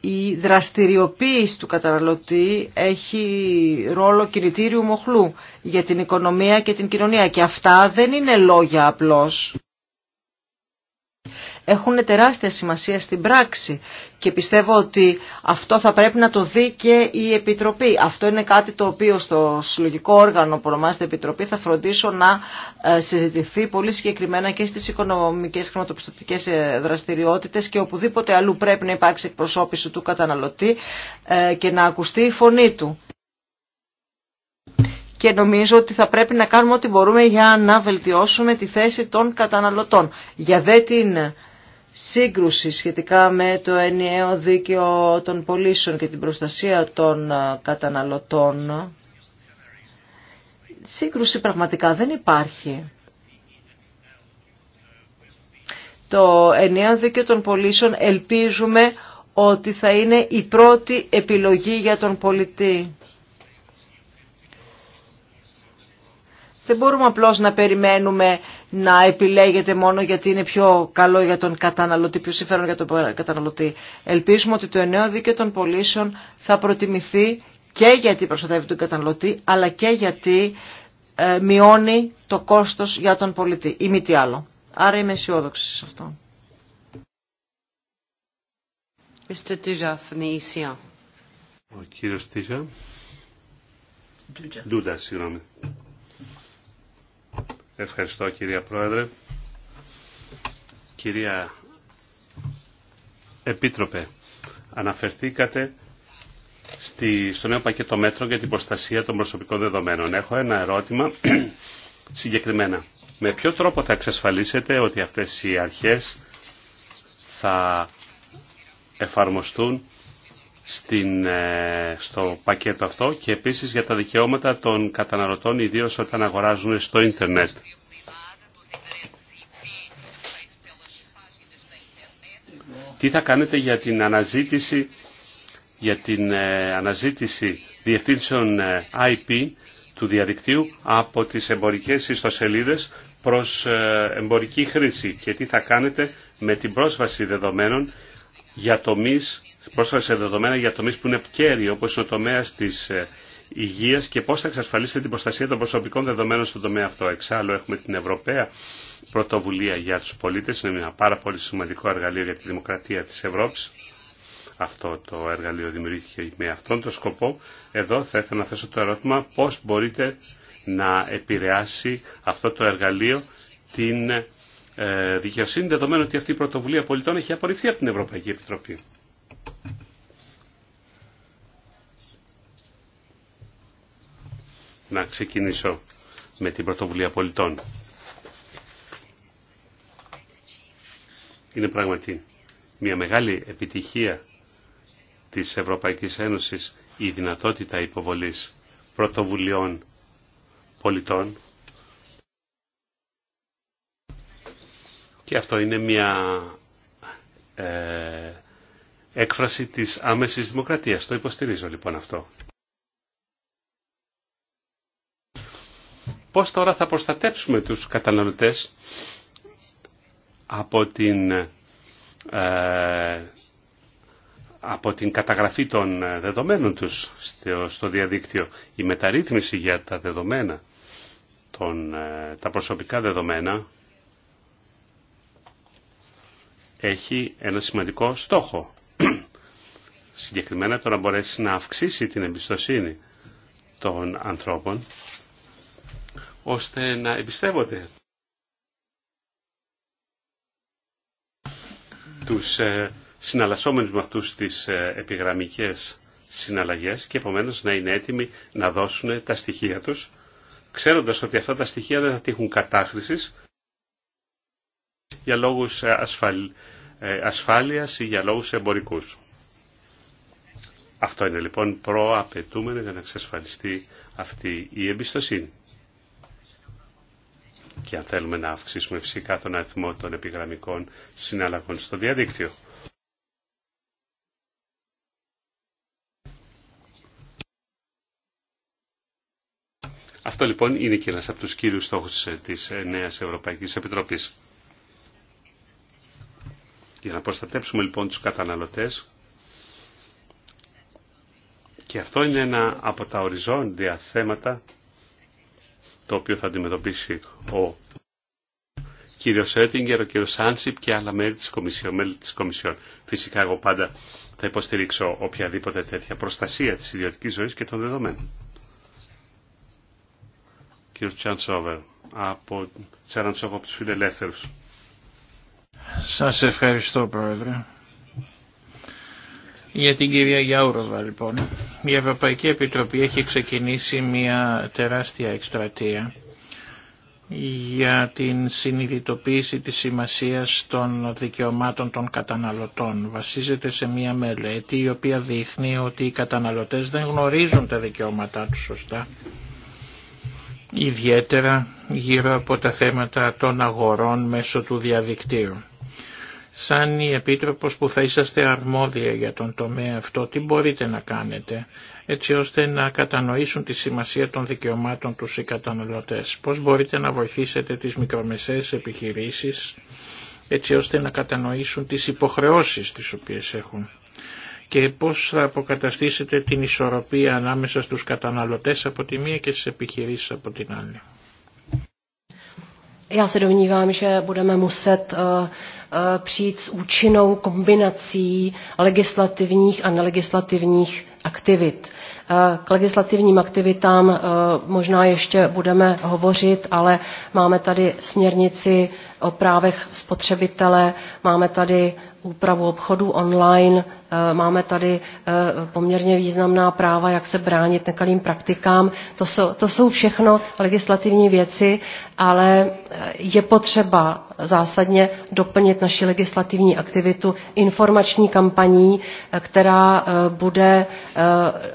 Η δραστηριοποίηση του καταναλωτή έχει ρόλο κινητήριου μοχλού για την οικονομία και την κοινωνία και αυτά δεν είναι λόγια απλώς έχουν τεράστια σημασία στην πράξη και πιστεύω ότι αυτό θα πρέπει να το δει και η Επιτροπή. Αυτό είναι κάτι το οποίο στο συλλογικό όργανο που ονομάζεται Επιτροπή θα φροντίσω να ε, συζητηθεί πολύ συγκεκριμένα και στις οικονομικές χρηματοπιστωτικές ε, δραστηριότητες και οπουδήποτε αλλού πρέπει να υπάρξει εκπροσώπηση του καταναλωτή ε, και να ακουστεί η φωνή του και νομίζω ότι θα πρέπει να κάνουμε ό,τι μπορούμε για να βελτιώσουμε τη θέση των καταναλωτών. Για δε σύγκρουση σχετικά με το ενιαίο δίκαιο των πωλήσεων και την προστασία των καταναλωτών. Σύγκρουση πραγματικά δεν υπάρχει. Το ενιαίο δίκαιο των πωλήσεων ελπίζουμε ότι θα είναι η πρώτη επιλογή για τον πολιτή. Δεν μπορούμε απλώς να περιμένουμε να επιλέγεται μόνο γιατί είναι πιο καλό για τον καταναλωτή, πιο συμφέρον για τον καταναλωτή. Ελπίζουμε ότι το νέο δίκαιο των πωλήσεων θα προτιμηθεί και γιατί προστατεύει τον καταναλωτή, αλλά και γιατί ε, μειώνει το κόστος για τον πολιτή ή μη τι άλλο. Άρα είμαι αισιόδοξη σε αυτό. E Ο κύριος Τίζα. Ευχαριστώ κυρία Πρόεδρε. Κυρία Επίτροπε, αναφερθήκατε στη, στο νέο πακέτο μέτρων για την προστασία των προσωπικών δεδομένων. Έχω ένα ερώτημα συγκεκριμένα. Με ποιο τρόπο θα εξασφαλίσετε ότι αυτές οι αρχές θα εφαρμοστούν στην, ε, στο πακέτο αυτό και επίσης για τα δικαιώματα των καταναλωτών ιδίως όταν αγοράζουν στο ίντερνετ. Τι θα κάνετε για την αναζήτηση, για την ε, αναζήτηση διευθύνσεων IP ε, του διαδικτύου από τις εμπορικές ιστοσελίδες προς εμπορική χρήση και τι θα κάνετε με την πρόσβαση δεδομένων για τομείς πρόσφατα δεδομένα για τομεί που είναι κέρδη, όπω είναι ο τομέα της ε, υγείας και πώ θα εξασφαλίσετε την προστασία των προσωπικών δεδομένων στον τομέα αυτό. Εξάλλου έχουμε την Ευρωπαία Πρωτοβουλία για του πολίτε, είναι ένα πάρα πολύ σημαντικό εργαλείο για τη δημοκρατία τη Ευρώπη. Αυτό το εργαλείο δημιουργήθηκε με αυτόν τον σκοπό. Εδώ θα ήθελα να θέσω το ερώτημα πώ μπορείτε να επηρεάσει αυτό το εργαλείο την ε, δικαιοσύνη, δεδομένου ότι αυτή η πρωτοβουλία πολιτών έχει απορριφθεί από την Ευρωπαϊκή Επιτροπή. να ξεκινήσω με την πρωτοβουλία πολιτών. Είναι πράγματι μια μεγάλη επιτυχία της Ευρωπαϊκής Ένωσης η δυνατότητα υποβολής πρωτοβουλειών πολιτών και αυτό είναι μια ε, έκφραση της άμεσης δημοκρατίας. Το υποστηρίζω λοιπόν αυτό. Πώς τώρα θα προστατέψουμε τους καταναλωτές από την, ε, από την καταγραφή των ε, δεδομένων τους στο, διαδίκτυο. Η μεταρρύθμιση για τα δεδομένα, των, ε, τα προσωπικά δεδομένα, έχει ένα σημαντικό στόχο. Συγκεκριμένα το να μπορέσει να αυξήσει την εμπιστοσύνη των ανθρώπων ώστε να εμπιστεύονται τους ε, συναλλασσόμενους με αυτούς τις ε, επιγραμμικές συναλλαγές και επομένως να είναι έτοιμοι να δώσουν τα στοιχεία τους, ξέροντας ότι αυτά τα στοιχεία δεν θα τύχουν κατάχρησης για λόγους ε, ασφαλ... ασφάλειας ή για λόγους εμπορικούς. Αυτό είναι λοιπόν προαπαιτούμενο για να εξασφαλιστεί αυτή η εμπιστοσύνη και αν θέλουμε να αυξήσουμε φυσικά τον αριθμό των επιγραμμικών συναλλαγών στο διαδίκτυο. Αυτό λοιπόν είναι και ένας από τους κύριους στόχους της νέας Ευρωπαϊκής Επιτροπής. Για να προστατέψουμε λοιπόν τους καταναλωτές και αυτό είναι ένα από τα οριζόντια θέματα το οποίο θα αντιμετωπίσει ο κύριο Σέτιγκερ, ο κύριο Σάνσιπ και άλλα μέλη της Κομισιόν, μέλη της Κομισιόν. Φυσικά εγώ πάντα θα υποστηρίξω οποιαδήποτε τέτοια προστασία της ιδιωτικής ζωής και των δεδομένων. Κύριο Τσάντσόβερ, από, Τσάντσόβερ από τους φιλελεύθερους. Σας ευχαριστώ Πρόεδρε. Για την κυρία Γιάουροβα λοιπόν, η Ευρωπαϊκή Επιτροπή έχει ξεκινήσει μια τεράστια εκστρατεία για την συνειδητοποίηση της σημασίας των δικαιωμάτων των καταναλωτών. Βασίζεται σε μια μελέτη η οποία δείχνει ότι οι καταναλωτές δεν γνωρίζουν τα δικαιώματά τους σωστά. Ιδιαίτερα γύρω από τα θέματα των αγορών μέσω του διαδικτύου σαν η Επίτροπος που θα είσαστε αρμόδια για τον τομέα αυτό, τι μπορείτε να κάνετε έτσι ώστε να κατανοήσουν τη σημασία των δικαιωμάτων τους οι καταναλωτές. Πώς μπορείτε να βοηθήσετε τις μικρομεσαίες επιχειρήσεις έτσι ώστε να κατανοήσουν τις υποχρεώσεις τις οποίες έχουν και πώς θα αποκαταστήσετε την ισορροπία ανάμεσα στους καταναλωτές από τη μία και στις επιχειρήσεις από την άλλη. Já se domnívám, že budeme muset přijít s účinnou kombinací legislativních a nelegislativních aktivit. K legislativním aktivitám možná ještě budeme hovořit, ale máme tady směrnici o právech spotřebitele, máme tady úpravu obchodu online, máme tady poměrně významná práva, jak se bránit nekalým praktikám. To jsou, to jsou všechno legislativní věci, ale je potřeba zásadně doplnit naši legislativní aktivitu informační kampaní, která bude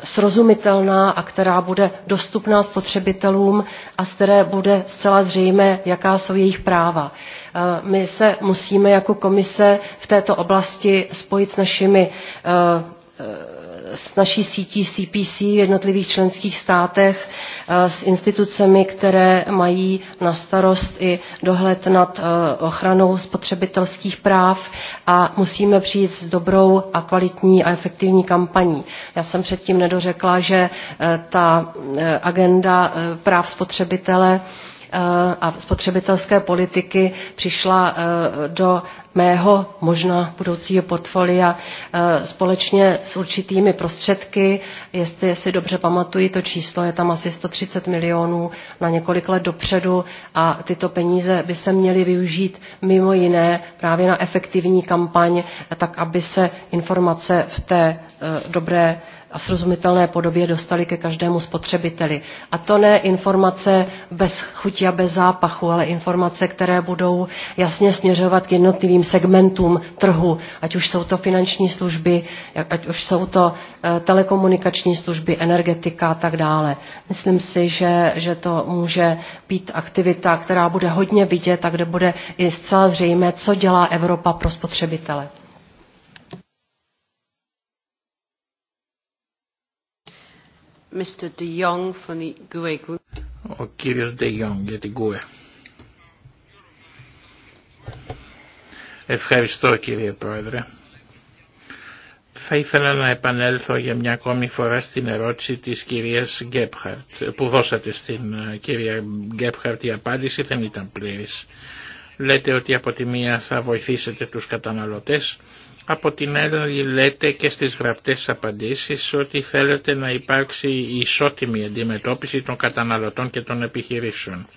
srozumitelná a která bude dostupná spotřebitelům a z které bude zcela zřejmé, jaká jsou jejich práva my se musíme jako komise v této oblasti spojit s našimi s naší sítí CPC v jednotlivých členských státech, s institucemi, které mají na starost i dohled nad ochranou spotřebitelských práv a musíme přijít s dobrou a kvalitní a efektivní kampaní. Já jsem předtím nedořekla, že ta agenda práv spotřebitele a spotřebitelské politiky přišla do mého možná budoucího portfolia společně s určitými prostředky. Jestli si dobře pamatuji, to číslo je tam asi 130 milionů na několik let dopředu a tyto peníze by se měly využít mimo jiné právě na efektivní kampaň, tak aby se informace v té dobré a srozumitelné podobě dostali ke každému spotřebiteli. A to ne informace bez chuti a bez zápachu, ale informace, které budou jasně směřovat k jednotlivým segmentům trhu, ať už jsou to finanční služby, ať už jsou to telekomunikační služby, energetika a tak dále. Myslím si, že, že to může být aktivita, která bude hodně vidět a kde bude i zcela zřejmé, co dělá Evropa pro spotřebitele. για την Ευχαριστώ κύριε Πρόεδρε. Θα ήθελα να επανέλθω για μια ακόμη φορά στην ερώτηση της κυρίας Γκέπχαρτ που δώσατε στην ε, κυρία Γκέπχαρτ η απάντηση δεν ήταν πλήρης. Λέτε ότι από τη μία θα βοηθήσετε τους καταναλωτές από την άλλη λέτε και στις γραπτές απαντήσεις ότι θέλετε να υπάρξει ισότιμη αντιμετώπιση των καταναλωτών και των επιχειρήσεων.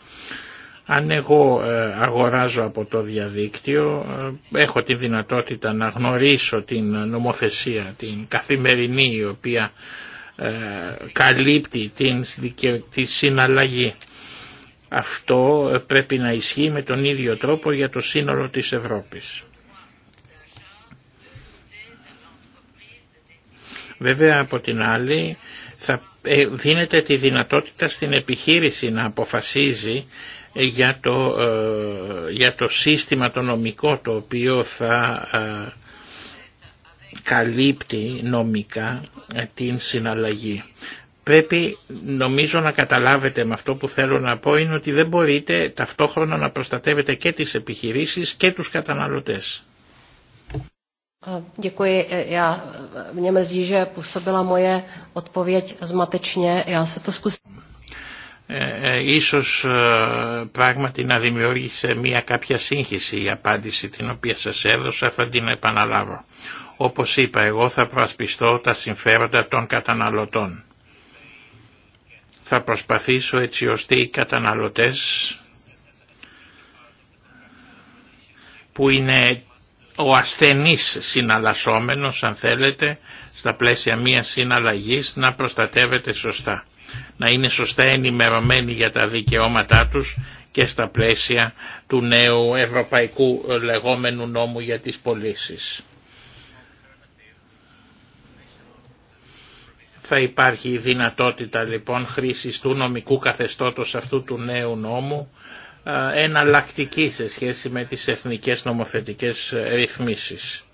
Αν εγώ ε, αγοράζω από το διαδίκτυο, ε, έχω τη δυνατότητα να γνωρίσω την νομοθεσία, την καθημερινή η οποία ε, καλύπτει τη συναλλαγή. Αυτό πρέπει να ισχύει με τον ίδιο τρόπο για το σύνολο της Ευρώπης. Βέβαια από την άλλη θα ε, δίνεται τη δυνατότητα στην επιχείρηση να αποφασίζει ε, για το, ε, για το σύστημα το νομικό το οποίο θα καλύπτει νομικά την συναλλαγή. Πρέπει νομίζω να καταλάβετε με αυτό που θέλω να πω είναι ότι δεν μπορείτε ταυτόχρονα να προστατεύετε και τις επιχειρήσεις και τους καταναλωτές. Eh, děkuji. Eh, já eh, mě mrzí, že působila moje odpověď zmatečně. Já se to zkusím. ίσως ε, πράγματι να δημιούργησε μία κάποια σύγχυση η απάντηση την οποία σας έδωσα θα την επαναλάβω. Όπως είπα εγώ θα προασπιστώ τα συμφέροντα των καταναλωτών. Θα προσπαθήσω έτσι ώστε οι καταναλωτές που είναι ο ασθενής συναλλασσόμενος, αν θέλετε, στα πλαίσια μιας συναλλαγής να προστατεύεται σωστά. Να είναι σωστά ενημερωμένοι για τα δικαιώματά τους και στα πλαίσια του νέου ευρωπαϊκού λεγόμενου νόμου για τις πωλήσει. Θα υπάρχει η δυνατότητα λοιπόν χρήσης του νομικού καθεστώτος αυτού του νέου νόμου ε, εναλλακτική σε σχέση με τις εθνικές νομοθετικές ρυθμίσεις.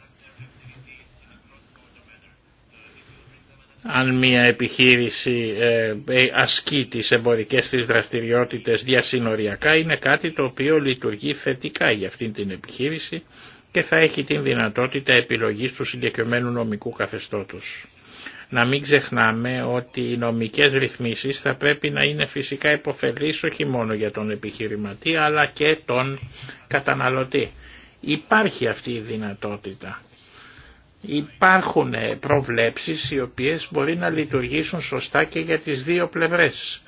αν μια επιχείρηση ε, ε, ασκεί τις εμπορικές της δραστηριότητες διασυνοριακά είναι κάτι το οποίο λειτουργεί θετικά για αυτήν την επιχείρηση και θα έχει την δυνατότητα επιλογής του συγκεκριμένου νομικού καθεστώτος να μην ξεχνάμε ότι οι νομικές ρυθμίσεις θα πρέπει να είναι φυσικά υποφελείς όχι μόνο για τον επιχειρηματή αλλά και τον καταναλωτή. Υπάρχει αυτή η δυνατότητα. Υπάρχουν προβλέψεις οι οποίες μπορεί να λειτουργήσουν σωστά και για τις δύο πλευρές.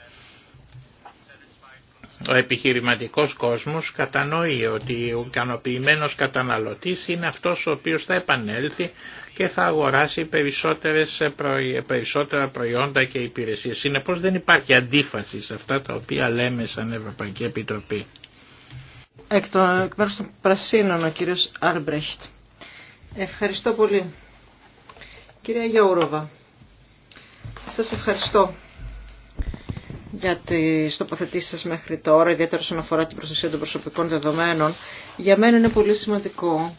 Ο επιχειρηματικός κόσμος κατανοεί ότι ο ικανοποιημένος καταναλωτής είναι αυτός ο οποίος θα επανέλθει και θα αγοράσει περισσότερες, ε, περισσότερα προϊόντα και υπηρεσίες. Συνεπώς δεν υπάρχει αντίφαση σε αυτά τα οποία λέμε σαν Ευρωπαϊκή Επιτροπή. Εκ, των, μέρους των Πρασίνων ο κύριος Άρμπρεχτ. Ευχαριστώ πολύ. Κυρία Γιώργοβα, σας ευχαριστώ για τις τοποθετήσεις σας μέχρι τώρα, ιδιαίτερα όσον αφορά την προστασία των προσωπικών δεδομένων. Για μένα είναι πολύ σημαντικό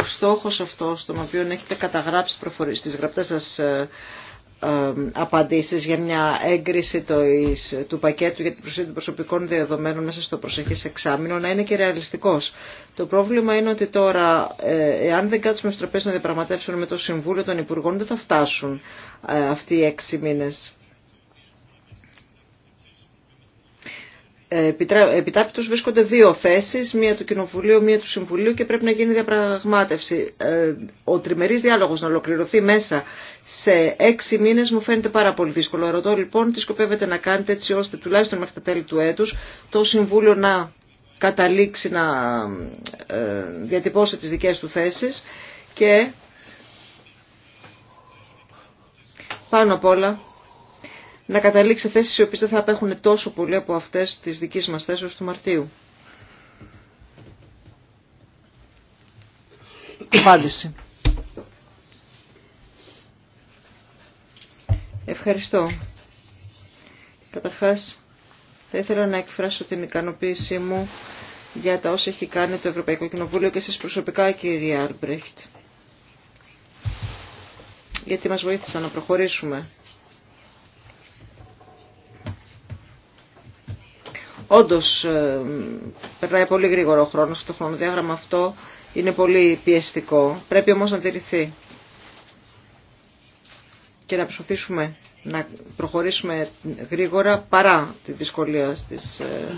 ο στόχος αυτός, τον οποίο έχετε καταγράψει στις γραπτές σας ε, ε, απαντήσεις για μια έγκριση του πακέτου για την προστασία των προσωπικών δεδομένων μέσα στο προσεχής εξάμεινο να είναι και ρεαλιστικός. Το πρόβλημα είναι ότι τώρα, ε, εάν δεν κάτσουμε στο τραπέζι να διαπραγματεύσουμε με το Συμβούλιο των Υπουργών, δεν θα φτάσουν αυτοί οι έξι μήνες. Επιτάπητος βρίσκονται δύο θέσεις, μία του Κοινοβουλίου, μία του Συμβουλίου και πρέπει να γίνει διαπραγμάτευση. Ε, ο τριμερής διάλογος να ολοκληρωθεί μέσα σε έξι μήνες μου φαίνεται πάρα πολύ δύσκολο. Ρωτώ λοιπόν τι σκοπεύετε να κάνετε έτσι ώστε τουλάχιστον μέχρι τα τέλη του έτους το Συμβούλιο να καταλήξει να ε, διατυπώσει τις δικές του θέσεις και πάνω απ' όλα να καταλήξει θέσει θέσεις οι οποίες δεν θα απέχουν τόσο πολύ από αυτές τις δικής μας θέση του Μαρτίου. Απάντηση. Ευχαριστώ. Καταρχάς, θα ήθελα να εκφράσω την ικανοποίησή μου για τα όσα έχει κάνει το Ευρωπαϊκό Κοινοβούλιο και εσείς προσωπικά, κύριε Άρμπρεχτ. Γιατί μας βοήθησαν να προχωρήσουμε Όντως, ε, περνάει πολύ γρήγορο ο χρόνος, το χρονοδιάγραμμα αυτό είναι πολύ πιεστικό. Πρέπει όμως να τηρηθεί και να προσπαθήσουμε να προχωρήσουμε γρήγορα παρά τη δυσκολία στις ε,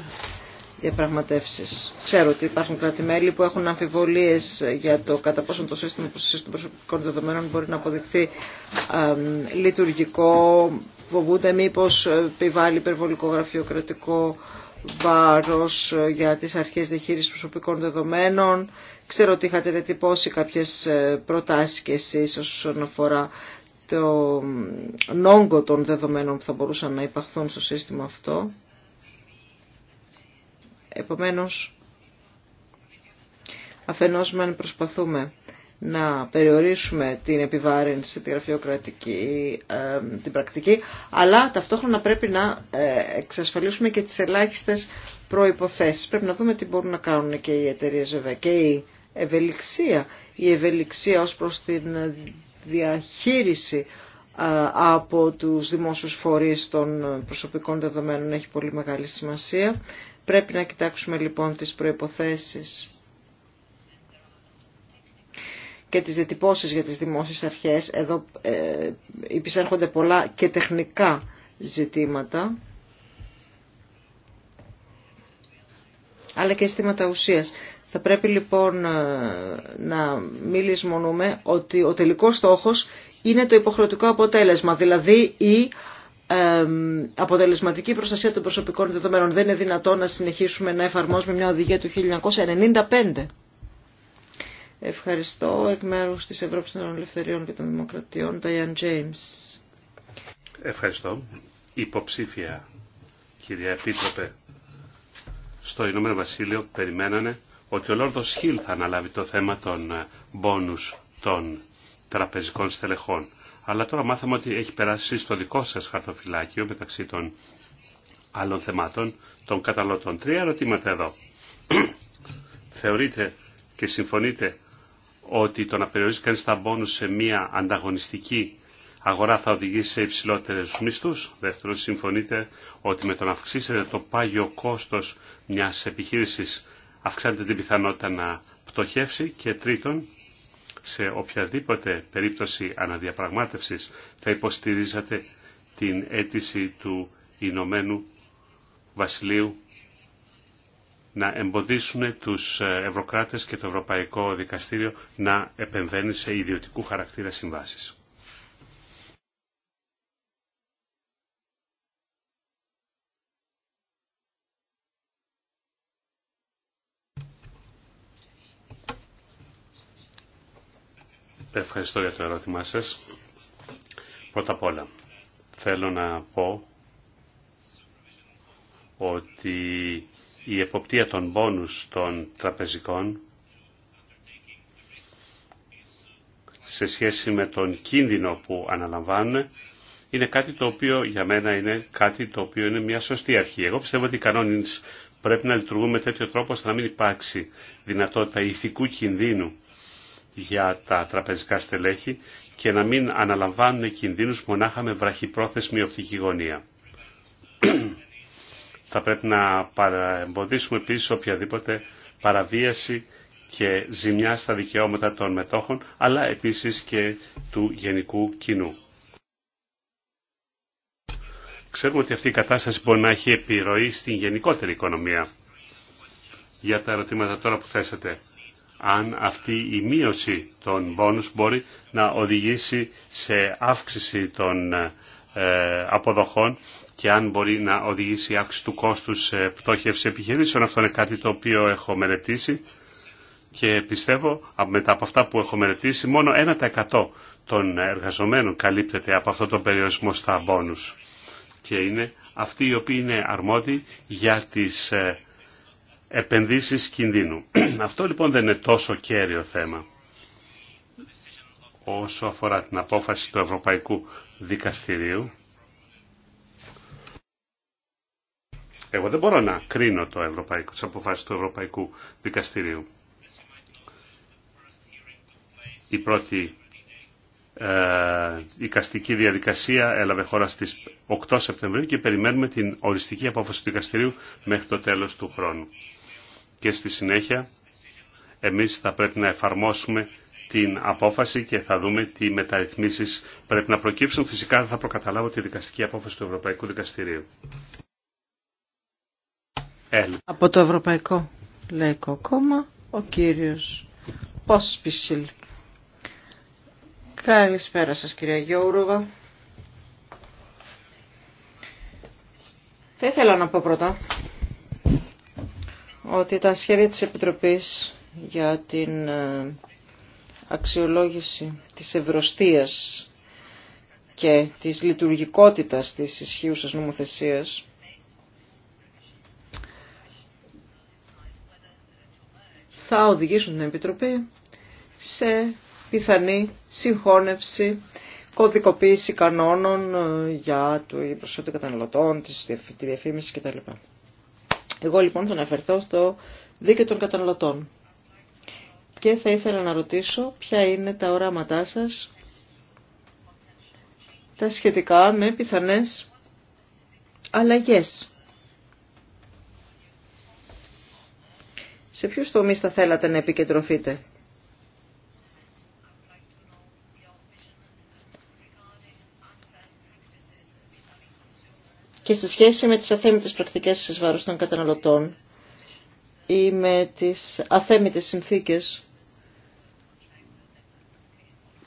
διαπραγματεύσεις. Ξέρω ότι υπάρχουν κράτη-μέλη που έχουν αμφιβολίες για το κατά πόσο το σύστημα προστασίας των προσωπικών δεδομένων μπορεί να αποδειχθεί λειτουργικό, φοβούνται μήπως ε, επιβάλλει υπερβολικό γραφειοκρατικό βάρος ε, για τις αρχές διαχείρισης προσωπικών δεδομένων. Ξέρω ότι είχατε διατυπώσει κάποιες ε, προτάσεις και εσείς όσον αφορά το νόγκο των δεδομένων που θα μπορούσαν να υπαχθούν στο σύστημα αυτό. Επομένως, αφενός μεν προσπαθούμε να περιορίσουμε την επιβάρυνση, τη γραφειοκρατική, ε, την πρακτική, αλλά ταυτόχρονα πρέπει να ε, εξασφαλίσουμε και τις ελάχιστες προϋποθέσεις. Πρέπει να δούμε τι μπορούν να κάνουν και οι εταιρείε βέβαια και η ευελιξία. Η ευελιξία ως προς την διαχείριση ε, από τους δημόσιους φορείς των προσωπικών δεδομένων έχει πολύ μεγάλη σημασία. Πρέπει να κοιτάξουμε λοιπόν τις προϋποθέσεις και τις διτυπώσεις για τις δημόσιες αρχές. Εδώ ε, υπησέρχονται πολλά και τεχνικά ζητήματα, αλλά και αισθήματα ουσίας. Θα πρέπει λοιπόν ε, να μην ότι ο τελικός στόχος είναι το υποχρεωτικό αποτέλεσμα, δηλαδή η ε, αποτελεσματική προστασία των προσωπικών δεδομένων. Δεν είναι δυνατόν να συνεχίσουμε να εφαρμόζουμε μια οδηγία του 1995. Ευχαριστώ εκ μέρους της Ευρώπη των Ελευθεριών και των Δημοκρατιών, Ταϊάν Τζέιμ. Ευχαριστώ. Υποψήφια, κυρία Επίτροπε, στο Ηνωμένο Βασίλειο περιμένανε ότι ο Λόρδο Χίλ θα αναλάβει το θέμα των ε, πόνου των τραπεζικών στελεχών. Αλλά τώρα μάθαμε ότι έχει περάσει στο δικό σα χαρτοφυλάκιο μεταξύ των άλλων θεμάτων των καταλωτών. Τρία ερωτήματα εδώ. Θεωρείτε και συμφωνείτε ότι το να περιορίζει κανεί τα μπόνους σε μια ανταγωνιστική αγορά θα οδηγήσει σε υψηλότερου μισθούς. Δεύτερον, συμφωνείτε ότι με το να αυξήσετε το πάγιο κόστο μιας επιχείρησης αυξάνεται την πιθανότητα να πτωχεύσει. Και τρίτον, σε οποιαδήποτε περίπτωση αναδιαπραγμάτευσης θα υποστηρίζατε την αίτηση του Ηνωμένου Βασιλείου να εμποδίσουν τους ε, Ευρωκράτες και το Ευρωπαϊκό Δικαστήριο να επεμβαίνει σε ιδιωτικού χαρακτήρα συμβάσεις. Ευχαριστώ για το ερώτημά σας. Πρώτα απ' όλα, θέλω να πω ότι η εποπτεία των πόνους των τραπεζικών σε σχέση με τον κίνδυνο που αναλαμβάνουν είναι κάτι το οποίο για μένα είναι κάτι το οποίο είναι μια σωστή αρχή. Εγώ πιστεύω ότι οι κανόνες πρέπει να λειτουργούν με τέτοιο τρόπο ώστε να μην υπάρξει δυνατότητα ηθικού κινδύνου για τα τραπεζικά στελέχη και να μην αναλαμβάνουν κινδύνους μονάχα με βραχυπρόθεσμη οπτική γωνία. Θα πρέπει να παραεμποδίσουμε επίσης οποιαδήποτε παραβίαση και ζημιά στα δικαιώματα των μετόχων, αλλά επίσης και του γενικού κοινού. Ξέρουμε ότι αυτή η κατάσταση μπορεί να έχει επιρροή στην γενικότερη οικονομία. Για τα ερωτήματα τώρα που θέσατε, αν αυτή η μείωση των πόνους μπορεί να οδηγήσει σε αύξηση των ε, αποδοχών και αν μπορεί να οδηγήσει η αύξηση του κόστου σε πτώχευση επιχειρήσεων. Αυτό είναι κάτι το οποίο έχω μελετήσει και πιστεύω μετά από αυτά που έχω μελετήσει μόνο 1% των εργαζομένων καλύπτεται από αυτό τον περιορισμό στα μπόνους και είναι αυτοί οι οποίοι είναι αρμόδιοι για τις ε, επενδύσεις κινδύνου. αυτό λοιπόν δεν είναι τόσο κέριο θέμα όσο αφορά την απόφαση του Ευρωπαϊκού Δικαστηρίου Εγώ δεν μπορώ να κρίνω το ευρωπαϊκό, τις αποφάσεις του Ευρωπαϊκού Δικαστηρίου. Η πρώτη ε, η διαδικασία έλαβε χώρα στις 8 Σεπτεμβρίου και περιμένουμε την οριστική απόφαση του δικαστηρίου μέχρι το τέλος του χρόνου. Και στη συνέχεια εμείς θα πρέπει να εφαρμόσουμε την απόφαση και θα δούμε τι μεταρρυθμίσεις πρέπει να προκύψουν. Φυσικά θα προκαταλάβω τη δικαστική απόφαση του Ευρωπαϊκού Δικαστηρίου. Από το Ευρωπαϊκό Λαϊκό Κόμμα, ο κύριος Πόσπισιλ. Καλησπέρα σας κυρία Γιώργο. Θα ήθελα να πω πρώτα ότι τα σχέδια της Επιτροπής για την ε, αξιολόγηση της ευρωστίας και της λειτουργικότητας της ισχύουσας νομοθεσίας θα οδηγήσουν την Επιτροπή σε πιθανή συγχώνευση, κωδικοποίηση κανόνων ε, για το προσωπικό των καταναλωτών, τη διαφήμιση κτλ. Εγώ λοιπόν θα αναφερθώ στο δίκαιο των καταναλωτών και θα ήθελα να ρωτήσω ποια είναι τα οράματά σας τα σχετικά με πιθανές αλλαγές σε ποιους τομείς θα θέλατε να επικεντρωθείτε. Και σε σχέση με τις αθέμητες πρακτικές στις βάρος των καταναλωτών ή με τις αθέμητες συνθήκες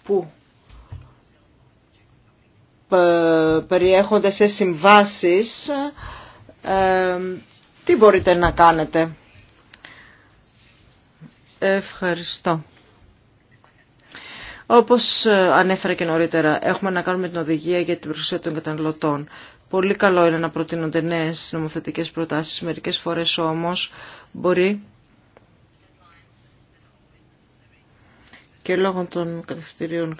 που ε, περιέχονται σε συμβάσεις, ε, τι μπορείτε να κάνετε. Ευχαριστώ. Όπως ε, ανέφερα και νωρίτερα, έχουμε να κάνουμε την οδηγία για την προστασία των καταναλωτών. Πολύ καλό είναι να προτείνονται νέες νομοθετικές προτάσεις, μερικές φορές όμως μπορεί και λόγω των κατευθυντηρίων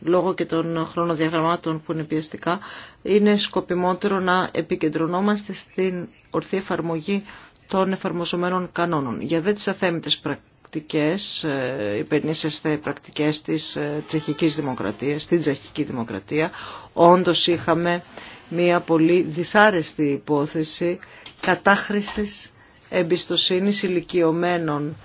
λόγω και των χρονοδιαγραμμάτων που είναι πιεστικά, είναι σκοπιμότερο να επικεντρωνόμαστε στην ορθή εφαρμογή των εφαρμοζομένων κανόνων. Για δε τις αθέμητες πρακτικές, ε, υπενήσεστε πρακτικές της ε, τσεχικής δημοκρατίας, στην τσεχική δημοκρατία, όντως είχαμε μια πολύ δυσάρεστη υπόθεση κατάχρησης εμπιστοσύνης ηλικιωμένων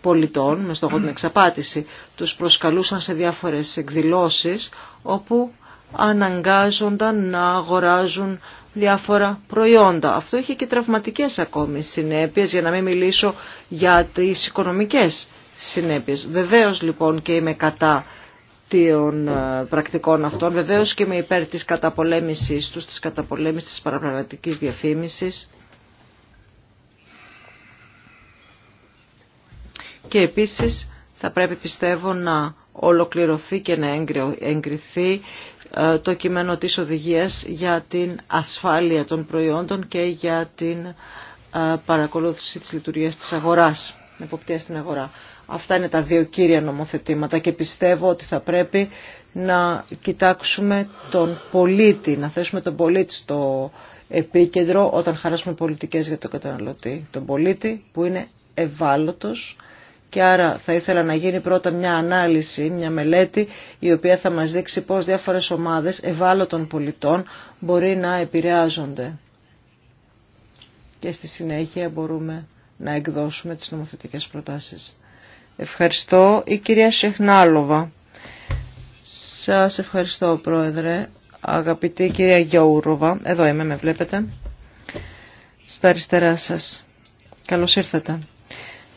πολιτών, με στόχο την εξαπάτηση, τους προσκαλούσαν σε διάφορες εκδηλώσεις όπου αναγκάζονταν να αγοράζουν διάφορα προϊόντα. Αυτό είχε και τραυματικές ακόμη συνέπειες, για να μην μιλήσω για τις οικονομικές συνέπειες. Βεβαίως λοιπόν και είμαι κατά των ε, πρακτικών αυτών, βεβαίως και είμαι υπέρ της καταπολέμησης τους, της καταπολέμησης της παραπραγματικής διαφήμισης. Και επίσης θα πρέπει πιστεύω να ολοκληρωθεί και να εγκριθεί ε, το κείμενο της οδηγίας για την ασφάλεια των προϊόντων και για την ε, παρακολούθηση της λειτουργίας της αγοράς, εποπτεία στην αγορά. Αυτά είναι τα δύο κύρια νομοθετήματα και πιστεύω ότι θα πρέπει να κοιτάξουμε τον πολίτη, να θέσουμε τον πολίτη στο επίκεντρο όταν χαράσουμε πολιτικές για τον καταναλωτή. Τον πολίτη που είναι ευάλωτος, και άρα θα ήθελα να γίνει πρώτα μια ανάλυση, μια μελέτη η οποία θα μας δείξει πώς διάφορες ομάδες ευάλωτων πολιτών μπορεί να επηρεάζονται. Και στη συνέχεια μπορούμε να εκδώσουμε τις νομοθετικές προτάσεις. Ευχαριστώ. Η κυρία Σεχνάλοβα. Σας ευχαριστώ πρόεδρε. Αγαπητή κυρία Γιώουροβα, εδώ είμαι, με βλέπετε. Στα αριστερά σας. Καλώς ήρθατε.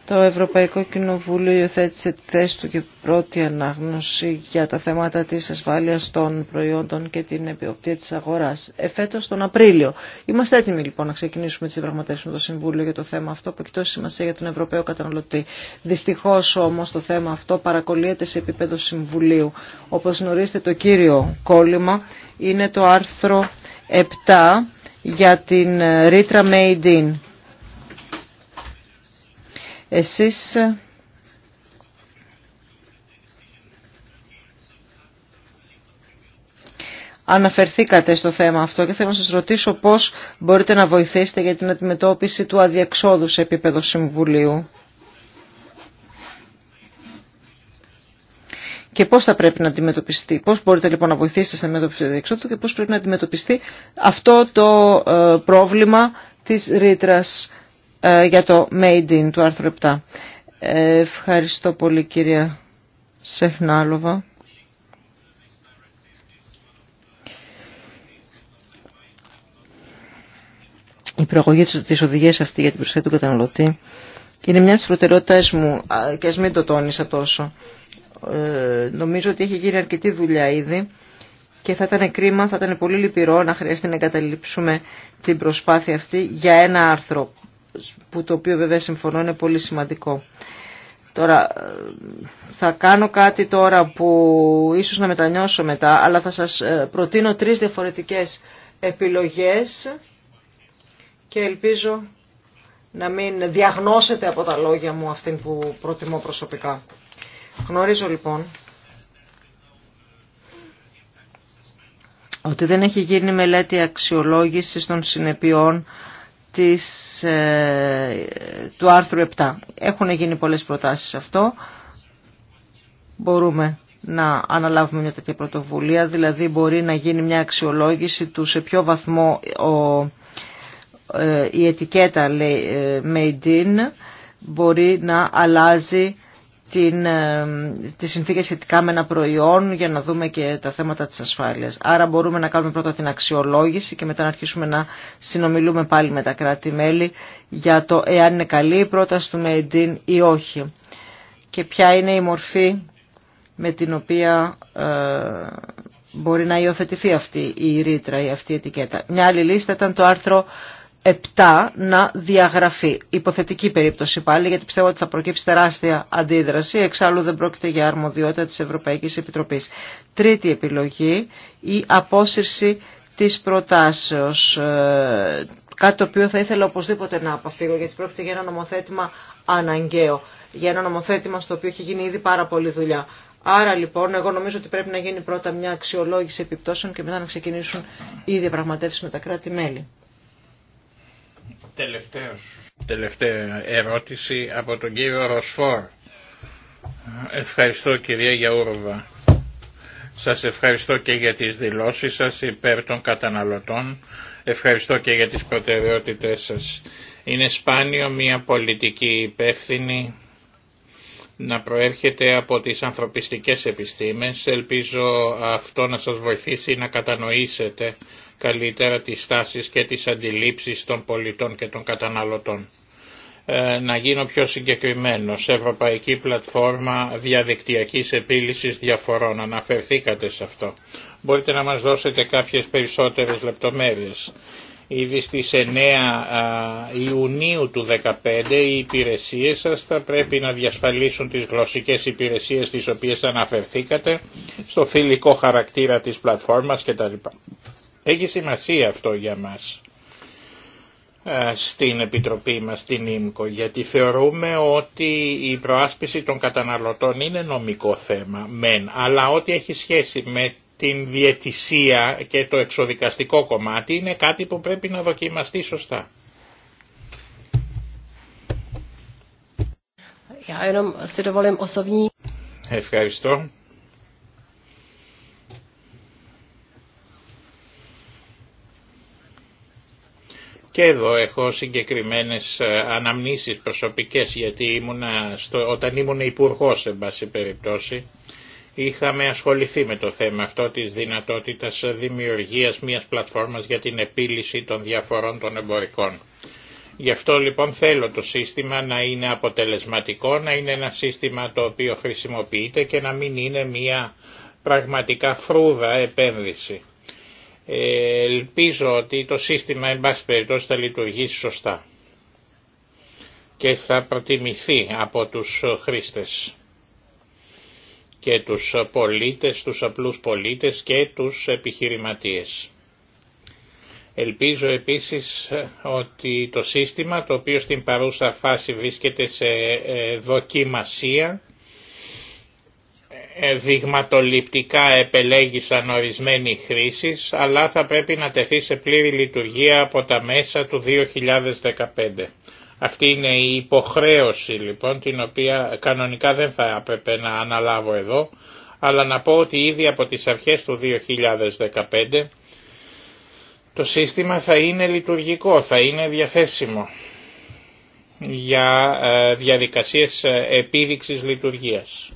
Το Ευρωπαϊκό Κοινοβούλιο υιοθέτησε τη θέση του και πρώτη ανάγνωση για τα θέματα της ασφάλειας των προϊόντων και την επιοπτία της αγοράς. Εφέτος τον Απρίλιο. Είμαστε έτοιμοι λοιπόν να ξεκινήσουμε τις διαπραγματεύσεις με το Συμβούλιο για το θέμα αυτό που έχει τόση σημασία για τον Ευρωπαίο καταναλωτή. Δυστυχώς όμως το θέμα αυτό παρακολύεται σε επίπεδο Συμβουλίου. Όπως γνωρίζετε το κύριο κόλλημα είναι το άρθρο 7 για την ρήτρα Made In εσείς ε, αναφερθήκατε στο θέμα αυτό και θέλω να σας ρωτήσω πώς μπορείτε να βοηθήσετε για την αντιμετώπιση του αδιεξόδου σε επίπεδο Συμβουλίου. Και πώς θα πρέπει να αντιμετωπιστεί, πώς μπορείτε λοιπόν να βοηθήσετε στην αντιμετώπιση του και πώς πρέπει να αντιμετωπιστεί αυτό το ε, πρόβλημα της ρήτρας. Ε, για το Made in του άρθρου 7. Ε, ευχαριστώ πολύ κυρία Σεχνάλοβα. Η προαγωγή της οδηγίας αυτή για την προσθέτωση του καταναλωτή είναι μια από τις μου και ας μην το τόνισα τόσο. Ε, νομίζω ότι έχει γίνει αρκετή δουλειά ήδη και θα ήταν κρίμα, θα ήταν πολύ λυπηρό να χρειαστεί να εγκαταλείψουμε την προσπάθεια αυτή για ένα άρθρο που το οποίο βέβαια συμφωνώ είναι πολύ σημαντικό. Τώρα θα κάνω κάτι τώρα που ίσως να μετανιώσω μετά, αλλά θα σας ε, προτείνω τρεις διαφορετικές επιλογές και ελπίζω να μην διαγνώσετε από τα λόγια μου αυτήν που προτιμώ προσωπικά. Γνωρίζω λοιπόν ότι δεν έχει γίνει μελέτη αξιολόγησης των συνεπειών της, ε, του άρθρου 7. Έχουν γίνει πολλές προτάσεις σε αυτό. Μπορούμε να αναλάβουμε μια τέτοια πρωτοβουλία, δηλαδή μπορεί να γίνει μια αξιολόγηση του σε ποιο βαθμό ε, η ετικέτα ε, made in μπορεί να αλλάζει την, ε, τις συνθήκες σχετικά με ένα προϊόν για να δούμε και τα θέματα της ασφάλειας. Άρα μπορούμε να κάνουμε πρώτα την αξιολόγηση και μετά να αρχίσουμε να συνομιλούμε πάλι με τα κράτη-μέλη για το εάν είναι καλή η πρόταση του ΜΕΙΝΤΙΝ ή όχι και ποια είναι η μορφή με την οποία ε, μπορεί να υιοθετηθεί αυτή η ρήτρα ή αυτή η ετικέτα. Μια άλλη λίστα ήταν το άρθρο 7 να διαγραφεί. Υποθετική περίπτωση πάλι, γιατί πιστεύω ότι θα προκύψει τεράστια αντίδραση, εξάλλου δεν πρόκειται για αρμοδιότητα της Ευρωπαϊκής Επιτροπής. Τρίτη επιλογή, η απόσυρση της προτάσεως. Ε, κάτι το οποίο θα ήθελα οπωσδήποτε να αποφύγω, γιατί πρόκειται για ένα νομοθέτημα αναγκαίο, για ένα νομοθέτημα στο οποίο έχει γίνει ήδη πάρα πολύ δουλειά. Άρα λοιπόν, εγώ νομίζω ότι πρέπει να γίνει πρώτα μια αξιολόγηση επιπτώσεων και μετά να ξεκινήσουν οι διαπραγματεύσει με τα κράτη-μέλη. Τελευταίος. Τελευταία ερώτηση από τον κύριο Ροσφόρ. Ευχαριστώ κυρία Γιαούροβα. Σας ευχαριστώ και για τις δηλώσεις σας υπέρ των καταναλωτών. Ευχαριστώ και για τις προτεραιότητές σας. Είναι σπάνιο μια πολιτική υπεύθυνη να προέρχεται από τις ανθρωπιστικές επιστήμες. Ελπίζω αυτό να σας βοηθήσει να κατανοήσετε καλύτερα τις στάσεις και τις αντιλήψεις των πολιτών και των καταναλωτών. Ε, να γίνω πιο συγκεκριμένος. Ευρωπαϊκή Πλατφόρμα Διαδικτυακής Επίλυσης Διαφορών. Αναφερθήκατε σε αυτό. Μπορείτε να μας δώσετε κάποιες περισσότερες λεπτομέρειες. Ήδη στις 9 Ιουνίου του 2015 οι υπηρεσίες σας θα πρέπει να διασφαλίσουν τις γλωσσικές υπηρεσίες τις οποίες αναφερθήκατε στο φιλικό χαρακτήρα της πλατφόρμας κτλ. Έχει σημασία αυτό για μας ε, στην Επιτροπή μας, στην ΙΜΚΟ, γιατί θεωρούμε ότι η προάσπιση των καταναλωτών είναι νομικό θέμα, μεν, αλλά ό,τι έχει σχέση με την διαιτησία και το εξοδικαστικό κομμάτι είναι κάτι που πρέπει να δοκιμαστεί σωστά. Ευχαριστώ. Και εδώ έχω συγκεκριμένες ε, αναμνήσεις προσωπικές γιατί όταν ήμουν υπουργό εν περιπτώσει είχαμε ασχοληθεί με το θέμα αυτό της δυνατότητας δημιουργίας μιας πλατφόρμας για την επίλυση των διαφορών των εμπορικών. Γι' αυτό λοιπόν θέλω το σύστημα να είναι αποτελεσματικό, να είναι ένα σύστημα το οποίο χρησιμοποιείται και να μην είναι μια πραγματικά φρούδα επένδυση. Ε, ελπίζω ότι το σύστημα εν πάση περιπτώσει θα λειτουργήσει σωστά και θα προτιμηθεί από τους χρήστες και τους πολίτες, τους απλούς πολίτες και τους επιχειρηματίες. Ελπίζω επίσης ότι το σύστημα το οποίο στην παρούσα φάση βρίσκεται σε ε, δοκιμασία δειγματοληπτικά επελέγησαν ορισμένοι χρήσεις, αλλά θα πρέπει να τεθεί σε πλήρη λειτουργία από τα μέσα του 2015. Αυτή είναι η υποχρέωση λοιπόν την οποία κανονικά δεν θα έπρεπε να αναλάβω εδώ, αλλά να πω ότι ήδη από τις αρχές του 2015 το σύστημα θα είναι λειτουργικό, θα είναι διαθέσιμο για ε, διαδικασίες ε, επίδειξης λειτουργίας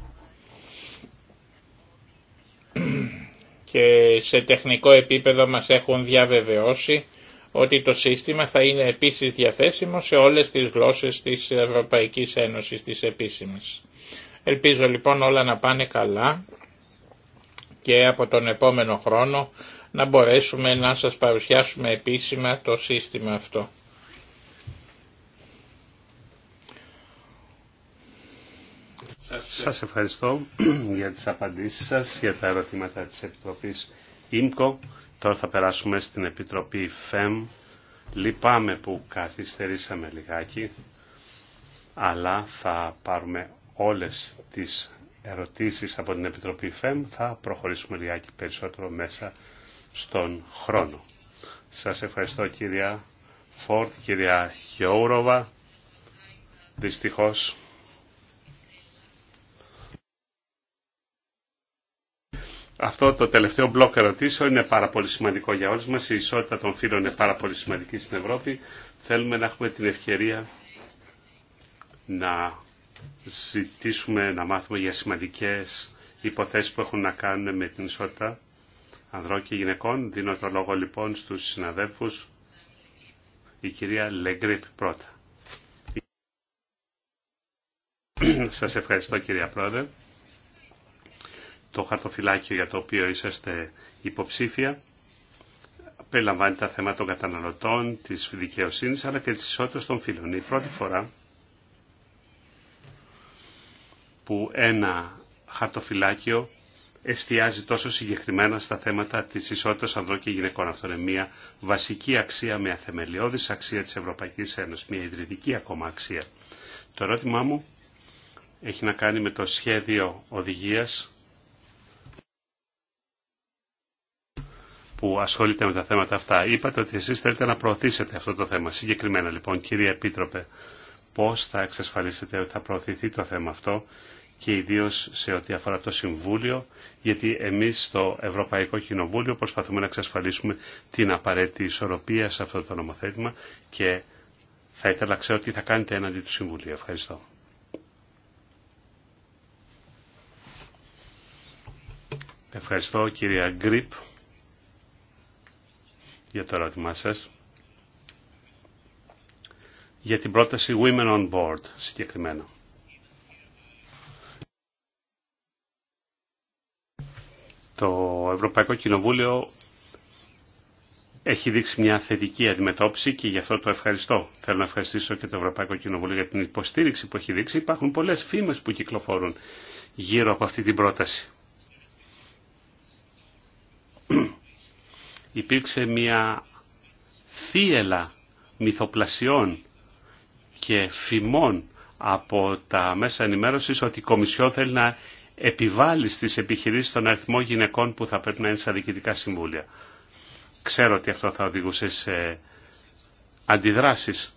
και σε τεχνικό επίπεδο μας έχουν διαβεβαιώσει ότι το σύστημα θα είναι επίσης διαθέσιμο σε όλες τις γλώσσες της Ευρωπαϊκής Ένωσης της επίσημης. Ελπίζω λοιπόν όλα να πάνε καλά και από τον επόμενο χρόνο να μπορέσουμε να σας παρουσιάσουμε επίσημα το σύστημα αυτό. Σας ευχαριστώ για τις απαντήσεις σας, για τα ερωτήματα της Επιτροπής ΙΜΚΟ. Τώρα θα περάσουμε στην Επιτροπή ΦΕΜ. Λυπάμαι που καθυστερήσαμε λιγάκι, αλλά θα πάρουμε όλες τις ερωτήσεις από την Επιτροπή ΦΕΜ. Θα προχωρήσουμε λιγάκι περισσότερο μέσα στον χρόνο. Σας ευχαριστώ κυρία Φόρτ, κυρία Γιώουροβα. Δυστυχώς Αυτό το τελευταίο μπλοκ ερωτήσεων είναι πάρα πολύ σημαντικό για όλους μας. Η ισότητα των φύλων είναι πάρα πολύ σημαντική στην Ευρώπη. Θέλουμε να έχουμε την ευκαιρία να ζητήσουμε, να μάθουμε για σημαντικές υποθέσεις που έχουν να κάνουν με την ισότητα ανδρών και γυναικών. Δίνω το λόγο λοιπόν στους συναδέλφους. Η κυρία Λεγκρίπ πρώτα. Σας ευχαριστώ κυρία Πρόεδρε το χαρτοφυλάκιο για το οποίο είσαστε υποψήφια περιλαμβάνει τα θέματα των καταναλωτών, της δικαιοσύνης αλλά και της ισότητας των φίλων. Η πρώτη φορά που ένα χαρτοφυλάκιο εστιάζει τόσο συγκεκριμένα στα θέματα της ισότητας ανδρών και γυναικών. Αυτό είναι μια βασική αξία, μια θεμελιώδης αξία της Ευρωπαϊκής Ένωσης, μια ιδρυτική ακόμα αξία. Το ερώτημά μου έχει να κάνει με το σχέδιο οδηγίας που ασχολείται με τα θέματα αυτά. Είπατε ότι εσείς θέλετε να προωθήσετε αυτό το θέμα. Συγκεκριμένα λοιπόν, κύριε Επίτροπε, πώς θα εξασφαλίσετε ότι θα προωθηθεί το θέμα αυτό και ιδίως σε ό,τι αφορά το Συμβούλιο, γιατί εμείς στο Ευρωπαϊκό Κοινοβούλιο προσπαθούμε να εξασφαλίσουμε την απαραίτητη ισορροπία σε αυτό το νομοθέτημα και θα ήθελα να ξέρω τι θα κάνετε έναντι του Συμβουλίου. Ευχαριστώ. Ευχαριστώ κυρία Γκρίπ για το Για την πρόταση Women on Board συγκεκριμένα. Το Ευρωπαϊκό Κοινοβούλιο έχει δείξει μια θετική αντιμετώπιση και γι' αυτό το ευχαριστώ. Θέλω να ευχαριστήσω και το Ευρωπαϊκό Κοινοβούλιο για την υποστήριξη που έχει δείξει. Υπάρχουν πολλές φήμες που κυκλοφορούν γύρω από αυτή την πρόταση υπήρξε μια θύελα μυθοπλασιών και φημών από τα μέσα ενημέρωσης ότι η Κομισιόν θέλει να επιβάλλει στις επιχειρήσεις τον αριθμό γυναικών που θα πρέπει να είναι στα διοικητικά συμβούλια. Ξέρω ότι αυτό θα οδηγούσε σε αντιδράσεις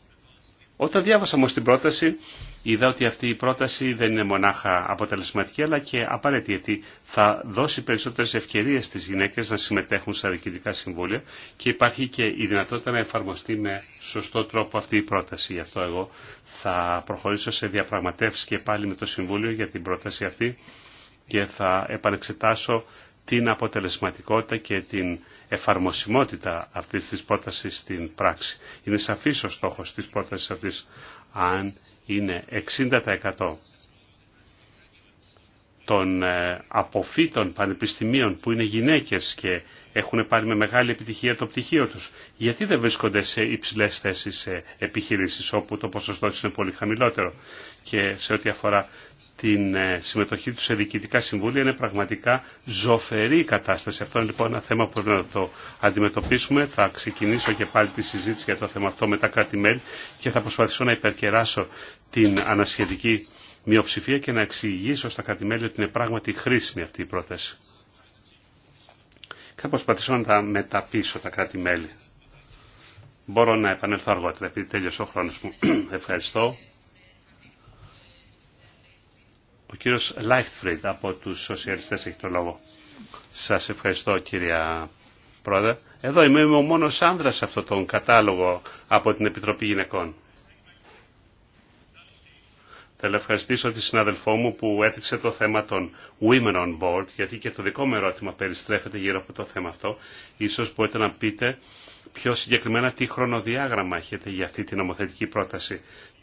όταν διάβασα όμω την πρόταση, είδα ότι αυτή η πρόταση δεν είναι μονάχα αποτελεσματική, αλλά και απαραίτητη, γιατί θα δώσει περισσότερες ευκαιρίες στις γυναίκες να συμμετέχουν στα διοικητικά συμβούλια και υπάρχει και η δυνατότητα να εφαρμοστεί με σωστό τρόπο αυτή η πρόταση. Γι' αυτό εγώ θα προχωρήσω σε διαπραγματεύσει και πάλι με το Συμβούλιο για την πρόταση αυτή και θα επανεξετάσω την αποτελεσματικότητα και την εφαρμοσιμότητα αυτή της πρόταση στην πράξη. Είναι σαφής ο στόχος της πρότασης αυτής. Αν είναι 60% των ε, αποφύτων πανεπιστημίων που είναι γυναίκες και έχουν πάρει με μεγάλη επιτυχία το πτυχίο τους. Γιατί δεν βρίσκονται σε υψηλές θέσεις σε όπου το ποσοστό είναι πολύ χαμηλότερο. Και σε ό,τι αφορά την ε, συμμετοχή του σε διοικητικά συμβούλια είναι πραγματικά ζωφερή η κατάσταση. Αυτό είναι λοιπόν ένα θέμα που πρέπει να το αντιμετωπίσουμε. Θα ξεκινήσω και πάλι τη συζήτηση για το θέμα αυτό με τα κράτη-μέλη και θα προσπαθήσω να υπερκεράσω την ανασχετική μειοψηφία και να εξηγήσω στα κράτη-μέλη ότι είναι πράγματι χρήσιμη αυτή η πρόταση. θα προσπαθήσω να τα μεταπίσω τα κράτη-μέλη. Μπορώ να επανέλθω αργότερα επειδή τέλειωσε ο χρόνος μου. Ευχαριστώ ο κύριος Λάιχτφριντ από τους σοσιαλιστές έχει το λόγο. Σας ευχαριστώ κυρία Πρόεδρε. Εδώ είμαι, ο μόνος άνδρας σε αυτόν τον κατάλογο από την Επιτροπή Γυναικών. Θέλω ευχαριστήσω τη συναδελφό μου που έθιξε το θέμα των Women on Board, γιατί και το δικό μου ερώτημα περιστρέφεται γύρω από το θέμα αυτό. Ίσως μπορείτε να πείτε πιο συγκεκριμένα τι χρονοδιάγραμμα έχετε για αυτή την νομοθετική πρόταση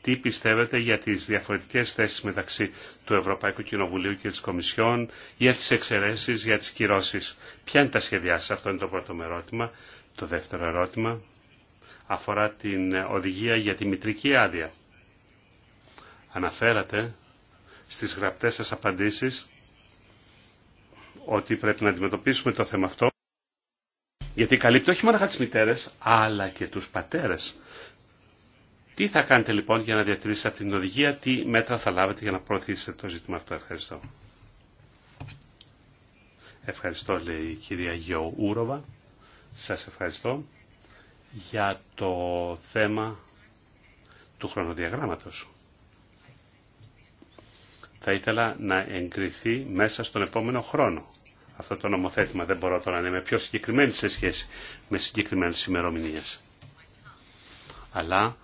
τι πιστεύετε για τις διαφορετικές θέσεις μεταξύ του Ευρωπαϊκού Κοινοβουλίου και της Κομισιόν, για τις εξαιρέσεις, για τις κυρώσεις. Ποια είναι τα σχέδιά σας, αυτό είναι το πρώτο ερώτημα. Το δεύτερο ερώτημα αφορά την οδηγία για τη μητρική άδεια. Αναφέρατε στις γραπτές σας απαντήσεις ότι πρέπει να αντιμετωπίσουμε το θέμα αυτό γιατί καλύπτει όχι μόνο τις μητέρες αλλά και τους πατέρες τι θα κάνετε λοιπόν για να διατηρήσετε αυτή την οδηγία, τι μέτρα θα λάβετε για να προωθήσετε το ζήτημα αυτό. Ευχαριστώ. Ευχαριστώ λέει η κυρία Ούροβα. Σας ευχαριστώ για το θέμα του χρονοδιαγράμματος. Θα ήθελα να εγκριθεί μέσα στον επόμενο χρόνο αυτό το νομοθέτημα. Δεν μπορώ τώρα να είμαι πιο συγκεκριμένη σε σχέση με συγκεκριμένες ημερομηνίες. Αλλά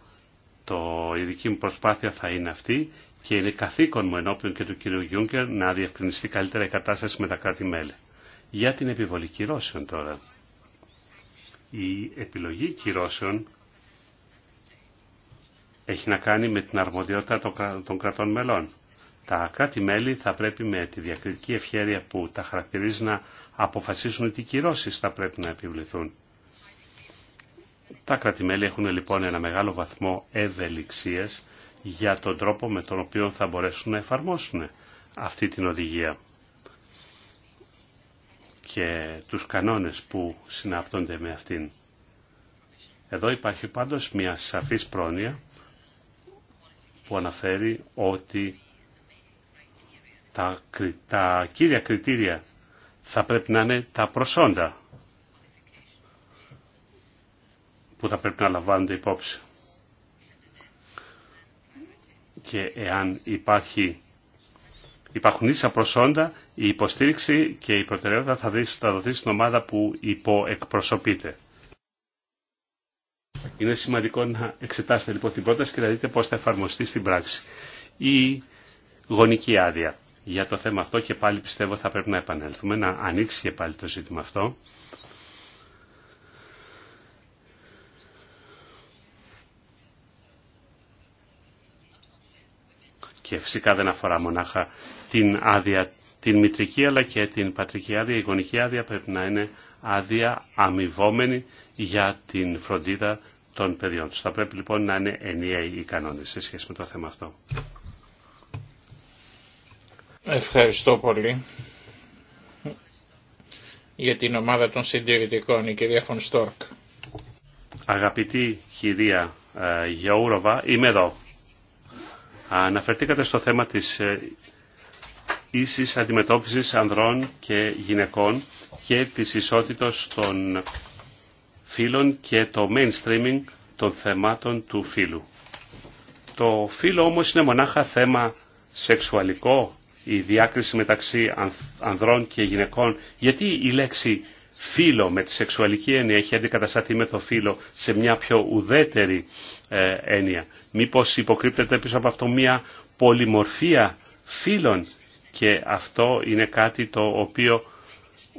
το, η δική μου προσπάθεια θα είναι αυτή και είναι καθήκον μου ενώπιον και του κύριου Γιούγκερ να διευκρινιστεί καλύτερα η κατάσταση με τα κράτη-μέλη. Για την επιβολή κυρώσεων τώρα. Η επιλογή κυρώσεων έχει να κάνει με την αρμοδιότητα των κρατών μελών. Τα κράτη-μέλη θα πρέπει με τη διακριτική ευχέρεια που τα χαρακτηρίζει να αποφασίσουν ότι οι κυρώσεις θα πρέπει να επιβληθούν. Τα κρατημέλη έχουν λοιπόν ένα μεγάλο βαθμό ευελιξίες για τον τρόπο με τον οποίο θα μπορέσουν να εφαρμόσουν αυτή την οδηγία και τους κανόνες που συνάπτονται με αυτήν. Εδώ υπάρχει πάντως μια σαφής πρόνοια που αναφέρει ότι τα, τα κύρια κριτήρια θα πρέπει να είναι τα προσόντα που θα πρέπει να λαμβάνονται υπόψη. Και εάν υπάρχει, υπάρχουν ίσα προσόντα, η υποστήριξη και η προτεραιότητα θα, θα δοθεί στην ομάδα που υποεκπροσωπείται. Είναι σημαντικό να εξετάσετε λοιπόν την πρόταση και να δείτε πώς θα εφαρμοστεί στην πράξη. Η γονική άδεια. Για το θέμα αυτό και πάλι πιστεύω θα πρέπει να επανέλθουμε, να ανοίξει και πάλι το ζήτημα αυτό. και φυσικά δεν αφορά μονάχα την άδεια την μητρική αλλά και την πατρική άδεια, η γονική άδεια πρέπει να είναι άδεια αμοιβόμενη για την φροντίδα των παιδιών τους. Θα πρέπει λοιπόν να είναι ενιαίοι οι κανόνες σε σχέση με το θέμα αυτό. Ευχαριστώ πολύ για την ομάδα των συντηρητικών, η κυρία Φων Στόρκ. Αγαπητή κυρία ε, Γεωρούροβα, είμαι εδώ. Αναφερθήκατε στο θέμα της ε, ίσης αντιμετώπισης ανδρών και γυναικών και της ισότητας των φύλων και το mainstreaming των θεμάτων του φίλου. Το φύλο όμως είναι μονάχα θέμα σεξουαλικό, η διάκριση μεταξύ ανδρών και γυναικών. Γιατί η λέξη φύλλο, με τη σεξουαλική έννοια, έχει αντικατασταθεί με το φύλλο σε μια πιο ουδέτερη ε, έννοια. Μήπως υποκρύπτεται πίσω από αυτό μια πολυμορφία φύλων και αυτό είναι κάτι το οποίο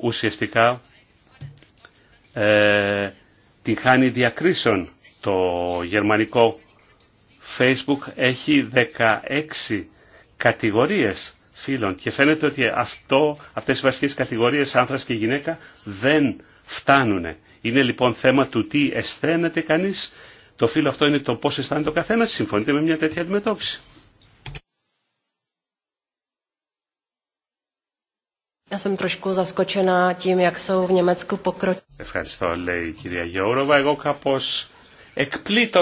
ουσιαστικά ε, την χάνει διακρίσεων. Το γερμανικό Facebook έχει 16 κατηγορίες και φαίνεται ότι αυτό, αυτές οι βασικές κατηγορίες άνθρας και γυναίκα δεν φτάνουν. Είναι λοιπόν θέμα του τι αισθένεται κανείς. Το φύλλο αυτό είναι το πώς αισθάνεται ο καθένας. Συμφωνείτε με μια τέτοια αντιμετώπιση. Ευχαριστώ, λέει η κυρία Γιώργο. Εγώ κάπως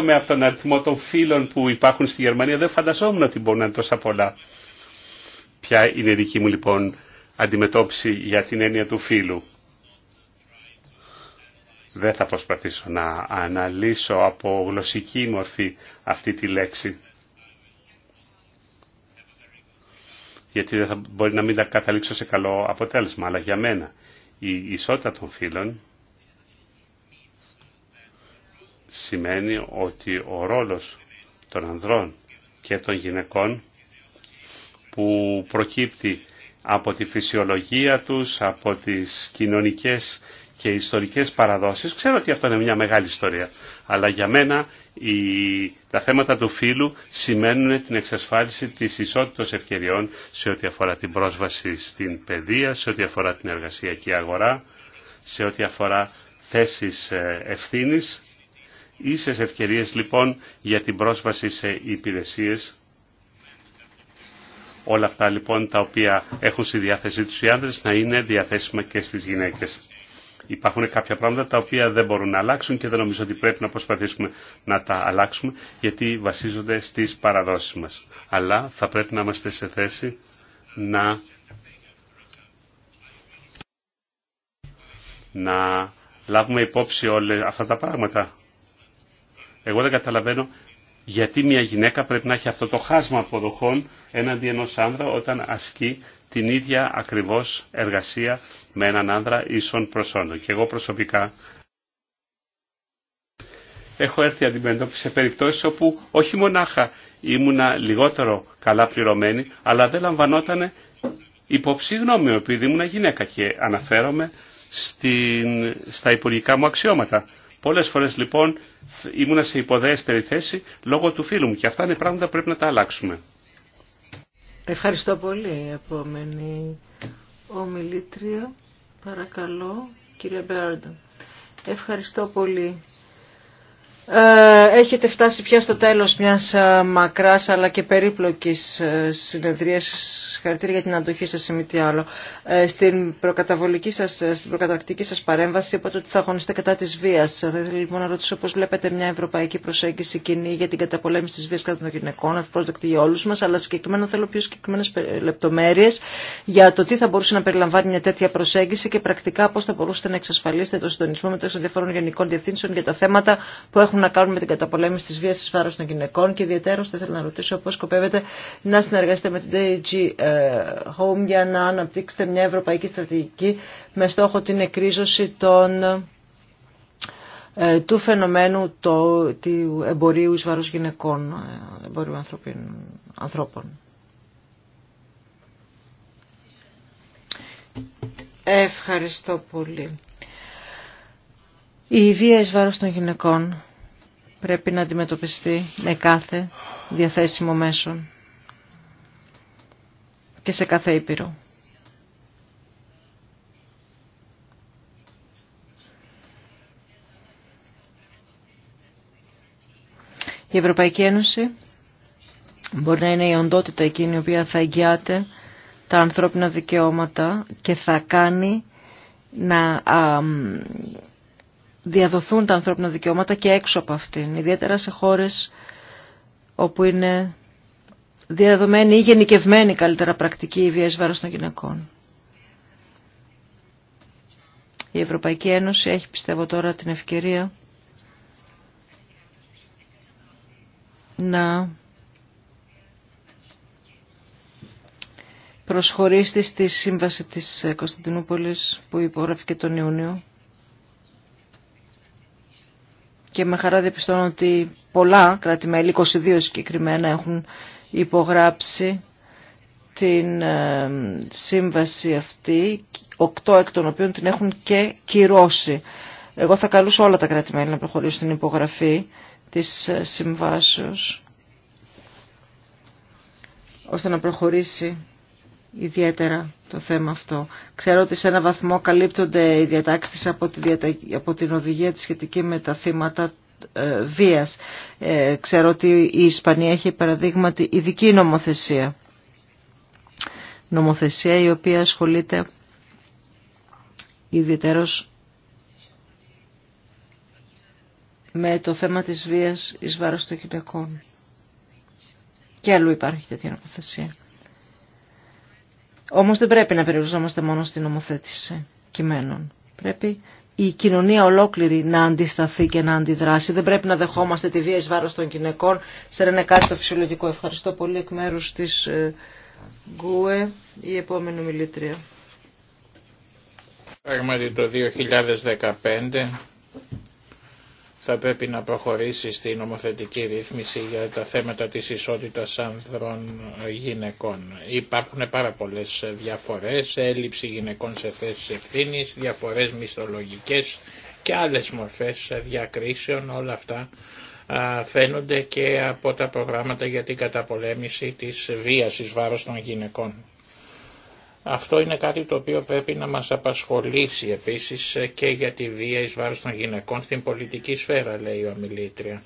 με από τον αριθμό των φίλων που υπάρχουν στη Γερμανία. Δεν φανταζόμουν ότι μπορούν να είναι τόσα πολλά. Ποια είναι η δική μου λοιπόν αντιμετώπιση για την έννοια του φύλου. Δεν θα προσπαθήσω να αναλύσω από γλωσσική μορφή αυτή τη λέξη. Γιατί δεν θα μπορεί να μην τα καταλήξω σε καλό αποτέλεσμα. Αλλά για μένα η ισότητα των φύλων σημαίνει ότι ο ρόλος των ανδρών και των γυναικών που προκύπτει από τη φυσιολογία τους, από τις κοινωνικές και ιστορικές παραδόσεις. Ξέρω ότι αυτό είναι μια μεγάλη ιστορία, αλλά για μένα τα θέματα του φύλου σημαίνουν την εξασφάλιση της ισότητας ευκαιριών σε ό,τι αφορά την πρόσβαση στην παιδεία, σε ό,τι αφορά την εργασιακή αγορά, σε ό,τι αφορά θέσεις ε, ευθύνης. Ίσες ευκαιρίες λοιπόν για την πρόσβαση σε υπηρεσίες όλα αυτά λοιπόν τα οποία έχουν στη διάθεσή τους οι άνδρες να είναι διαθέσιμα και στις γυναίκες. Υπάρχουν κάποια πράγματα τα οποία δεν μπορούν να αλλάξουν και δεν νομίζω ότι πρέπει να προσπαθήσουμε να τα αλλάξουμε γιατί βασίζονται στις παραδόσεις μας. Αλλά θα πρέπει να είμαστε σε θέση να, να λάβουμε υπόψη όλα αυτά τα πράγματα. Εγώ δεν καταλαβαίνω γιατί μια γυναίκα πρέπει να έχει αυτό το χάσμα αποδοχών έναντι ενός άνδρα όταν ασκεί την ίδια ακριβώς εργασία με έναν άνδρα ίσον προσόντων. Και εγώ προσωπικά έχω έρθει αντιμετώπιση σε περιπτώσεις όπου όχι μονάχα ήμουνα λιγότερο καλά πληρωμένη, αλλά δεν λαμβανόταν υπόψη γνώμη, επειδή ήμουνα γυναίκα και αναφέρομαι στην, στα υπουργικά μου αξιώματα. Πολλές φορές λοιπόν ήμουν σε υποδέστερη θέση λόγω του φίλου μου και αυτά είναι πράγματα που πρέπει να τα αλλάξουμε. Ευχαριστώ πολύ. Επόμενη ομιλήτρια, παρακαλώ, κυρία Μπέρντα. Ευχαριστώ πολύ ε, έχετε φτάσει πια στο τέλος μιας ε, μακράς αλλά και περίπλοκης ε, συνεδρίας. Συγχαρητήρια για την αντοχή σας ή μη τι άλλο. στην, προκαταβολική σας, στην προκαταρκτική σας παρέμβαση είπατε ότι θα αγωνιστείτε κατά της βίας. Θα ήθελα λοιπόν να ρωτήσω πώς βλέπετε μια ευρωπαϊκή προσέγγιση κοινή για την καταπολέμηση της βίας κατά των γυναικών, ευπρόσδεκτη για όλους μας, αλλά συγκεκριμένα θέλω πιο συγκεκριμένες λεπτομέρειες για το τι θα μπορούσε να περιλαμβάνει μια τέτοια προσέγγιση και πρακτικά πώς θα μπορούσατε να εξασφαλίσετε το συντονισμό μεταξύ των διαφορών γενικών διευθύνσεων για τα θέματα που έχουν να κάνουν με την καταπολέμηση τη βία της βάρο των γυναικών και ιδιαίτερα θα ήθελα να ρωτήσω πώ σκοπεύετε να συνεργαστείτε με την DG ε, Home για να αναπτύξετε μια ευρωπαϊκή στρατηγική με στόχο την εκρίζωση των ε, του φαινομένου το, του εμπορίου εις βάρος γυναικών, ε, εμπορίου ανθρώπων. Ευχαριστώ πολύ. Η βία εις βάρος των γυναικών πρέπει να αντιμετωπιστεί με κάθε διαθέσιμο μέσο και σε κάθε ήπειρο. Η Ευρωπαϊκή Ένωση μπορεί να είναι η οντότητα εκείνη η οποία θα εγγυάται τα ανθρώπινα δικαιώματα και θα κάνει να διαδοθούν τα ανθρώπινα δικαιώματα και έξω από αυτήν, ιδιαίτερα σε χώρες όπου είναι διαδεδομένη ή γενικευμένη καλύτερα πρακτική η βίας βάρος των γυναικών. Η Ευρωπαϊκή Ένωση έχει πιστεύω τώρα την ευκαιρία να προσχωρήσει στη σύμβαση της Κωνσταντινούπολης που υπογράφηκε τον Ιούνιο και με χαρά διαπιστώνω ότι πολλά κράτη-μέλη, 22 συγκεκριμένα, έχουν υπογράψει την ε, σύμβαση αυτή, 8 εκ των οποίων την έχουν και κυρώσει. Εγώ θα καλούσα όλα τα κρατη να προχωρήσουν στην υπογραφή της ε, συμβάσεως, ώστε να προχωρήσει ιδιαίτερα το θέμα αυτό. Ξέρω ότι σε ένα βαθμό καλύπτονται οι διατάξεις από, την οδηγία της σχετική με τα θύματα ε, βίας. Ε, ξέρω ότι η Ισπανία έχει παραδείγματι ειδική νομοθεσία. Νομοθεσία η οποία ασχολείται ιδιαίτερος με το θέμα της βίας εις βάρος των γυναικών. Και αλλού υπάρχει τέτοια νομοθεσία. Όμως δεν πρέπει να περιοριζόμαστε μόνο στην νομοθέτηση κειμένων. Πρέπει η κοινωνία ολόκληρη να αντισταθεί και να αντιδράσει. Δεν πρέπει να δεχόμαστε τη βία εις βάρος των γυναικών. Σε είναι κάτι το φυσιολογικό. Ευχαριστώ πολύ εκ μέρους της ε, Γκουε, η επόμενη μιλήτρια. Πράγματι το 2015 θα πρέπει να προχωρήσει στη νομοθετική ρύθμιση για τα θέματα της ισότητας ανδρών γυναικών. Υπάρχουν πάρα πολλές διαφορές, έλλειψη γυναικών σε θέσεις ευθύνης, διαφορές μισθολογικές και άλλες μορφές διακρίσεων, όλα αυτά φαίνονται και από τα προγράμματα για την καταπολέμηση της βίας εις βάρος των γυναικών. Αυτό είναι κάτι το οποίο πρέπει να μας απασχολήσει επίσης και για τη βία εις βάρος των γυναικών στην πολιτική σφαίρα, λέει η ομιλήτρια.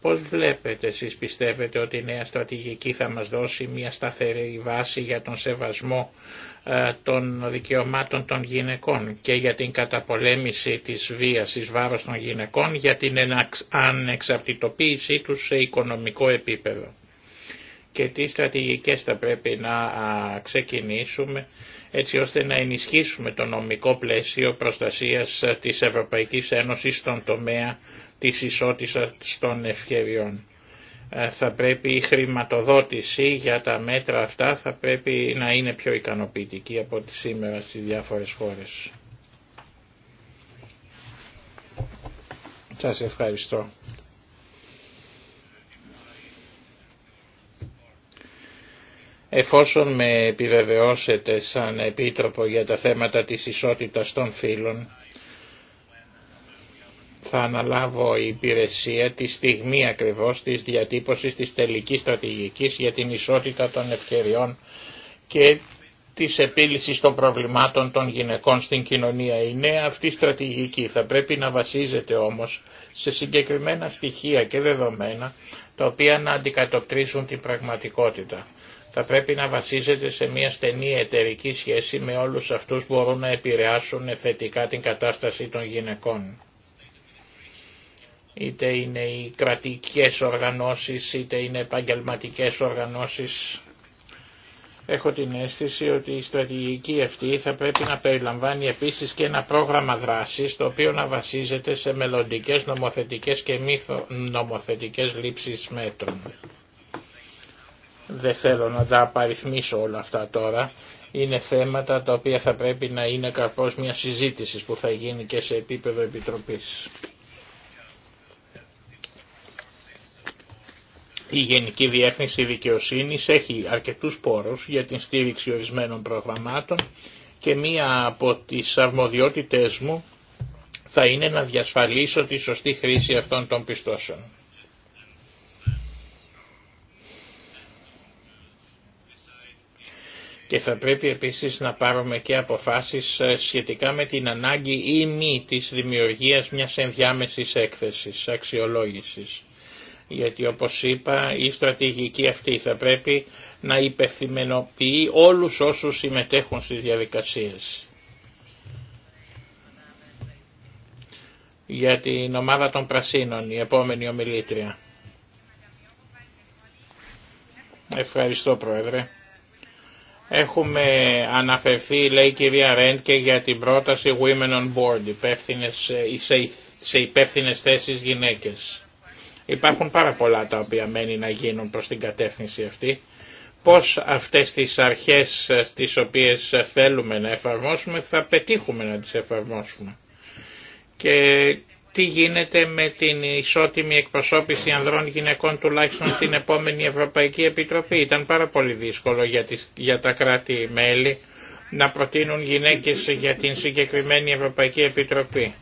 Πώς βλέπετε εσείς πιστεύετε ότι η νέα στρατηγική θα μας δώσει μια σταθερή βάση για τον σεβασμό ε, των δικαιωμάτων των γυναικών και για την καταπολέμηση της βίας εις βάρος των γυναικών για την ανεξαρτητοποίησή τους σε οικονομικό επίπεδο και τι στρατηγικές θα πρέπει να ξεκινήσουμε έτσι ώστε να ενισχύσουμε το νομικό πλαίσιο προστασίας της Ευρωπαϊκής Ένωσης στον τομέα της ισότητας των ευκαιριών. Ε, θα πρέπει η χρηματοδότηση για τα μέτρα αυτά θα πρέπει να είναι πιο ικανοποιητική από τη σήμερα στις διάφορες χώρες. Σας ευχαριστώ. Εφόσον με επιβεβαιώσετε σαν επίτροπο για τα θέματα της ισότητας των φύλων, θα αναλάβω η υπηρεσία τη στιγμή ακριβώς της διατύπωσης της τελικής στρατηγικής για την ισότητα των ευκαιριών και της επίλυσης των προβλημάτων των γυναικών στην κοινωνία. Η νέα αυτή στρατηγική θα πρέπει να βασίζεται όμως σε συγκεκριμένα στοιχεία και δεδομένα τα οποία να αντικατοπτρίζουν την πραγματικότητα θα πρέπει να βασίζεται σε μια στενή εταιρική σχέση με όλους αυτούς που μπορούν να επηρεάσουν θετικά την κατάσταση των γυναικών. Είτε είναι οι κρατικές οργανώσεις, είτε είναι επαγγελματικέ οργανώσεις. Έχω την αίσθηση ότι η στρατηγική αυτή θα πρέπει να περιλαμβάνει επίσης και ένα πρόγραμμα δράσης το οποίο να βασίζεται σε μελλοντικές νομοθετικές και μη νομοθετικές λήψεις μέτρων. Δεν θέλω να τα απαριθμίσω όλα αυτά τώρα. Είναι θέματα τα οποία θα πρέπει να είναι καρπός μια συζήτηση που θα γίνει και σε επίπεδο επιτροπής. Η Γενική Διεύθυνση Δικαιοσύνης έχει αρκετούς πόρους για την στήριξη ορισμένων προγραμμάτων και μία από τις αρμοδιότητες μου θα είναι να διασφαλίσω τη σωστή χρήση αυτών των πιστώσεων. Και θα πρέπει επίσης να πάρουμε και αποφάσεις ε, σχετικά με την ανάγκη ή μη της δημιουργίας μιας ενδιάμεσης έκθεσης, αξιολόγησης. Γιατί όπως είπα η στρατηγική αυτή θα πρέπει να υπευθυμενοποιεί όλους όσους συμμετέχουν στις διαδικασίες. Για την ομάδα των Πρασίνων, η επόμενη ομιλήτρια. Ευχαριστώ Πρόεδρε. Έχουμε αναφερθεί, λέει η κυρία Ρέντ, και για την πρόταση Women on Board, ε, σε υπεύθυνε θέσεις γυναίκες. Υπάρχουν πάρα πολλά τα οποία μένει να γίνουν προς την κατεύθυνση αυτή. Πώς αυτές τις αρχές ε, τις οποίες ε, θέλουμε να εφαρμόσουμε θα πετύχουμε να τις εφαρμόσουμε. Και τι γίνεται με την ισότιμη εκπροσώπηση ανδρών γυναικών τουλάχιστον στην επόμενη Ευρωπαϊκή Επιτροπή. Ήταν πάρα πολύ δύσκολο για, τις, για τα κράτη-μέλη να προτείνουν γυναίκες για την συγκεκριμένη Ευρωπαϊκή Επιτροπή.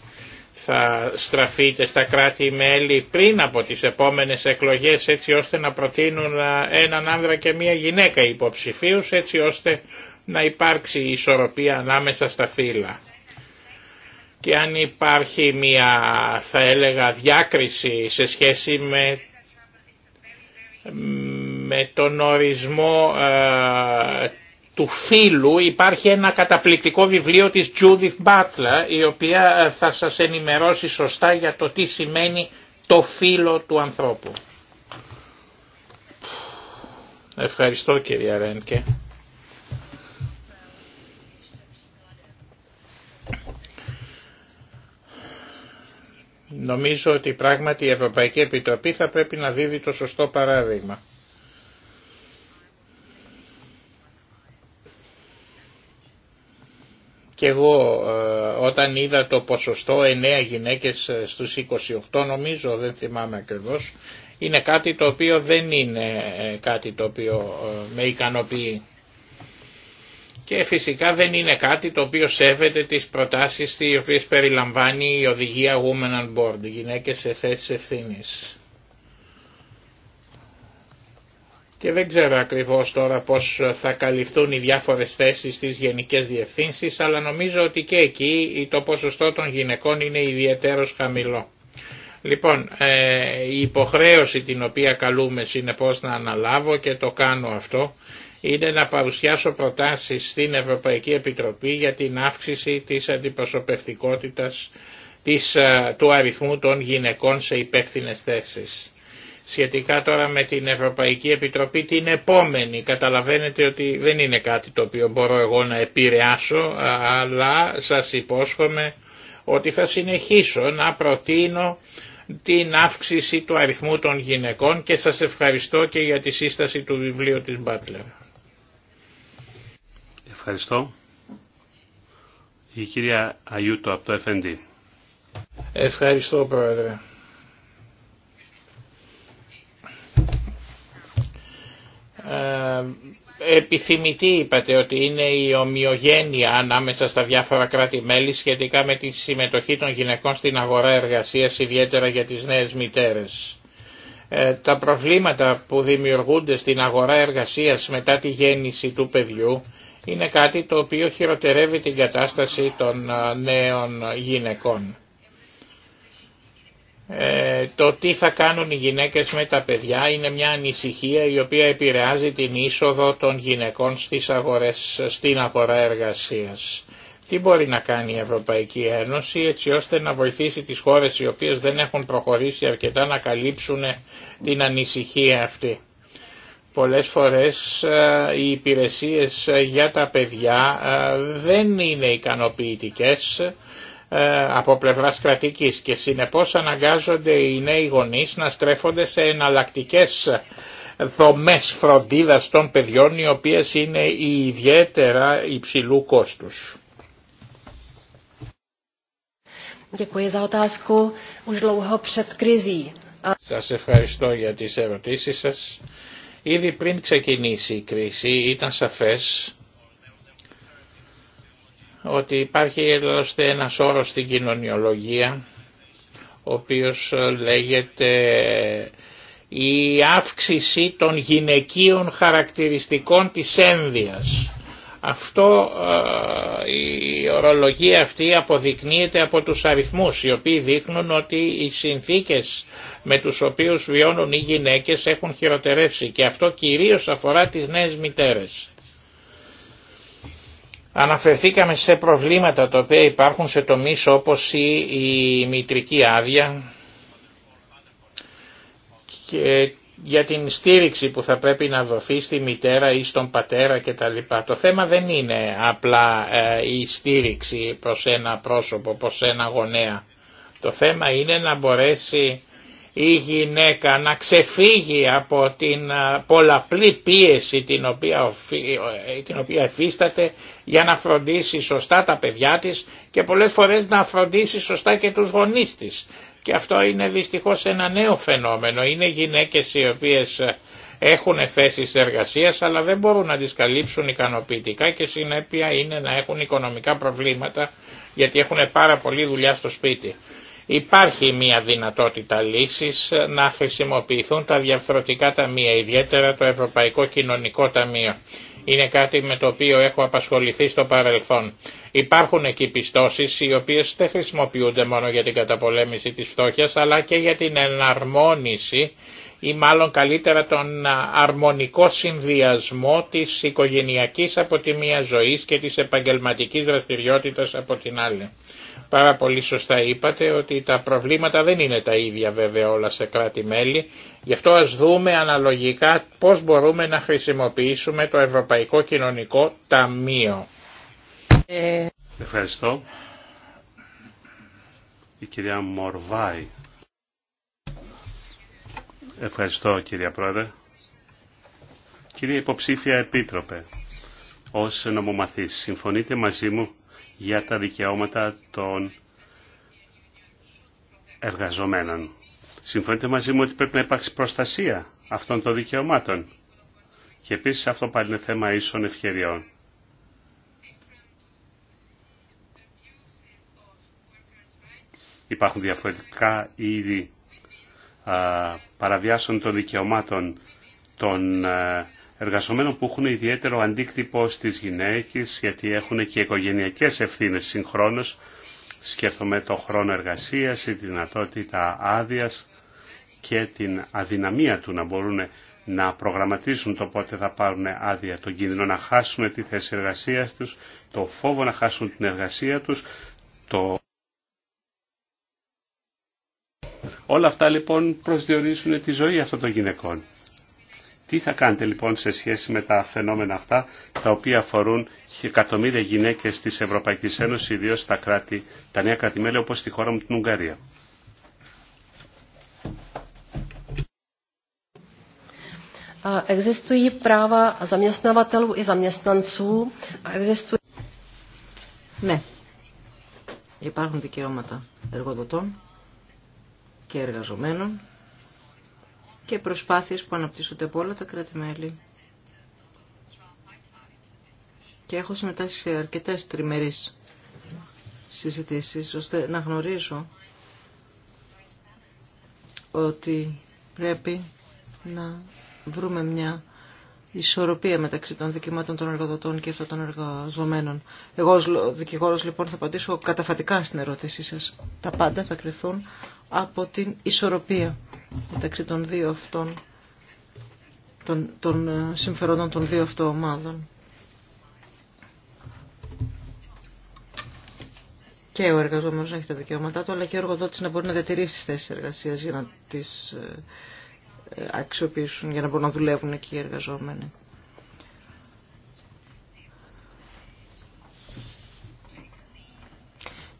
Θα στραφείτε στα κράτη-μέλη πριν από τις επόμενες εκλογές έτσι ώστε να προτείνουν έναν άνδρα και μία γυναίκα υποψηφίους έτσι ώστε να υπάρξει ισορροπία ανάμεσα στα φύλλα και αν υπάρχει μια θα έλεγα διάκριση σε σχέση με, με τον ορισμό ε, του φίλου υπάρχει ένα καταπληκτικό βιβλίο της Judith Butler η οποία ε, θα σας ενημερώσει σωστά για το τι σημαίνει το φίλο του ανθρώπου. Ευχαριστώ κυρία Ρένκε. Νομίζω ότι πράγματι η Ευρωπαϊκή Επιτροπή θα πρέπει να δίδει το σωστό παράδειγμα. Και εγώ ε, όταν είδα το ποσοστό 9 γυναίκες ε, στους 28 νομίζω, δεν θυμάμαι ακριβώς, είναι κάτι το οποίο δεν είναι ε, κάτι το οποίο με ικανοποιεί και φυσικά δεν είναι κάτι το οποίο σέβεται τις προτάσεις τις οποίες περιλαμβάνει η οδηγία Women on Board, γυναίκες σε θέσεις ευθύνη. Και δεν ξέρω ακριβώς τώρα πώς θα καλυφθούν οι διάφορες θέσεις στις γενικές διευθύνσεις, αλλά νομίζω ότι και εκεί το ποσοστό των γυναικών είναι ιδιαίτερος χαμηλό. Λοιπόν, ε, η υποχρέωση την οποία καλούμε συνεπώς να αναλάβω και το κάνω αυτό, είναι να παρουσιάσω προτάσεις στην Ευρωπαϊκή Επιτροπή για την αύξηση της αντιπροσωπευτικότητας της, ε, του αριθμού των γυναικών σε υπεύθυνε θέσεις. Σχετικά τώρα με την Ευρωπαϊκή Επιτροπή την επόμενη, καταλαβαίνετε ότι δεν είναι κάτι το οποίο μπορώ εγώ να επηρεάσω, αλλά σας υπόσχομαι ότι θα συνεχίσω να προτείνω την αύξηση του αριθμού των γυναικών και σας ευχαριστώ και για τη σύσταση του βιβλίου της Μπάτλερ. Ευχαριστώ. Η κυρία Αιούτο από το FND. Ευχαριστώ πρόεδρε. Ε, επιθυμητή είπατε ότι είναι η ομοιογένεια ανάμεσα στα διάφορα κράτη-μέλη σχετικά με τη συμμετοχή των γυναικών στην αγορά εργασίας, ιδιαίτερα για τις νέες μητέρες. Ε, τα προβλήματα που δημιουργούνται στην αγορά εργασίας μετά τη γέννηση του παιδιού είναι κάτι το οποίο χειροτερεύει την κατάσταση των ε, νέων γυναικών. Ε, το τι θα κάνουν οι γυναίκες με τα παιδιά είναι μια ανησυχία η οποία επηρεάζει την είσοδο των γυναικών στις αγορές, στην αγορά εργασίας. Τι μπορεί να κάνει η Ευρωπαϊκή Ένωση έτσι ώστε να βοηθήσει τις χώρες οι οποίες δεν έχουν προχωρήσει αρκετά να καλύψουν την ανησυχία αυτή. Πολλές φορές ε, οι υπηρεσίες ε, για τα παιδιά ε, δεν είναι ικανοποιητικές από πλευράς κρατικής και συνεπώς αναγκάζονται οι νέοι γονείς να στρέφονται σε εναλλακτικέ δομές φροντίδας των παιδιών οι οποίες είναι ιδιαίτερα υψηλού κόστους. Σας ευχαριστώ για τις ερωτήσεις σας. Ήδη πριν ξεκινήσει η κρίση ήταν σαφές ότι υπάρχει άλλωστε ένας όρος στην κοινωνιολογία ο οποίος λέγεται η αύξηση των γυναικείων χαρακτηριστικών της ένδυας. Αυτό, ε, η ορολογία αυτή αποδεικνύεται από τους αριθμούς οι οποίοι δείχνουν ότι οι συνθήκες με τους οποίους βιώνουν οι γυναίκες έχουν χειροτερεύσει και αυτό κυρίως αφορά τις νέες μητέρες. Αναφερθήκαμε σε προβλήματα τα οποία υπάρχουν σε τομείς όπως η, μητρική άδεια και για την στήριξη που θα πρέπει να δοθεί στη μητέρα ή στον πατέρα κτλ. Το θέμα δεν είναι απλά ε, η στήριξη προς ένα πρόσωπο, προς ένα γονέα. Το θέμα είναι να μπορέσει η γυναίκα να ξεφύγει από την ε, πολλαπλή πίεση την οποία, ε, την εφίσταται για να φροντίσει σωστά τα παιδιά της και πολλές φορές να φροντίσει σωστά και τους γονείς της. Και αυτό είναι δυστυχώς ένα νέο φαινόμενο. Είναι γυναίκες οι οποίες ε, έχουν θέσεις εργασίας αλλά δεν μπορούν να τις καλύψουν ικανοποιητικά και συνέπεια είναι να έχουν οικονομικά προβλήματα γιατί έχουν πάρα πολλή δουλειά στο σπίτι. Υπάρχει μια δυνατότητα λύσης ε, να χρησιμοποιηθούν τα διαφθορτικά ταμεία, ιδιαίτερα το Ευρωπαϊκό Κοινωνικό Ταμείο είναι κάτι με το οποίο έχω απασχοληθεί στο παρελθόν. Υπάρχουν εκεί πιστώσεις οι οποίες δεν χρησιμοποιούνται μόνο για την καταπολέμηση της φτώχειας αλλά και για την εναρμόνιση ή μάλλον καλύτερα τον αρμονικό συνδυασμό της οικογενειακής από τη μία ζωής και της επαγγελματικής δραστηριότητας από την άλλη πάρα πολύ σωστά είπατε ότι τα προβλήματα δεν είναι τα ίδια βέβαια όλα σε κράτη-μέλη, γι' αυτό ας δούμε αναλογικά πώς μπορούμε να χρησιμοποιήσουμε το Ευρωπαϊκό Κοινωνικό Ταμείο. Ευχαριστώ. Η κυρία Μορβάη. Ευχαριστώ κυρία Πρόεδρε. Κυρία Υποψήφια Επίτροπε, ως νομομαθής, συμφωνείτε μαζί μου για τα δικαιώματα των εργαζομένων. Συμφωνείτε μαζί μου ότι πρέπει να υπάρξει προστασία αυτών των δικαιωμάτων. Και επίσης αυτό πάλι είναι θέμα ίσων ευκαιριών. Υπάρχουν διαφορετικά είδη παραβιάσεων των δικαιωμάτων των εργαζομένων που έχουν ιδιαίτερο αντίκτυπο στις γυναίκες γιατί έχουν και οικογενειακές ευθύνες συγχρόνως. Σκέφτομαι το χρόνο εργασίας, τη δυνατότητα άδεια και την αδυναμία του να μπορούν να προγραμματίσουν το πότε θα πάρουν άδεια, τον κίνδυνο να χάσουν τη θέση εργασίας τους, το φόβο να χάσουν την εργασία τους, το... Όλα αυτά λοιπόν προσδιορίζουν τη ζωή αυτών των γυναικών. Τι θα κάνετε λοιπόν σε σχέση με τα φαινόμενα αυτά τα οποία αφορούν εκατομμύρια γυναίκε τη Ευρωπαϊκή Ένωση, ιδίω στα κράτη, τα νέα κρατημέλια όπω στη χώρα μου την Ουγγαρία. Ε, ναι. Υπάρχουν δικαιώματα εργοδοτών και εργαζομένων και προσπάθειες που αναπτύσσονται από όλα τα κράτη-μέλη. Και έχω συμμετάσχει σε αρκετές τριμερείς συζητήσεις, ώστε να γνωρίζω ότι πρέπει να βρούμε μια ισορροπία μεταξύ των δικαιωμάτων των εργοδοτών και αυτών των εργαζομένων. Εγώ ως δικηγόρος λοιπόν θα απαντήσω καταφατικά στην ερώτησή σας. Τα πάντα θα κρυθούν από την ισορροπία μεταξύ των δύο αυτών των, ε, συμφερόντων των δύο αυτών ομάδων. Και ο εργαζόμενος να έχει τα δικαιώματά του, αλλά και ο εργοδότης να μπορεί να διατηρήσει τις θέσεις εργασίας για να τις ε, ε, αξιοποιήσουν, για να μπορούν να δουλεύουν εκεί οι εργαζόμενοι.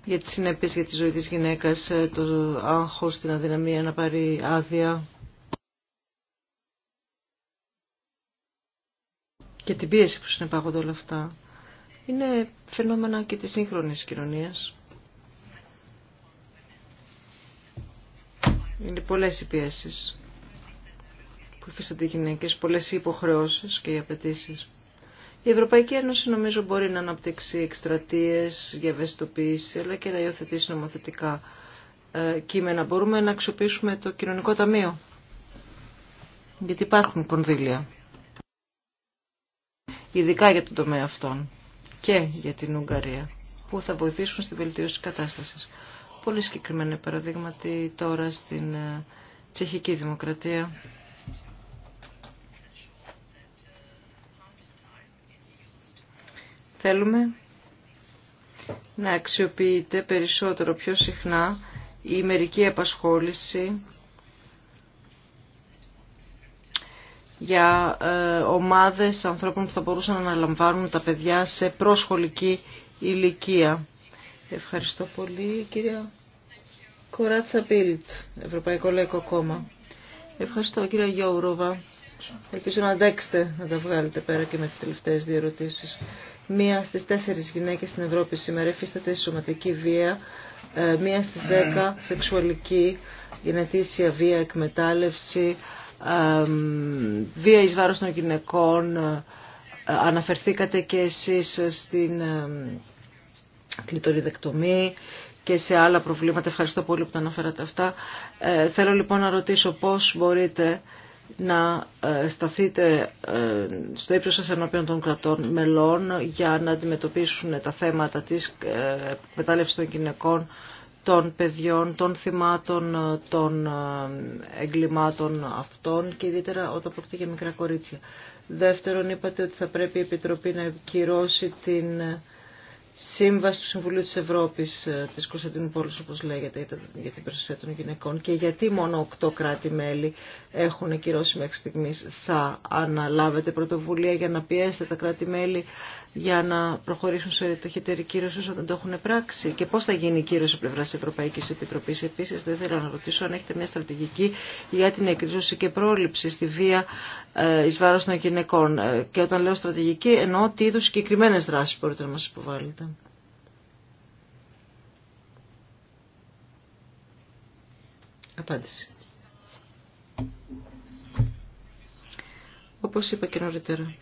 για τις συνέπειες για τη ζωή της γυναίκας, ε, το άγχος, την αδυναμία να πάρει άδεια και την πίεση που συνεπάγονται όλα αυτά. Είναι φαινόμενα και της σύγχρονης κοινωνίας. Είναι πολλές οι πιέσεις που υφίστανται οι γυναίκες, πολλές οι υποχρεώσεις και οι απαιτήσει. Η Ευρωπαϊκή Ένωση νομίζω μπορεί να αναπτύξει εκστρατείες για ευαισθητοποίηση αλλά και να υιοθετήσει νομοθετικά ε, κείμενα. Μπορούμε να αξιοποιήσουμε το κοινωνικό ταμείο γιατί υπάρχουν κονδύλια ειδικά για τον τομέα αυτών και για την Ουγγαρία που θα βοηθήσουν στη βελτίωση της κατάστασης. Πολύ συγκεκριμένα παραδείγματα τώρα στην ε, Τσεχική Δημοκρατία. Θέλουμε να αξιοποιείται περισσότερο, πιο συχνά, η μερική επασχόληση για ε, ομάδες ανθρώπων που θα μπορούσαν να αναλαμβάνουν τα παιδιά σε προσχολική ηλικία. Ευχαριστώ πολύ, κυρία Κοράτσα Πίλτ, Ευρωπαϊκό Λαϊκό Κόμμα. Ευχαριστώ, κυρία Ρόβα. Ελπίζω να αντέξετε να τα βγάλετε πέρα και με τις τελευταίες δύο ερωτήσεις. Μία στις τέσσερις γυναίκες στην Ευρώπη σήμερα εφίσταται σωματική βία, ε, μία στις ναι. δέκα σεξουαλική, γενετήσια βία, εκμετάλλευση, βία εις βάρος των γυναικών. Ε, αναφερθήκατε και εσείς στην ε, κλειτοριδεκτομή και σε άλλα προβλήματα. Ευχαριστώ πολύ που τα αναφέρατε αυτά. Θέλω λοιπόν να ρωτήσω πώς μπορείτε να ε, σταθείτε ε, στο ύψος σας ενώπιον των κρατών μελών για να αντιμετωπίσουν τα θέματα της ε, μετάλλευσης των γυναικών, των παιδιών, των θυμάτων, των εγκλημάτων αυτών και ιδιαίτερα όταν πρόκειται για μικρά κορίτσια. Δεύτερον, είπατε ότι θα πρέπει η Επιτροπή να κυρώσει την Σύμβαση του Συμβουλίου της Ευρώπης ε, της Κωνσταντινούπολης, όπως λέγεται, για την προστασία των γυναικών και γιατί μόνο οκτώ κράτη-μέλη έχουν κυρώσει μέχρι στιγμής. Θα αναλάβετε πρωτοβουλία για να πιέσετε τα κράτη-μέλη για να προχωρήσουν σε τοχετερή κύρωση όσο δεν το έχουν πράξει και πώς θα γίνει η κύρωση πλευρά της Ευρωπαϊκής Επιτροπής. Επίσης δεν θέλω να ρωτήσω αν έχετε μια στρατηγική για την εκρίζωση και πρόληψη στη βία ε, εις βάρος των γυναικών. Ε, και όταν λέω στρατηγική εννοώ τι είδους συγκεκριμένες δράσεις μπορείτε να μας υποβάλλετε. Απάντηση. Όπως είπα και νωρίτερα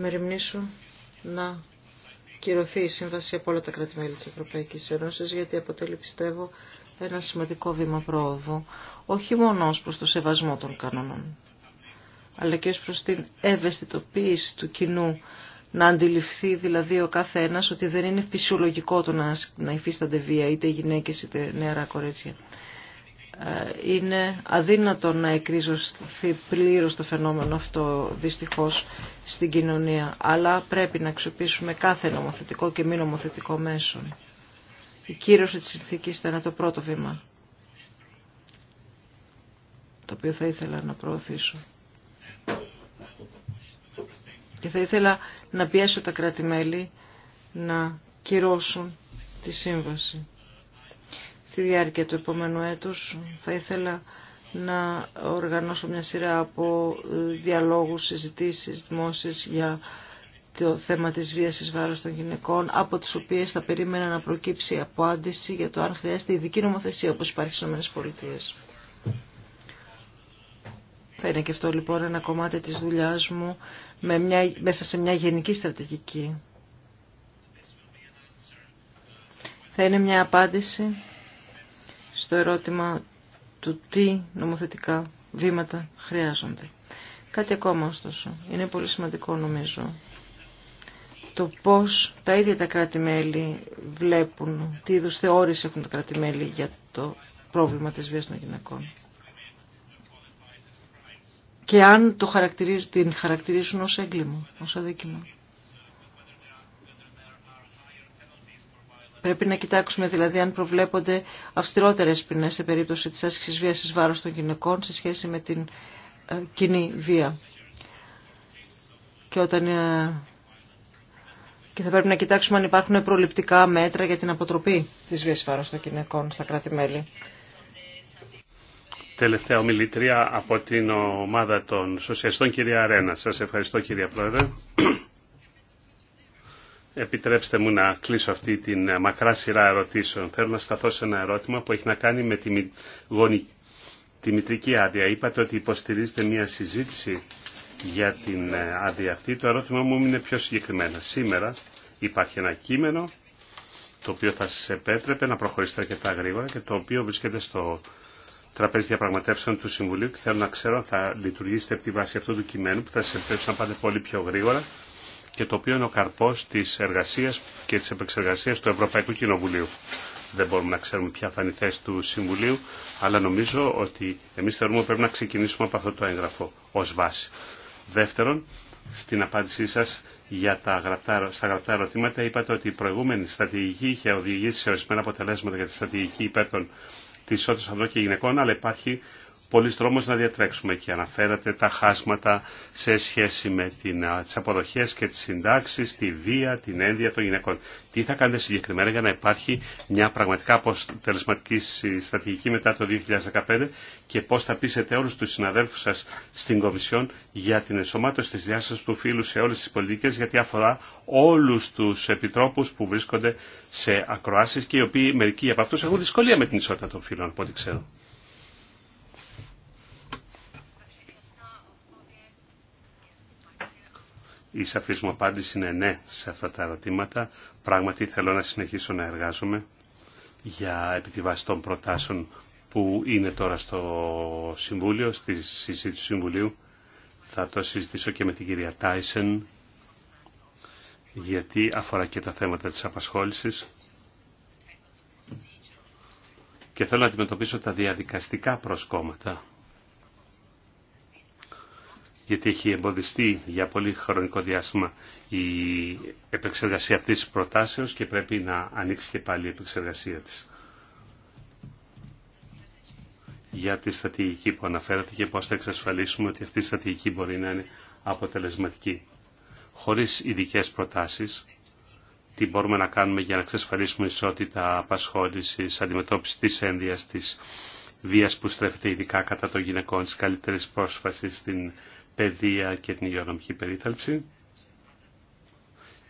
θα μεριμνήσω να κυρωθεί η σύμβαση από όλα τα κράτη-μέλη της Ευρωπαϊκής Ένωσης, γιατί αποτελεί, πιστεύω, ένα σημαντικό βήμα πρόοδου, όχι μόνο ως προς το σεβασμό των κανόνων, αλλά και ως προς την ευαισθητοποίηση του κοινού, να αντιληφθεί δηλαδή ο καθένας ότι δεν είναι φυσιολογικό το να, να υφίστανται βία, είτε γυναίκες είτε νεαρά κορίτσια. Ε, είναι αδύνατο να εκρίζωθεί πλήρως το φαινόμενο αυτό δυστυχώς στην κοινωνία. Αλλά πρέπει να αξιοποιήσουμε κάθε νομοθετικό και μη νομοθετικό μέσο. Η κύρωση της συνθήκης ήταν το πρώτο βήμα το οποίο θα ήθελα να προωθήσω. Και θα ήθελα να πιέσω τα κράτη-μέλη να κυρώσουν τη σύμβαση στη διάρκεια του επόμενου έτους θα ήθελα να οργανώσω μια σειρά από ε, διαλόγους, συζητήσεις, δημόσιες για το θέμα της βίας εις βάρος των γυναικών, από τις οποίες θα περίμενα να προκύψει απάντηση για το αν χρειάζεται ειδική νομοθεσία όπως υπάρχει στις ΗΠΑ. Θα είναι και αυτό λοιπόν ένα κομμάτι της δουλειάς μου με μια, μέσα σε μια γενική στρατηγική. Θα είναι μια απάντηση στο ερώτημα του τι νομοθετικά βήματα χρειάζονται. Κάτι ακόμα ωστόσο, είναι πολύ σημαντικό νομίζω, το πώς τα ίδια τα κράτη-μέλη βλέπουν, τι είδους θεώρηση έχουν τα κράτη-μέλη για το πρόβλημα της βίας των γυναικών. Και αν το την χαρακτηρίζουν ως έγκλημα, ως αδίκημα. Πρέπει να κοιτάξουμε δηλαδή αν προβλέπονται αυστηρότερες ποινές σε περίπτωση της άσκησης βίας εις βάρος των γυναικών σε σχέση με την ε, κοινή βία. Και όταν ε, και θα πρέπει να κοιτάξουμε αν υπάρχουν προληπτικά μέτρα για την αποτροπή της βίας βάρος των γυναικών στα κράτη-μέλη. Τελευταία ομιλήτρια από την ομάδα των Σοσιαστών, κυρία Αρένα. Σας ευχαριστώ, κυρία Πρόεδρε. Επιτρέψτε μου να κλείσω αυτή την ε, μακρά σειρά ερωτήσεων. Θέλω να σταθώ σε ένα ερώτημα που έχει να κάνει με τη, τη μητρική άδεια. Είπατε ότι υποστηρίζετε μια συζήτηση για την ε, άδεια αυτή. Το ερώτημα μου είναι πιο συγκεκριμένα. Σήμερα υπάρχει ένα κείμενο το οποίο θα σας επέτρεπε να προχωρήσετε αρκετά γρήγορα και το οποίο βρίσκεται στο τραπέζι διαπραγματεύσεων του Συμβουλίου και θέλω να ξέρω αν θα λειτουργήσετε από τη βάση αυτού του κειμένου που θα σας επιτρέψει να πάτε πολύ πιο γρήγορα και το οποίο είναι ο καρπός της εργασίας και της επεξεργασίας του Ευρωπαϊκού Κοινοβουλίου. Δεν μπορούμε να ξέρουμε ποια θα είναι η θέση του Συμβουλίου, αλλά νομίζω ότι εμείς θεωρούμε πρέπει να ξεκινήσουμε από αυτό το έγγραφο ως βάση. Δεύτερον, στην απάντησή σας για τα γραπτά, στα γραπτά ερωτήματα είπατε ότι η προηγούμενη στρατηγική είχε οδηγήσει σε ορισμένα αποτελέσματα για τη στρατηγική υπέρ των τη ισότητα ανδρών και γυναικών, αλλά υπάρχει πολλοί δρόμος να διατρέξουμε και αναφέρατε τα χάσματα σε σχέση με την, τις και τις συντάξεις, τη βία, την ένδια των γυναικών. Τι θα κάνετε συγκεκριμένα για να υπάρχει μια πραγματικά αποτελεσματική στρατηγική μετά το 2015 και πώς θα πείσετε όλους του συναδέλφους σας στην Κομισιόν για την ενσωμάτωση της διάστασης του φίλου σε όλες τις πολιτικές γιατί αφορά όλους τους επιτρόπους που βρίσκονται σε ακροάσεις και οι οποίοι μερικοί από αυτούς έχουν δυσκολία με την ισότητα των φίλων από ό,τι ξέρω. η σαφής μου απάντηση είναι ναι σε αυτά τα ερωτήματα. Πράγματι θέλω να συνεχίσω να εργάζομαι για επί των προτάσεων που είναι τώρα στο Συμβούλιο, στη συζήτηση του Συμβουλίου. Θα το συζητήσω και με την κυρία Τάισεν, γιατί αφορά και τα θέματα της απασχόλησης. Και θέλω να αντιμετωπίσω τα διαδικαστικά προσκόμματα γιατί έχει εμποδιστεί για πολύ χρονικό διάστημα η επεξεργασία αυτής της προτάσεως και πρέπει να ανοίξει και πάλι η επεξεργασία της. Για τη στρατηγική που αναφέρατε και πώς θα εξασφαλίσουμε ότι αυτή η στρατηγική μπορεί να είναι αποτελεσματική. Χωρίς ειδικέ προτάσεις, τι μπορούμε να κάνουμε για να εξασφαλίσουμε ισότητα απασχόληση, αντιμετώπιση της ένδυας, της βίας που στρέφεται ειδικά κατά των γυναικών, της καλύτερης πρόσφασης στην παιδεία και την υγειονομική περίθαλψη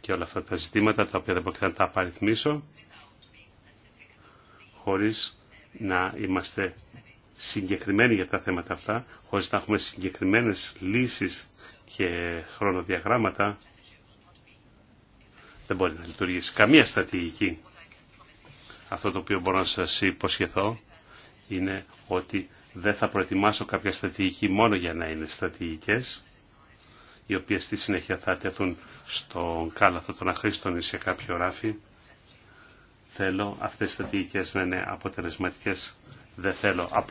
και όλα αυτά τα ζητήματα τα οποία δεν μπορείτε να τα απαριθμίσω χωρίς να είμαστε συγκεκριμένοι για τα θέματα αυτά, χωρίς να έχουμε συγκεκριμένες λύσεις και χρονοδιαγράμματα, δεν μπορεί να λειτουργήσει καμία στρατηγική. Αυτό το οποίο μπορώ να σας υποσχεθώ είναι ότι δεν θα προετοιμάσω κάποια στρατηγική μόνο για να είναι στρατηγικές, οι οποίες στη συνέχεια θα τεθούν στον κάλαθο των αχρήστων ή σε κάποιο ράφι. Θέλω αυτές οι στρατηγικές να είναι αποτελεσματικές. Δεν θέλω